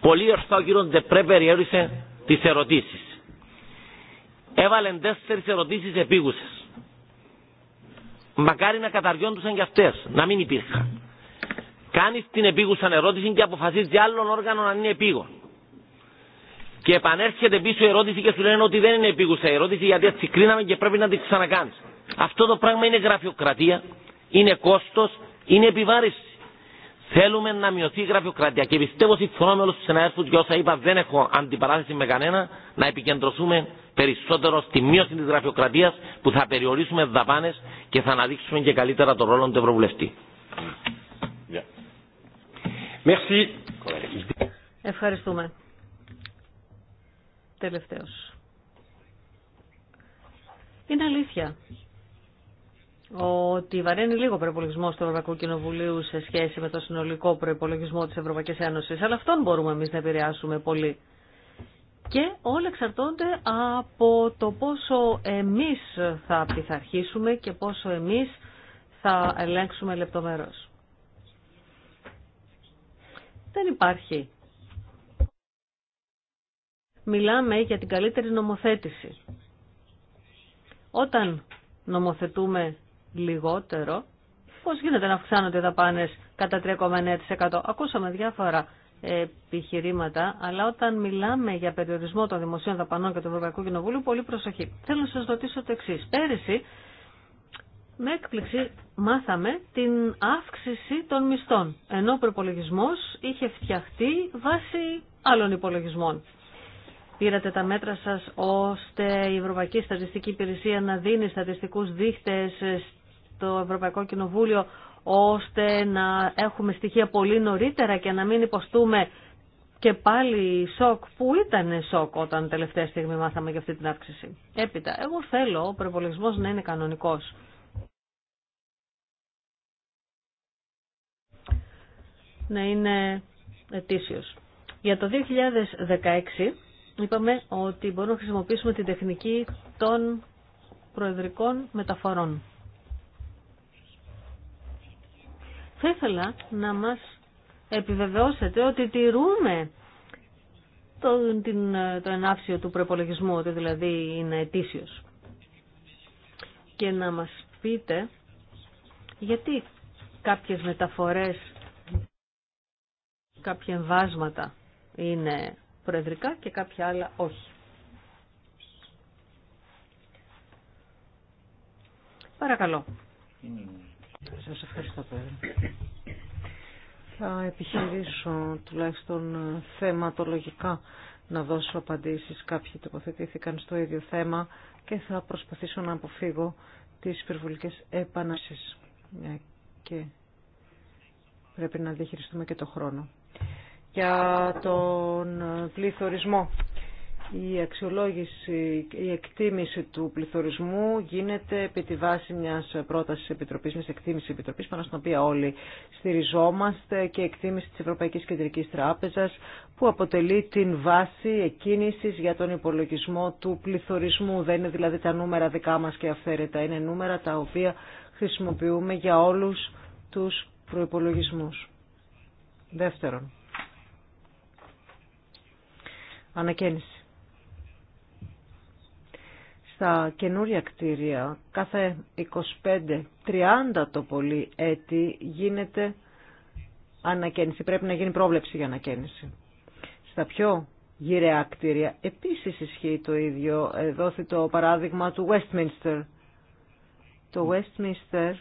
Πολύ ορθά ο κύριο Ντεπρέ περιέρισε τι ερωτήσει. Έβαλε τέσσερι ερωτήσει επίγουσες. Μακάρι να καταριόντουσαν και αυτέ, να μην υπήρχαν. Κάνει την επίγουσα ερώτηση και αποφασίζει άλλον όργανο να είναι επίγον. Και επανέρχεται πίσω η ερώτηση και σου λένε ότι δεν είναι επίγουσα ερώτηση γιατί έτσι κρίναμε και πρέπει να την ξανακάνει. Αυτό το πράγμα είναι γραφειοκρατία, είναι κόστο, είναι επιβάρηση. Θέλουμε να μειωθεί η γραφειοκρατία και πιστεύω συμφωνώ με όλου του συναδέλφου και όσα είπα δεν έχω αντιπαράθεση με κανένα να επικεντρωθούμε περισσότερο στη μείωση τη γραφειοκρατία που θα περιορίσουμε δαπάνε και θα αναδείξουμε και καλύτερα τον ρόλο του Ευρωβουλευτή.
Ευχαριστούμε. Τελευταίος. Είναι αλήθεια ότι βαραίνει λίγο ο προπολογισμό του Ευρωπαϊκού Κοινοβουλίου σε σχέση με το συνολικό προπολογισμό τη Ευρωπαϊκή Ένωση. Αλλά αυτόν μπορούμε εμεί να επηρεάσουμε πολύ. Και όλα εξαρτώνται από το πόσο εμείς θα πειθαρχήσουμε και πόσο εμείς θα ελέγξουμε λεπτομέρω. Δεν υπάρχει. Μιλάμε για την καλύτερη νομοθέτηση. Όταν νομοθετούμε λιγότερο, Πώ γίνεται να αυξάνονται οι δαπάνε κατά 3,9%. Ακούσαμε διάφορα επιχειρήματα, αλλά όταν μιλάμε για περιορισμό των δημοσίων δαπανών και του Ευρωπαϊκού Κοινοβούλου, πολύ προσοχή. Θέλω να σα ρωτήσω το εξή. Πέρυσι, με έκπληξη, μάθαμε την αύξηση των μισθών, ενώ ο προπολογισμό είχε φτιαχτεί βάσει άλλων υπολογισμών. Πήρατε τα μέτρα σας ώστε η Ευρωπαϊκή Στατιστική Υπηρεσία να δίνει στατιστικούς δείχτες το Ευρωπαϊκό Κοινοβούλιο ώστε να έχουμε στοιχεία πολύ νωρίτερα και να μην υποστούμε και πάλι σοκ που ήταν σοκ όταν τελευταία στιγμή μάθαμε για αυτή την αύξηση. Έπειτα, εγώ θέλω ο προπολογισμό να είναι κανονικός. Να είναι ετήσιος. Για το 2016 είπαμε ότι μπορούμε να χρησιμοποιήσουμε την τεχνική των προεδρικών μεταφορών. Θα ήθελα να μας επιβεβαιώσετε ότι τηρούμε το, την, το ενάψιο του προπολογισμού, ότι δηλαδή είναι ετήσιος. Και να μας πείτε γιατί κάποιες μεταφορές, κάποια εμβάσματα είναι προεδρικά και κάποια άλλα όχι. Παρακαλώ.
Σας ευχαριστώ πέρα. Θα επιχειρήσω τουλάχιστον θεματολογικά να δώσω απαντήσεις. Κάποιοι τοποθετήθηκαν στο ίδιο θέμα και θα προσπαθήσω να αποφύγω τις υπερβολικές επανάσεις. Ε, και πρέπει να διαχειριστούμε και το χρόνο. Για τον πληθωρισμό η αξιολόγηση, η εκτίμηση του πληθωρισμού γίνεται επί τη βάση μιας πρότασης επιτροπής, μιας εκτίμησης επιτροπής, πάνω στην οποία όλοι στηριζόμαστε και εκτίμηση της Ευρωπαϊκής Κεντρικής Τράπεζας που αποτελεί την βάση εκκίνησης για τον υπολογισμό του πληθωρισμού. Δεν είναι δηλαδή τα νούμερα δικά μας και αυθαίρετα, είναι νούμερα τα οποία χρησιμοποιούμε για όλους τους προϋπολογισμούς. Δεύτερον, ανακαίνιση στα καινούρια κτίρια κάθε 25-30 το πολύ έτη γίνεται ανακαίνιση. Πρέπει να γίνει πρόβλεψη για ανακαίνιση. Στα πιο γυραιά κτίρια επίσης ισχύει το ίδιο. Δόθη το παράδειγμα του Westminster. Το Westminster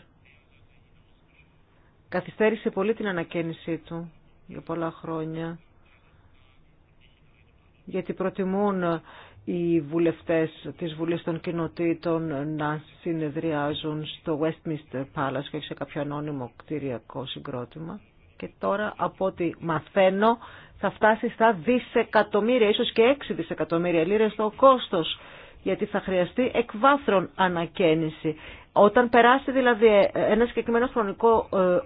καθυστέρησε πολύ την ανακαίνιση του για πολλά χρόνια γιατί προτιμούν οι βουλευτές της Βουλής των Κοινοτήτων να συνεδριάζουν στο Westminster Palace και σε κάποιο ανώνυμο κτηριακό συγκρότημα. Και τώρα από ό,τι μαθαίνω θα φτάσει στα δισεκατομμύρια, ίσως και έξι δισεκατομμύρια λίρες το κόστος γιατί θα χρειαστεί εκβάθρον ανακαίνιση. Όταν περάσει δηλαδή ένα συγκεκριμένο χρονικό ε,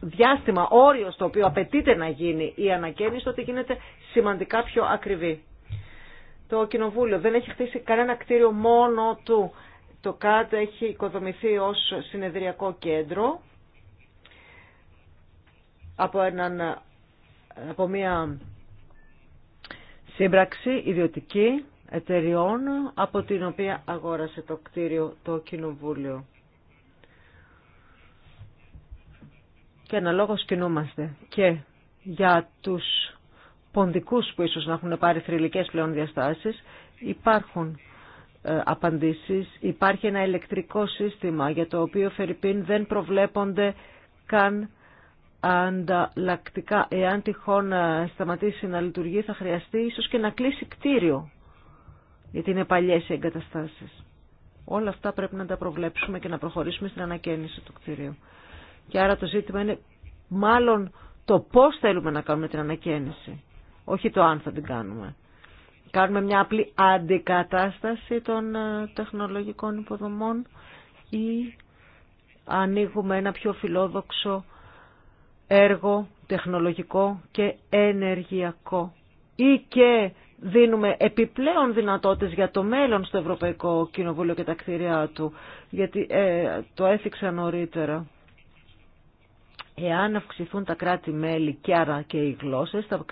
διάστημα, όριο στο οποίο απαιτείται να γίνει η ανακαίνιση, τότε γίνεται σημαντικά πιο ακριβή το κοινοβούλιο. Δεν έχει χτίσει κανένα κτίριο μόνο του. Το ΚΑΤ έχει οικοδομηθεί ως συνεδριακό κέντρο από, έναν, από μια σύμπραξη ιδιωτική εταιριών από την οποία αγόρασε το κτίριο το κοινοβούλιο. Και αναλόγως κινούμαστε και για τους ποντικούς που ίσως να έχουν πάρει θρηλυκές πλέον διαστάσεις, υπάρχουν ε, απαντήσεις. Υπάρχει ένα ηλεκτρικό σύστημα για το οποίο Φερρυπίν δεν προβλέπονται καν ανταλλακτικά. Εάν τυχόν ε, σταματήσει να λειτουργεί θα χρειαστεί ίσως και να κλείσει κτίριο γιατί είναι παλιές οι εγκαταστάσεις. Όλα αυτά πρέπει να τα προβλέψουμε και να προχωρήσουμε στην ανακαίνιση του κτίριου. Και άρα το ζήτημα είναι μάλλον το πώς θέλουμε να κάνουμε την ανακαίνιση όχι το αν θα την κάνουμε. Κάνουμε μια απλή αντικατάσταση των ε, τεχνολογικών υποδομών ή ανοίγουμε ένα πιο φιλόδοξο έργο τεχνολογικό και ενεργειακό ή και δίνουμε επιπλέον δυνατότητες για το μέλλον στο Ευρωπαϊκό Κοινοβούλιο και τα κτίρια του, γιατί ε, το έθιξα νωρίτερα. Εάν αυξηθούν τα κράτη-μέλη και άρα και οι γλώσσες, θα,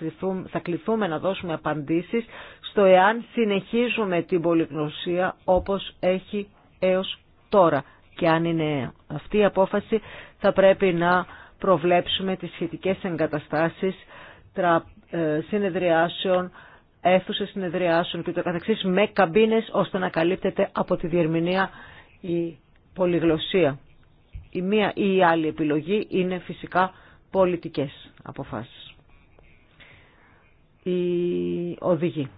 θα κληθούμε να δώσουμε απαντήσεις στο εάν συνεχίζουμε την πολυγνωσία όπως έχει έως τώρα. Και αν είναι αυτή η απόφαση θα πρέπει να προβλέψουμε τις σχετικές εγκαταστάσεις ε, συνεδριάσεων, αίθουσε συνεδριάσεων και το καθεξής με καμπίνες ώστε να καλύπτεται από τη διερμηνία η πολυγλωσία η μία ή η άλλη επιλογή είναι φυσικά πολιτικές αποφάσεις. Η οδηγή.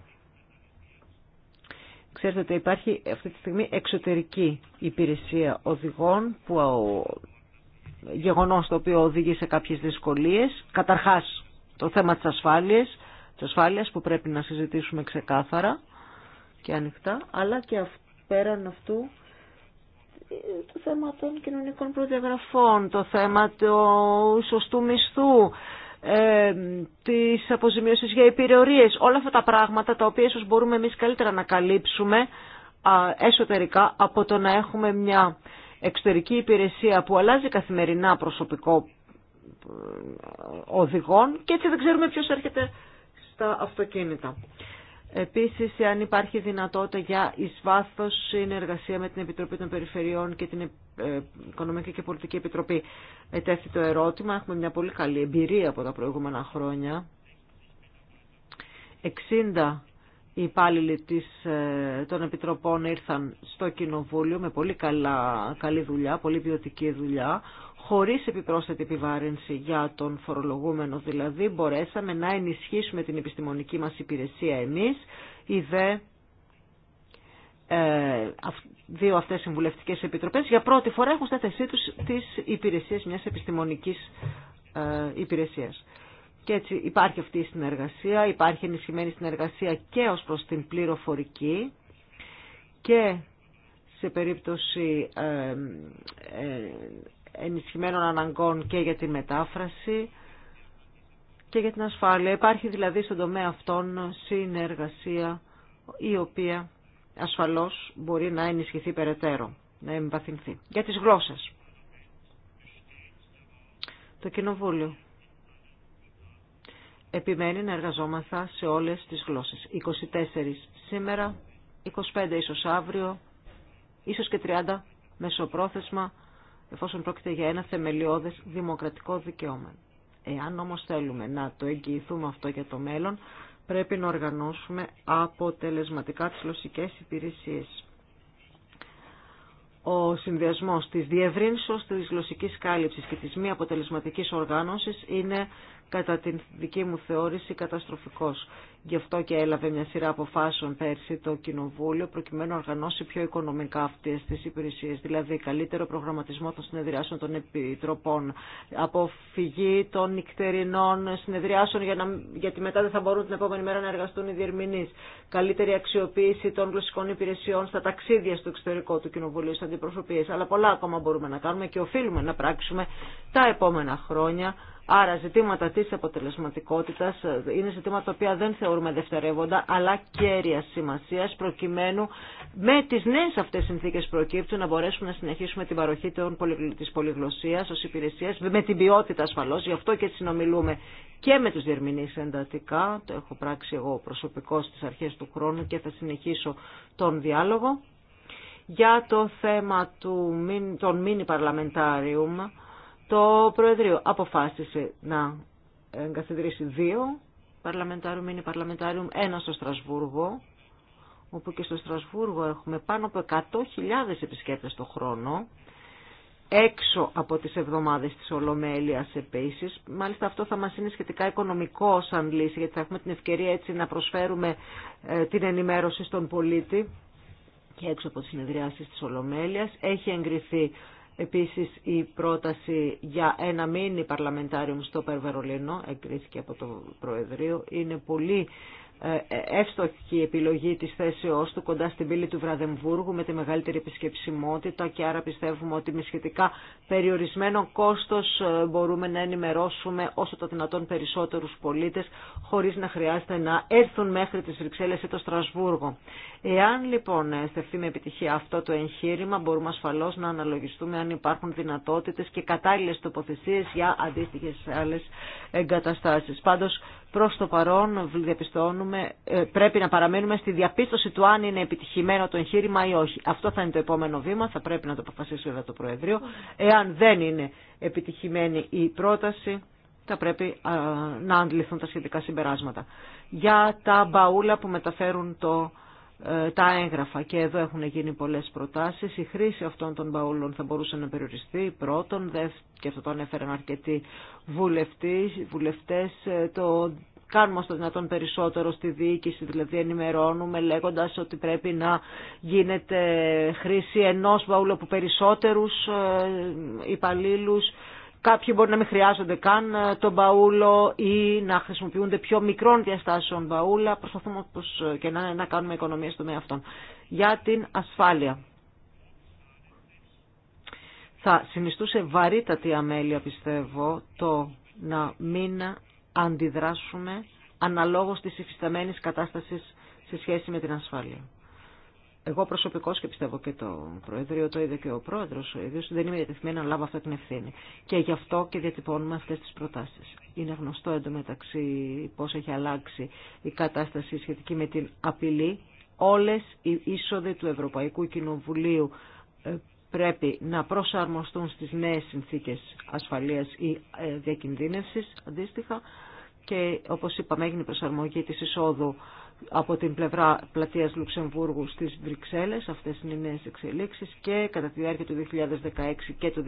Ξέρετε ότι υπάρχει αυτή τη στιγμή εξωτερική υπηρεσία οδηγών που γεγονός το οποίο οδηγεί σε κάποιες δυσκολίες. Καταρχάς το θέμα της ασφάλειας, της ασφάλειας που πρέπει να συζητήσουμε ξεκάθαρα και ανοιχτά, αλλά και πέραν αυτού το θέμα των κοινωνικών προδιαγραφών, το θέμα του σωστού μισθού, ε, τις αποζημίωσεις για υπηρεωρίες, όλα αυτά τα πράγματα τα οποία ίσως μπορούμε εμείς καλύτερα να καλύψουμε εσωτερικά από το να έχουμε μια εξωτερική υπηρεσία που αλλάζει καθημερινά προσωπικό ε, οδηγών και έτσι δεν ξέρουμε ποιος έρχεται στα αυτοκίνητα. Επίσης, αν υπάρχει δυνατότητα για εις βάθος συνεργασία με την Επιτροπή των Περιφερειών και την ε, Οικονομική και Πολιτική Επιτροπή, ετέθη το ερώτημα. Έχουμε μια πολύ καλή εμπειρία από τα προηγούμενα χρόνια. 60 οι υπάλληλοι της, ε, των Επιτροπών ήρθαν στο Κοινοβούλιο με πολύ καλά, καλή δουλειά, πολύ ποιοτική δουλειά χωρίς επιπρόσθετη επιβάρυνση για τον φορολογούμενο. Δηλαδή μπορέσαμε να ενισχύσουμε την επιστημονική μας υπηρεσία εμείς, η δε ε, δύο αυτές συμβουλευτικές επιτροπές για πρώτη φορά έχουν στα θέσή τους τις υπηρεσίες μιας επιστημονικής ε, υπηρεσίας. Και έτσι υπάρχει αυτή η συνεργασία, υπάρχει ενισχυμένη συνεργασία και ως προς την πληροφορική και σε περίπτωση ε, ενισχυμένων αναγκών και για τη μετάφραση και για την ασφάλεια. Υπάρχει δηλαδή στον τομέα αυτών συνεργασία η οποία ασφαλώς μπορεί να ενισχυθεί περαιτέρω, να εμπαθυνθεί. Για τις γλώσσες. Το Κοινοβούλιο επιμένει να εργαζόμαστε σε όλες τις γλώσσες. 24 σήμερα, 25 ίσως αύριο, ίσως και 30 μεσοπρόθεσμα εφόσον πρόκειται για ένα θεμελιώδες δημοκρατικό δικαίωμα. Εάν όμως θέλουμε να το εγγυηθούμε αυτό για το μέλλον, πρέπει να οργανώσουμε αποτελεσματικά τις γλωσσικές υπηρεσίες. Ο συνδυασμός της διευρύνσεως της γλωσσικής κάλυψης και της μη αποτελεσματικής οργάνωσης είναι κατά την δική μου θεώρηση καταστροφικός. Γι' αυτό και έλαβε μια σειρά αποφάσεων πέρσι το Κοινοβούλιο προκειμένου να οργανώσει πιο οικονομικά αυτές τις υπηρεσίες, δηλαδή καλύτερο προγραμματισμό των συνεδριάσεων των επιτροπών, αποφυγή των νυχτερινών συνεδριάσεων για να, γιατί μετά δεν θα μπορούν την επόμενη μέρα να εργαστούν οι διερμηνείς, καλύτερη αξιοποίηση των γλωσσικών υπηρεσιών στα ταξίδια στο εξωτερικό του Κοινοβουλίου, στις αντιπροσωπείες, αλλά πολλά ακόμα μπορούμε να κάνουμε και οφείλουμε να πράξουμε τα επόμενα χρόνια Άρα ζητήματα της αποτελεσματικότητας ε, είναι ζητήματα τα οποία δεν θεωρούμε δευτερεύοντα αλλά κέρια σημασίας προκειμένου με τις νέες αυτές συνθήκες προκύπτουν να μπορέσουμε να συνεχίσουμε την παροχή της πολυγλωσσίας ως υπηρεσίας με την ποιότητα ασφαλώς. Γι' αυτό και συνομιλούμε και με τους διερμηνείς εντατικά. Το έχω πράξει εγώ προσωπικό στις αρχές του χρόνου και θα συνεχίσω τον διάλογο. Για το θέμα των μίνι παρλαμεντάριου το Προεδρείο αποφάσισε να εγκαθιδρύσει δύο Παρλαμεντάριου είναι Παρλαμεντάριου, ένα στο Στρασβούργο, όπου και στο Στρασβούργο έχουμε πάνω από 100.000 επισκέπτες το χρόνο, έξω από τις εβδομάδες της Ολομέλειας επίσης. Μάλιστα αυτό θα μας είναι σχετικά οικονομικό σαν λύση, γιατί θα έχουμε την ευκαιρία έτσι να προσφέρουμε ε, την ενημέρωση στον πολίτη και έξω από τις συνεδριάσεις της Ολομέλειας. Έχει εγκριθεί Επίσης η πρόταση για ένα μίνι παρλαμεντάριο στο Περβερολίνο εγκρίθηκε από το Προεδρείο. Είναι πολύ ε, ε, εύστοχη επιλογή της θέσεώς του κοντά στην πύλη του Βραδεμβούργου με τη μεγαλύτερη επισκεψιμότητα και άρα πιστεύουμε ότι με σχετικά περιορισμένο κόστος ε, μπορούμε να ενημερώσουμε όσο το δυνατόν περισσότερους πολίτες χωρίς να χρειάζεται να έρθουν μέχρι τις Βρυξέλλες ή το Στρασβούργο. Εάν λοιπόν στεφθεί με επιτυχία αυτό το εγχείρημα μπορούμε ασφαλώς να αναλογιστούμε αν υπάρχουν δυνατότητες και κατάλληλες τοποθεσίες για αντίστοιχες άλλες εγκαταστάσεις. Πάντως Προς το παρόν διαπιστώνουμε, ε, πρέπει να παραμένουμε στη διαπίστωση του αν είναι επιτυχημένο το εγχείρημα ή όχι. Αυτό θα είναι το επόμενο βήμα, θα πρέπει να το αποφασίσει βέβαια το Προεδρείο. Εάν δεν είναι επιτυχημένη η πρόταση, θα πρέπει να αντληθούν τα σχετικά συμπεράσματα. Για τα μπαούλα που μεταφέρουν το ε, τα έγγραφα και εδώ έχουν γίνει πολλές προτάσεις. Η χρήση αυτών των μπαούλων θα μπορούσε να περιοριστεί πρώτον και αυτό το ανέφεραν αρκετοί βουλευτές, βουλευτές το κάνουμε στο δυνατόν περισσότερο στη διοίκηση, δηλαδή ενημερώνουμε λέγοντας ότι πρέπει να γίνεται χρήση ενός μπαούλου από περισσότερους ε, υπαλλήλους Κάποιοι μπορεί να μην χρειάζονται καν ε, τον μπαούλο ή να χρησιμοποιούνται πιο μικρών διαστάσεων μπαούλα. Προσπαθούμε όπως ε, και να, κάνουμε οικονομία στο τομέα αυτών. Για την ασφάλεια. Θα συνιστούσε βαρύτατη αμέλεια πιστεύω το να μην αντιδράσουμε αναλόγως της υφισταμένης κατάστασης σε σχέση με την ασφάλεια εγώ προσωπικό και πιστεύω και το Προεδρείο, το είδε και ο Πρόεδρο ο ίδιο, δεν είμαι διατεθειμένη να λάβω αυτή την ευθύνη. Και γι' αυτό και διατυπώνουμε αυτέ τι προτάσει. Είναι γνωστό εντωμεταξύ πώ έχει αλλάξει η κατάσταση σχετική με την απειλή. Όλε οι είσοδοι του Ευρωπαϊκού Κοινοβουλίου ε, πρέπει να προσαρμοστούν στις νέες συνθήκες ασφαλείας ή ε, διακινδύνευσης αντίστοιχα ασφαλεία η διακινδύνευση, αντιστοιχα και όπω ειπαμε εγινε η προσαρμογη τη εισόδου από την πλευρά πλατείας Λουξεμβούργου στις Βρυξέλλες. Αυτές είναι οι νέες εξελίξεις και κατά τη διάρκεια του 2016 και του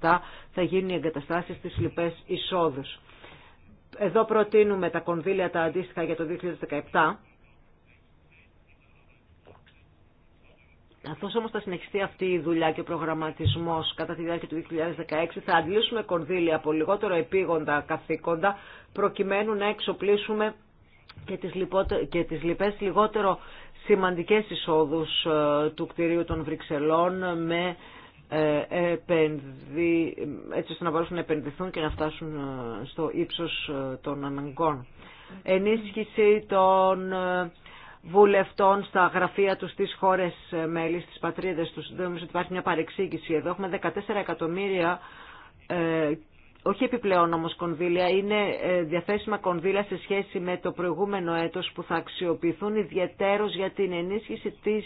2017 θα γίνουν οι εγκαταστάσεις στις λοιπές εισόδους. Εδώ προτείνουμε τα κονδύλια τα αντίστοιχα για το 2017. Καθώ όμω θα συνεχιστεί αυτή η δουλειά και ο προγραμματισμό κατά τη διάρκεια του 2016, θα αντλήσουμε κονδύλια από λιγότερο επίγοντα καθήκοντα, προκειμένου να εξοπλίσουμε και τις, λιπότε, τις λιγότερο σημαντικές εισόδους ε, του κτηρίου των Βρυξελών με ε, επενδυ... έτσι ώστε να μπορούν να επενδυθούν και να φτάσουν ε, στο ύψος των αναγκών. Ενίσχυση των βουλευτών στα γραφεία τους στις χώρες μέλη, στις πατρίδες τους. Δεν νομίζω ότι υπάρχει μια παρεξήγηση εδώ. Έχουμε 14 εκατομμύρια όχι επιπλέον όμως κονδύλια, είναι ε, διαθέσιμα κονδύλια σε σχέση με το προηγούμενο έτος που θα αξιοποιηθούν ιδιαίτερως για την ενίσχυση της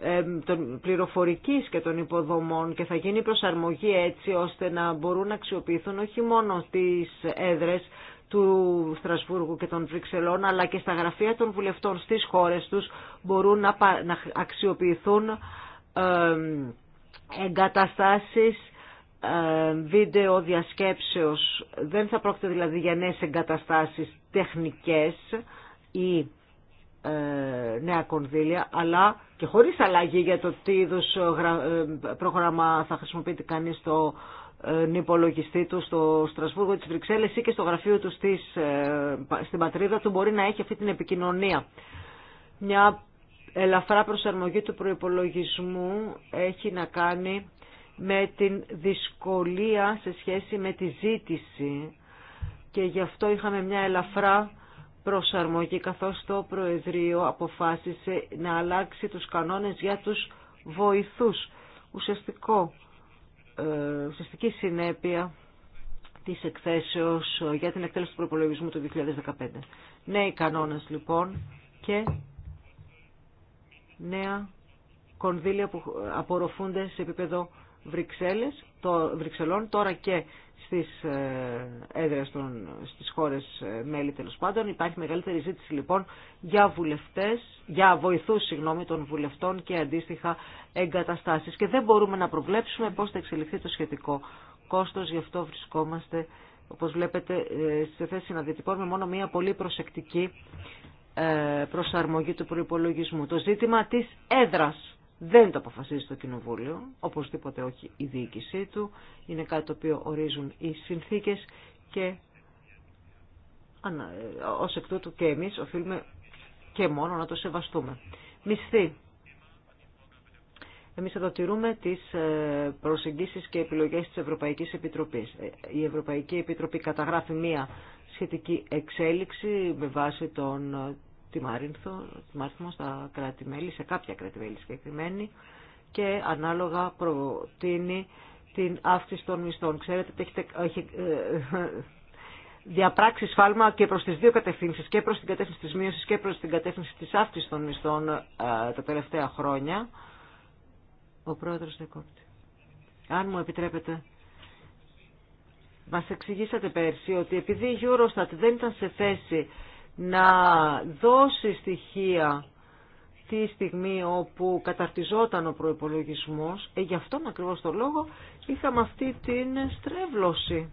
ε, των πληροφορικής και των υποδομών και θα γίνει προσαρμογή έτσι ώστε να μπορούν να αξιοποιηθούν όχι μόνο τις έδρες του Στρασβούργου και των Βρυξελών αλλά και στα γραφεία των βουλευτών στις χώρες τους μπορούν να αξιοποιηθούν ε, εγκαταστάσεις ε, βίντεο διασκέψεως δεν θα πρόκειται δηλαδή για νέες εγκαταστάσεις τεχνικές ή ε, νέα κονδύλια, αλλά και χωρίς αλλαγή για το τι είδου ε, πρόγραμμα θα χρησιμοποιείται κανείς στο υπολογιστή του στο Στρασβούργο της Βρυξέλλες ή και στο γραφείο του στις, στην πατρίδα του μπορεί να έχει αυτή την επικοινωνία. Μια ελαφρά προσαρμογή του προϋπολογισμού έχει να κάνει με την δυσκολία σε σχέση με τη ζήτηση και γι' αυτό είχαμε μια ελαφρά προσαρμογή καθώς το Προεδρείο αποφάσισε να αλλάξει τους κανόνες για τους βοηθούς. Ουσιαστικό, ε, ουσιαστική συνέπεια της εκθέσεως για την εκτέλεση του προπολογισμού του 2015. Νέοι κανόνες λοιπόν και νέα κονδύλια που απορροφούνται σε επίπεδο Βρυξέλλες, το, Βρυξελών, τώρα και στις ε, έδρες των, στις χώρες ε, μέλη τέλο πάντων. Υπάρχει μεγαλύτερη ζήτηση λοιπόν για βουλευτές, για βοηθούς συγγνώμη, των βουλευτών και αντίστοιχα εγκαταστάσεις. Και δεν μπορούμε να προβλέψουμε πώς θα εξελιχθεί το σχετικό κόστος, γι' αυτό βρισκόμαστε όπως βλέπετε ε, σε θέση να με μόνο μία πολύ προσεκτική προσαρμογή του προϋπολογισμού. Το ζήτημα της έδρας δεν το αποφασίζει το Κοινοβούλιο, οπωσδήποτε όχι η διοίκησή του. Είναι κάτι το οποίο ορίζουν οι συνθήκες και ε, ως εκ τούτου και εμείς οφείλουμε και μόνο να το σεβαστούμε. Μισθή. Εμείς εδώ τηρούμε τις ε, προσεγγίσεις και επιλογές της Ευρωπαϊκής Επιτροπής. Ε, η Ευρωπαϊκή Επιτροπή καταγράφει μία σχετική εξέλιξη με βάση τον τη Μάρινθο, τη Μάρινθο στα κρατη σε κάποια κράτη-μέλη συγκεκριμένη και ανάλογα προτείνει την αύξηση των μισθών. Ξέρετε ότι έχετε, έχει, ε, διαπράξει σφάλμα και προς τις δύο κατευθύνσεις, και προς την κατεύθυνση της μείωσης και προς την κατεύθυνση της αύξησης των μισθών ε, τα τελευταία χρόνια. Ο πρόεδρος Δεκόπτη. Αν μου επιτρέπετε, μας εξηγήσατε πέρσι ότι επειδή η Eurostat δεν ήταν σε θέση να δώσει στοιχεία τη στιγμή όπου καταρτιζόταν ο προϋπολογισμός, ε, γι' αυτόν ακριβώς το λόγο είχαμε αυτή την στρέβλωση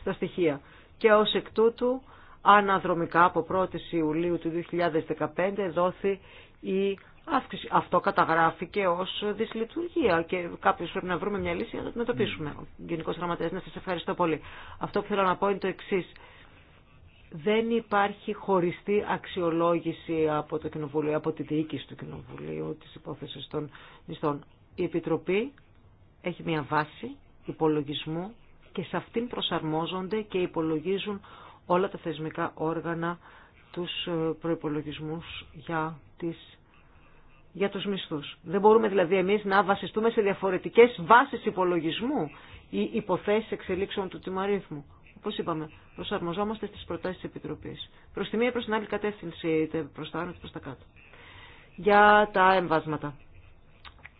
στα στοιχεία. Και ως εκ τούτου, αναδρομικά από 1η Ιουλίου του 2015 δόθη η αύξηση. Αυτό καταγράφηκε ως δυσλειτουργία και κάποιο πρέπει να βρούμε μια λύση για να το αντιμετωπίσουμε. Ο Γενικός Γραμματέας, να σας ευχαριστώ πολύ. Αυτό που θέλω να πω είναι το εξής δεν υπάρχει χωριστή αξιολόγηση από το Κοινοβούλιο, από τη διοίκηση του Κοινοβουλίου της υπόθεσης των μισθών. Η Επιτροπή έχει μια βάση υπολογισμού και σε αυτήν προσαρμόζονται και υπολογίζουν όλα τα θεσμικά όργανα τους ε, προϋπολογισμούς για, τις, για τους μισθούς. Δεν μπορούμε δηλαδή εμείς να βασιστούμε σε διαφορετικές βάσεις υπολογισμού ή υποθέσεις εξελίξεων του τιμαρίθμου. Πώ είπαμε, προσαρμοζόμαστε στι προτάσει τη επιτροπή. Προ τη μία προς την άλλη κατεύθυνση, είτε προ τα άνω, είτε τα κάτω. Για τα εμβάσματα.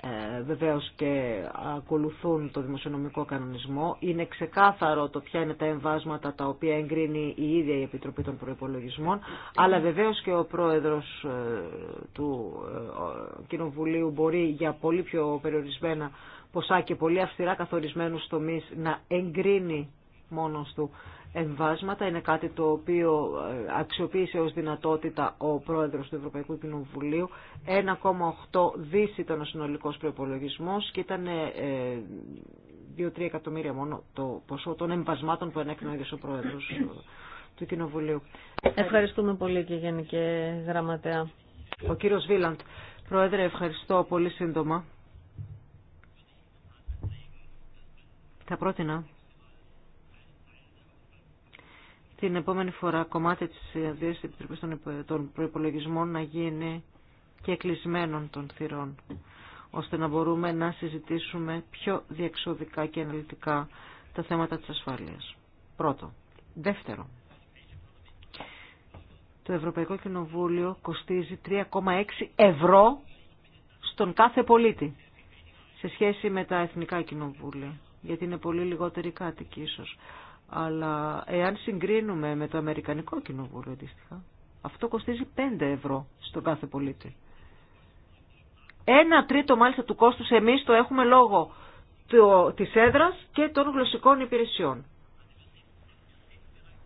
Ε, βεβαίως και ακολουθούν το δημοσιονομικό κανονισμό. Είναι ξεκάθαρο το ποια είναι τα εμβάσματα τα οποία εγκρίνει η ίδια η Επιτροπή των Προπολογισμών. αλλά βεβαίω και ο πρόεδρος ε, του ε, Κοινοβουλίου μπορεί για πολύ πιο περιορισμένα ποσά και πολύ αυστηρά καθορισμένου τομεί να εγκρίνει μόνος του εμβάσματα. Είναι κάτι το οποίο ε, αξιοποίησε ως δυνατότητα ο πρόεδρος του Ευρωπαϊκού Κοινοβουλίου. 1,8 δις ήταν ο συνολικός προϋπολογισμός και ήταν 2-3 ε, εκατομμύρια μόνο το ποσό των εμβασμάτων που ενέκρινε ο ίδιος ο πρόεδρος ε, του Κοινοβουλίου.
Ευχαριστούμε πολύ και Γενική Γραμματέα. Ο κύριο Βίλαντ. Πρόεδρε, ευχαριστώ πολύ σύντομα.
Θα πρότεινα την επόμενη φορά κομμάτι τη αδείας τη επιτροπή των προπολογισμών να γίνει και κλεισμένων των θυρών, ώστε να μπορούμε να συζητήσουμε πιο διεξοδικά και αναλυτικά τα θέματα της ασφάλειας. Πρώτο. Δεύτερο. Το Ευρωπαϊκό Κοινοβούλιο κοστίζει 3,6 ευρώ στον κάθε πολίτη σε σχέση με τα εθνικά κοινοβούλια, γιατί είναι πολύ λιγότεροι κάτοικοι ίσως. Αλλά εάν συγκρίνουμε με το Αμερικανικό Κοινοβούλιο αντίστοιχα, αυτό κοστίζει 5 ευρώ στον κάθε πολίτη. Ένα τρίτο μάλιστα του κόστους εμείς το έχουμε λόγω της έδρας και των γλωσσικών υπηρεσιών.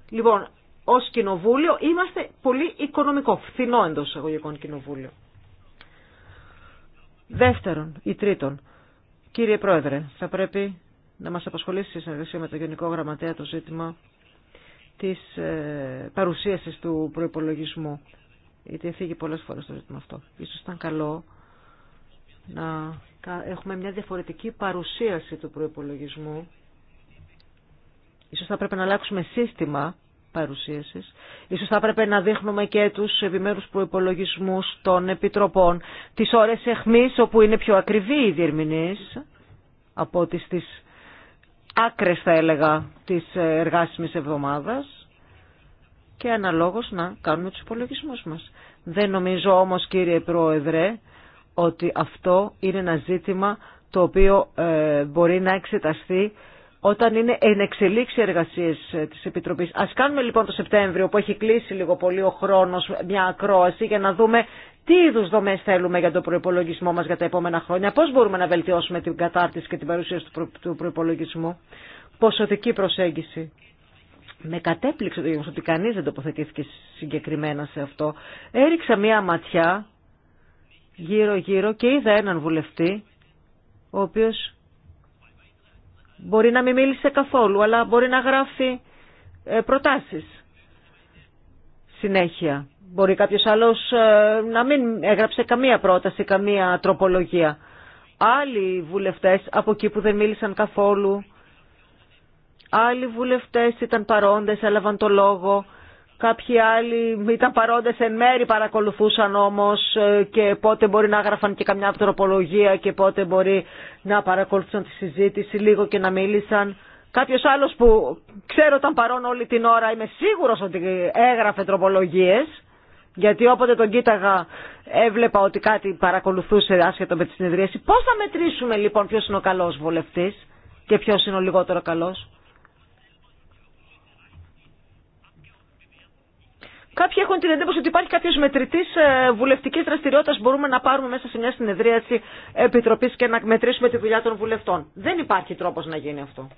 Λοιπόν, ως κοινοβούλιο είμαστε πολύ οικονομικό, φθηνό εντός εισαγωγικών κοινοβούλιο. Δεύτερον ή τρίτον, κύριε Πρόεδρε, θα πρέπει να μας απασχολήσει σε συνεργασία με το Γενικό Γραμματέα το ζήτημα της ε, παρουσίασης του προϋπολογισμού. Γιατί έφυγε πολλές φορές το ζήτημα αυτό. Ίσως ήταν καλό να έχουμε μια διαφορετική παρουσίαση του προϋπολογισμού. Ίσως θα πρέπει να αλλάξουμε σύστημα παρουσίασης. Ίσως θα πρέπει να δείχνουμε και τους επιμέρους προϋπολογισμούς των επιτροπών. Τις ώρες εχμής όπου είναι πιο ακριβή η διερμηνείς από τις, άκρες θα έλεγα της ε, εργάσιμης εβδομάδας και αναλόγως να κάνουμε τους υπολογισμούς μας. Δεν νομίζω όμως κύριε Πρόεδρε ότι αυτό είναι ένα ζήτημα το οποίο ε, μπορεί να εξεταστεί όταν είναι εν εξελίξει εργασίε ε, τη Επιτροπή. Α κάνουμε λοιπόν το Σεπτέμβριο που έχει κλείσει λίγο πολύ ο χρόνο μια ακρόαση για να δούμε τι είδου δομέ θέλουμε για τον προπολογισμό μα για τα επόμενα χρόνια, πώ μπορούμε να βελτιώσουμε την κατάρτιση και την παρουσίαση του προπολογισμού. Ποσοτική προσέγγιση. Με κατέπληξε το γεγονό ότι κανεί δεν τοποθετήθηκε συγκεκριμένα σε αυτό. Έριξα μία ματιά γύρω-γύρω και είδα έναν βουλευτή, ο οποίο μπορεί να μην μίλησε καθόλου, αλλά μπορεί να γράφει ε, προτάσει συνέχεια. Μπορεί κάποιος άλλος ε, να μην έγραψε καμία πρόταση, καμία τροπολογία. Άλλοι βουλευτές από εκεί που δεν μίλησαν καθόλου, άλλοι βουλευτές ήταν παρόντες, έλαβαν το λόγο, κάποιοι άλλοι ήταν παρόντες εν μέρη, παρακολουθούσαν όμως ε, και πότε μπορεί να έγραφαν και καμιά τροπολογία και πότε μπορεί να παρακολουθούσαν τη συζήτηση λίγο και να μίλησαν. Κάποιο άλλο που ξέρω ήταν παρόν όλη την ώρα, είμαι σίγουρο ότι έγραφε τροπολογίε. Γιατί όποτε τον κοίταγα έβλεπα ότι κάτι παρακολουθούσε άσχετο με τη συνεδρίαση. Πώς θα μετρήσουμε λοιπόν ποιος είναι ο καλός βουλευτής και ποιος είναι ο λιγότερο καλός. Κάποιοι έχουν την εντύπωση ότι υπάρχει κάποιο μετρητής ε, βουλευτική δραστηριότητα που μπορούμε να πάρουμε μέσα σε μια συνεδρίαση επιτροπή και να μετρήσουμε τη δουλειά των βουλευτών. Δεν υπάρχει τρόπος να γίνει αυτό.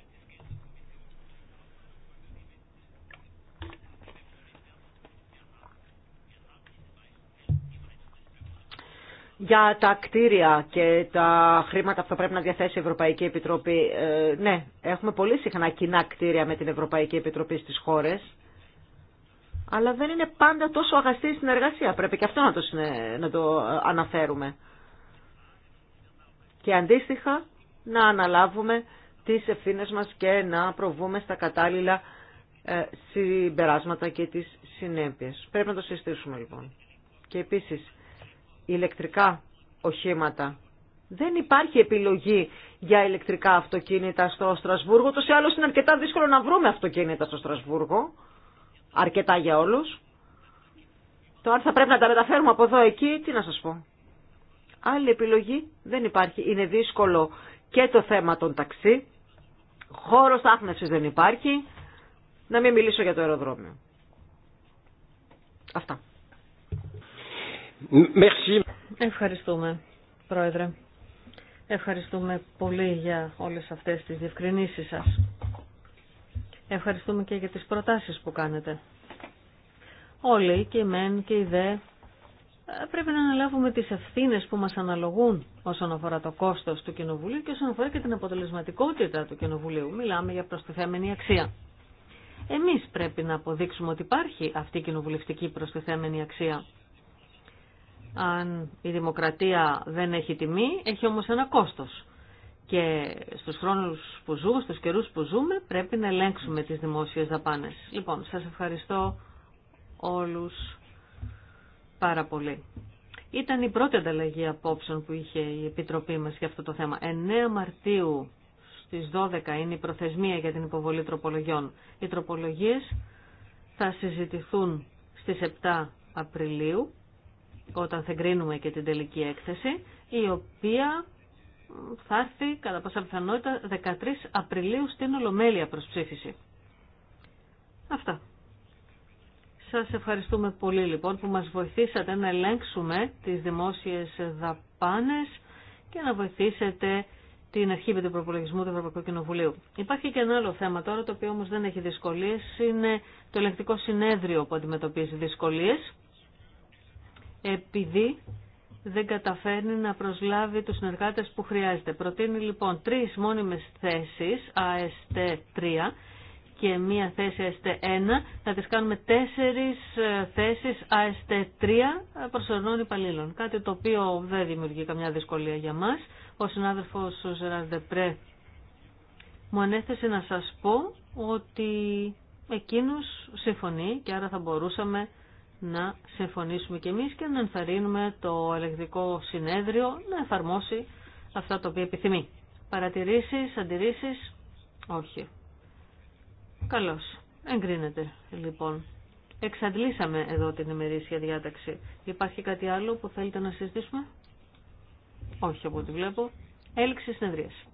για τα κτίρια και τα χρήματα που θα πρέπει να διαθέσει η Ευρωπαϊκή Επιτροπή. Ε, ναι, έχουμε πολύ συχνά κοινά κτίρια με την Ευρωπαϊκή Επιτροπή στις χώρες, αλλά δεν είναι πάντα τόσο αγαστή η συνεργασία. Πρέπει και αυτό να το, να το ε, αναφέρουμε. Και αντίστοιχα να αναλάβουμε τις ευθύνες μας και να προβούμε στα κατάλληλα ε, συμπεράσματα και τις συνέπειες. Πρέπει να το συστήσουμε λοιπόν. Και επίσης ηλεκτρικά οχήματα. Δεν υπάρχει επιλογή για ηλεκτρικά αυτοκίνητα στο Στρασβούργο. Τόσο άλλως είναι αρκετά δύσκολο να βρούμε αυτοκίνητα στο Στρασβούργο. Αρκετά για όλους. Το αν θα πρέπει να τα μεταφέρουμε από εδώ εκεί, τι να σας πω. Άλλη επιλογή δεν υπάρχει. Είναι δύσκολο και το θέμα των ταξί. Χώρος στάθμευσης δεν υπάρχει. Να μην μιλήσω για το αεροδρόμιο.
Αυτά. Ευχαριστούμε, Πρόεδρε. Ευχαριστούμε πολύ για όλες αυτές τις διευκρινήσεις σας. Ευχαριστούμε και για τις προτάσεις που κάνετε. Όλοι, και οι μεν και οι δε, πρέπει να αναλάβουμε τις ευθύνες που μας αναλογούν όσον αφορά το κόστος του Κοινοβουλίου και όσον αφορά και την αποτελεσματικότητα του Κοινοβουλίου. Μιλάμε για προστιθέμενη αξία. Εμείς πρέπει να αποδείξουμε ότι υπάρχει αυτή η κοινοβουλευτική προστιθέμενη αξία αν η δημοκρατία δεν έχει τιμή, έχει όμως ένα κόστος. Και στους χρόνους που ζούμε, στους καιρούς που ζούμε, πρέπει να ελέγξουμε τις δημόσιες δαπάνες. Λοιπόν, σας ευχαριστώ όλους πάρα πολύ. Ήταν η πρώτη ανταλλαγή απόψεων που είχε η Επιτροπή μας για αυτό το θέμα. 9 Μαρτίου στις 12 είναι η προθεσμία για την υποβολή τροπολογιών. Οι τροπολογίες θα συζητηθούν στις 7 Απριλίου όταν θα εγκρίνουμε και την τελική έκθεση, η οποία θα έρθει κατά πάσα πιθανότητα 13 Απριλίου στην Ολομέλεια προς ψήφιση. Αυτά. Σας ευχαριστούμε πολύ λοιπόν που μας βοηθήσατε να ελέγξουμε τις δημόσιες δαπάνες και να βοηθήσετε την αρχή με προπολογισμού του Ευρωπαϊκού Κοινοβουλίου. Υπάρχει και ένα άλλο θέμα τώρα το οποίο όμως δεν έχει δυσκολίες, είναι το ελεγκτικό συνέδριο που αντιμετωπίζει δυσκολίες επειδή δεν καταφέρνει να προσλάβει τους συνεργάτες που χρειάζεται. Προτείνει λοιπόν τρεις μόνιμες θέσεις, AST3 και μία θέση AST1, να τις κάνουμε τέσσερις ε, θέσεις AST3 προσωρινών υπαλλήλων. Κάτι το οποίο δεν δημιουργεί καμιά δυσκολία για μας. Ο συνάδελφος ο Δεπρέ μου ανέθεσε να σας πω ότι εκείνος συμφωνεί και άρα θα μπορούσαμε να συμφωνήσουμε κι εμείς και να ενθαρρύνουμε το ελεγχτικό συνέδριο να εφαρμόσει αυτά τα οποία επιθυμεί. Παρατηρήσεις, αντιρρήσεις, όχι. Καλώς. Εγκρίνεται λοιπόν. Εξαντλήσαμε εδώ την ημερήσια διάταξη. Υπάρχει κάτι άλλο που θέλετε να συζητήσουμε? Όχι από ό,τι βλέπω. Έλξη συνεδρίαση.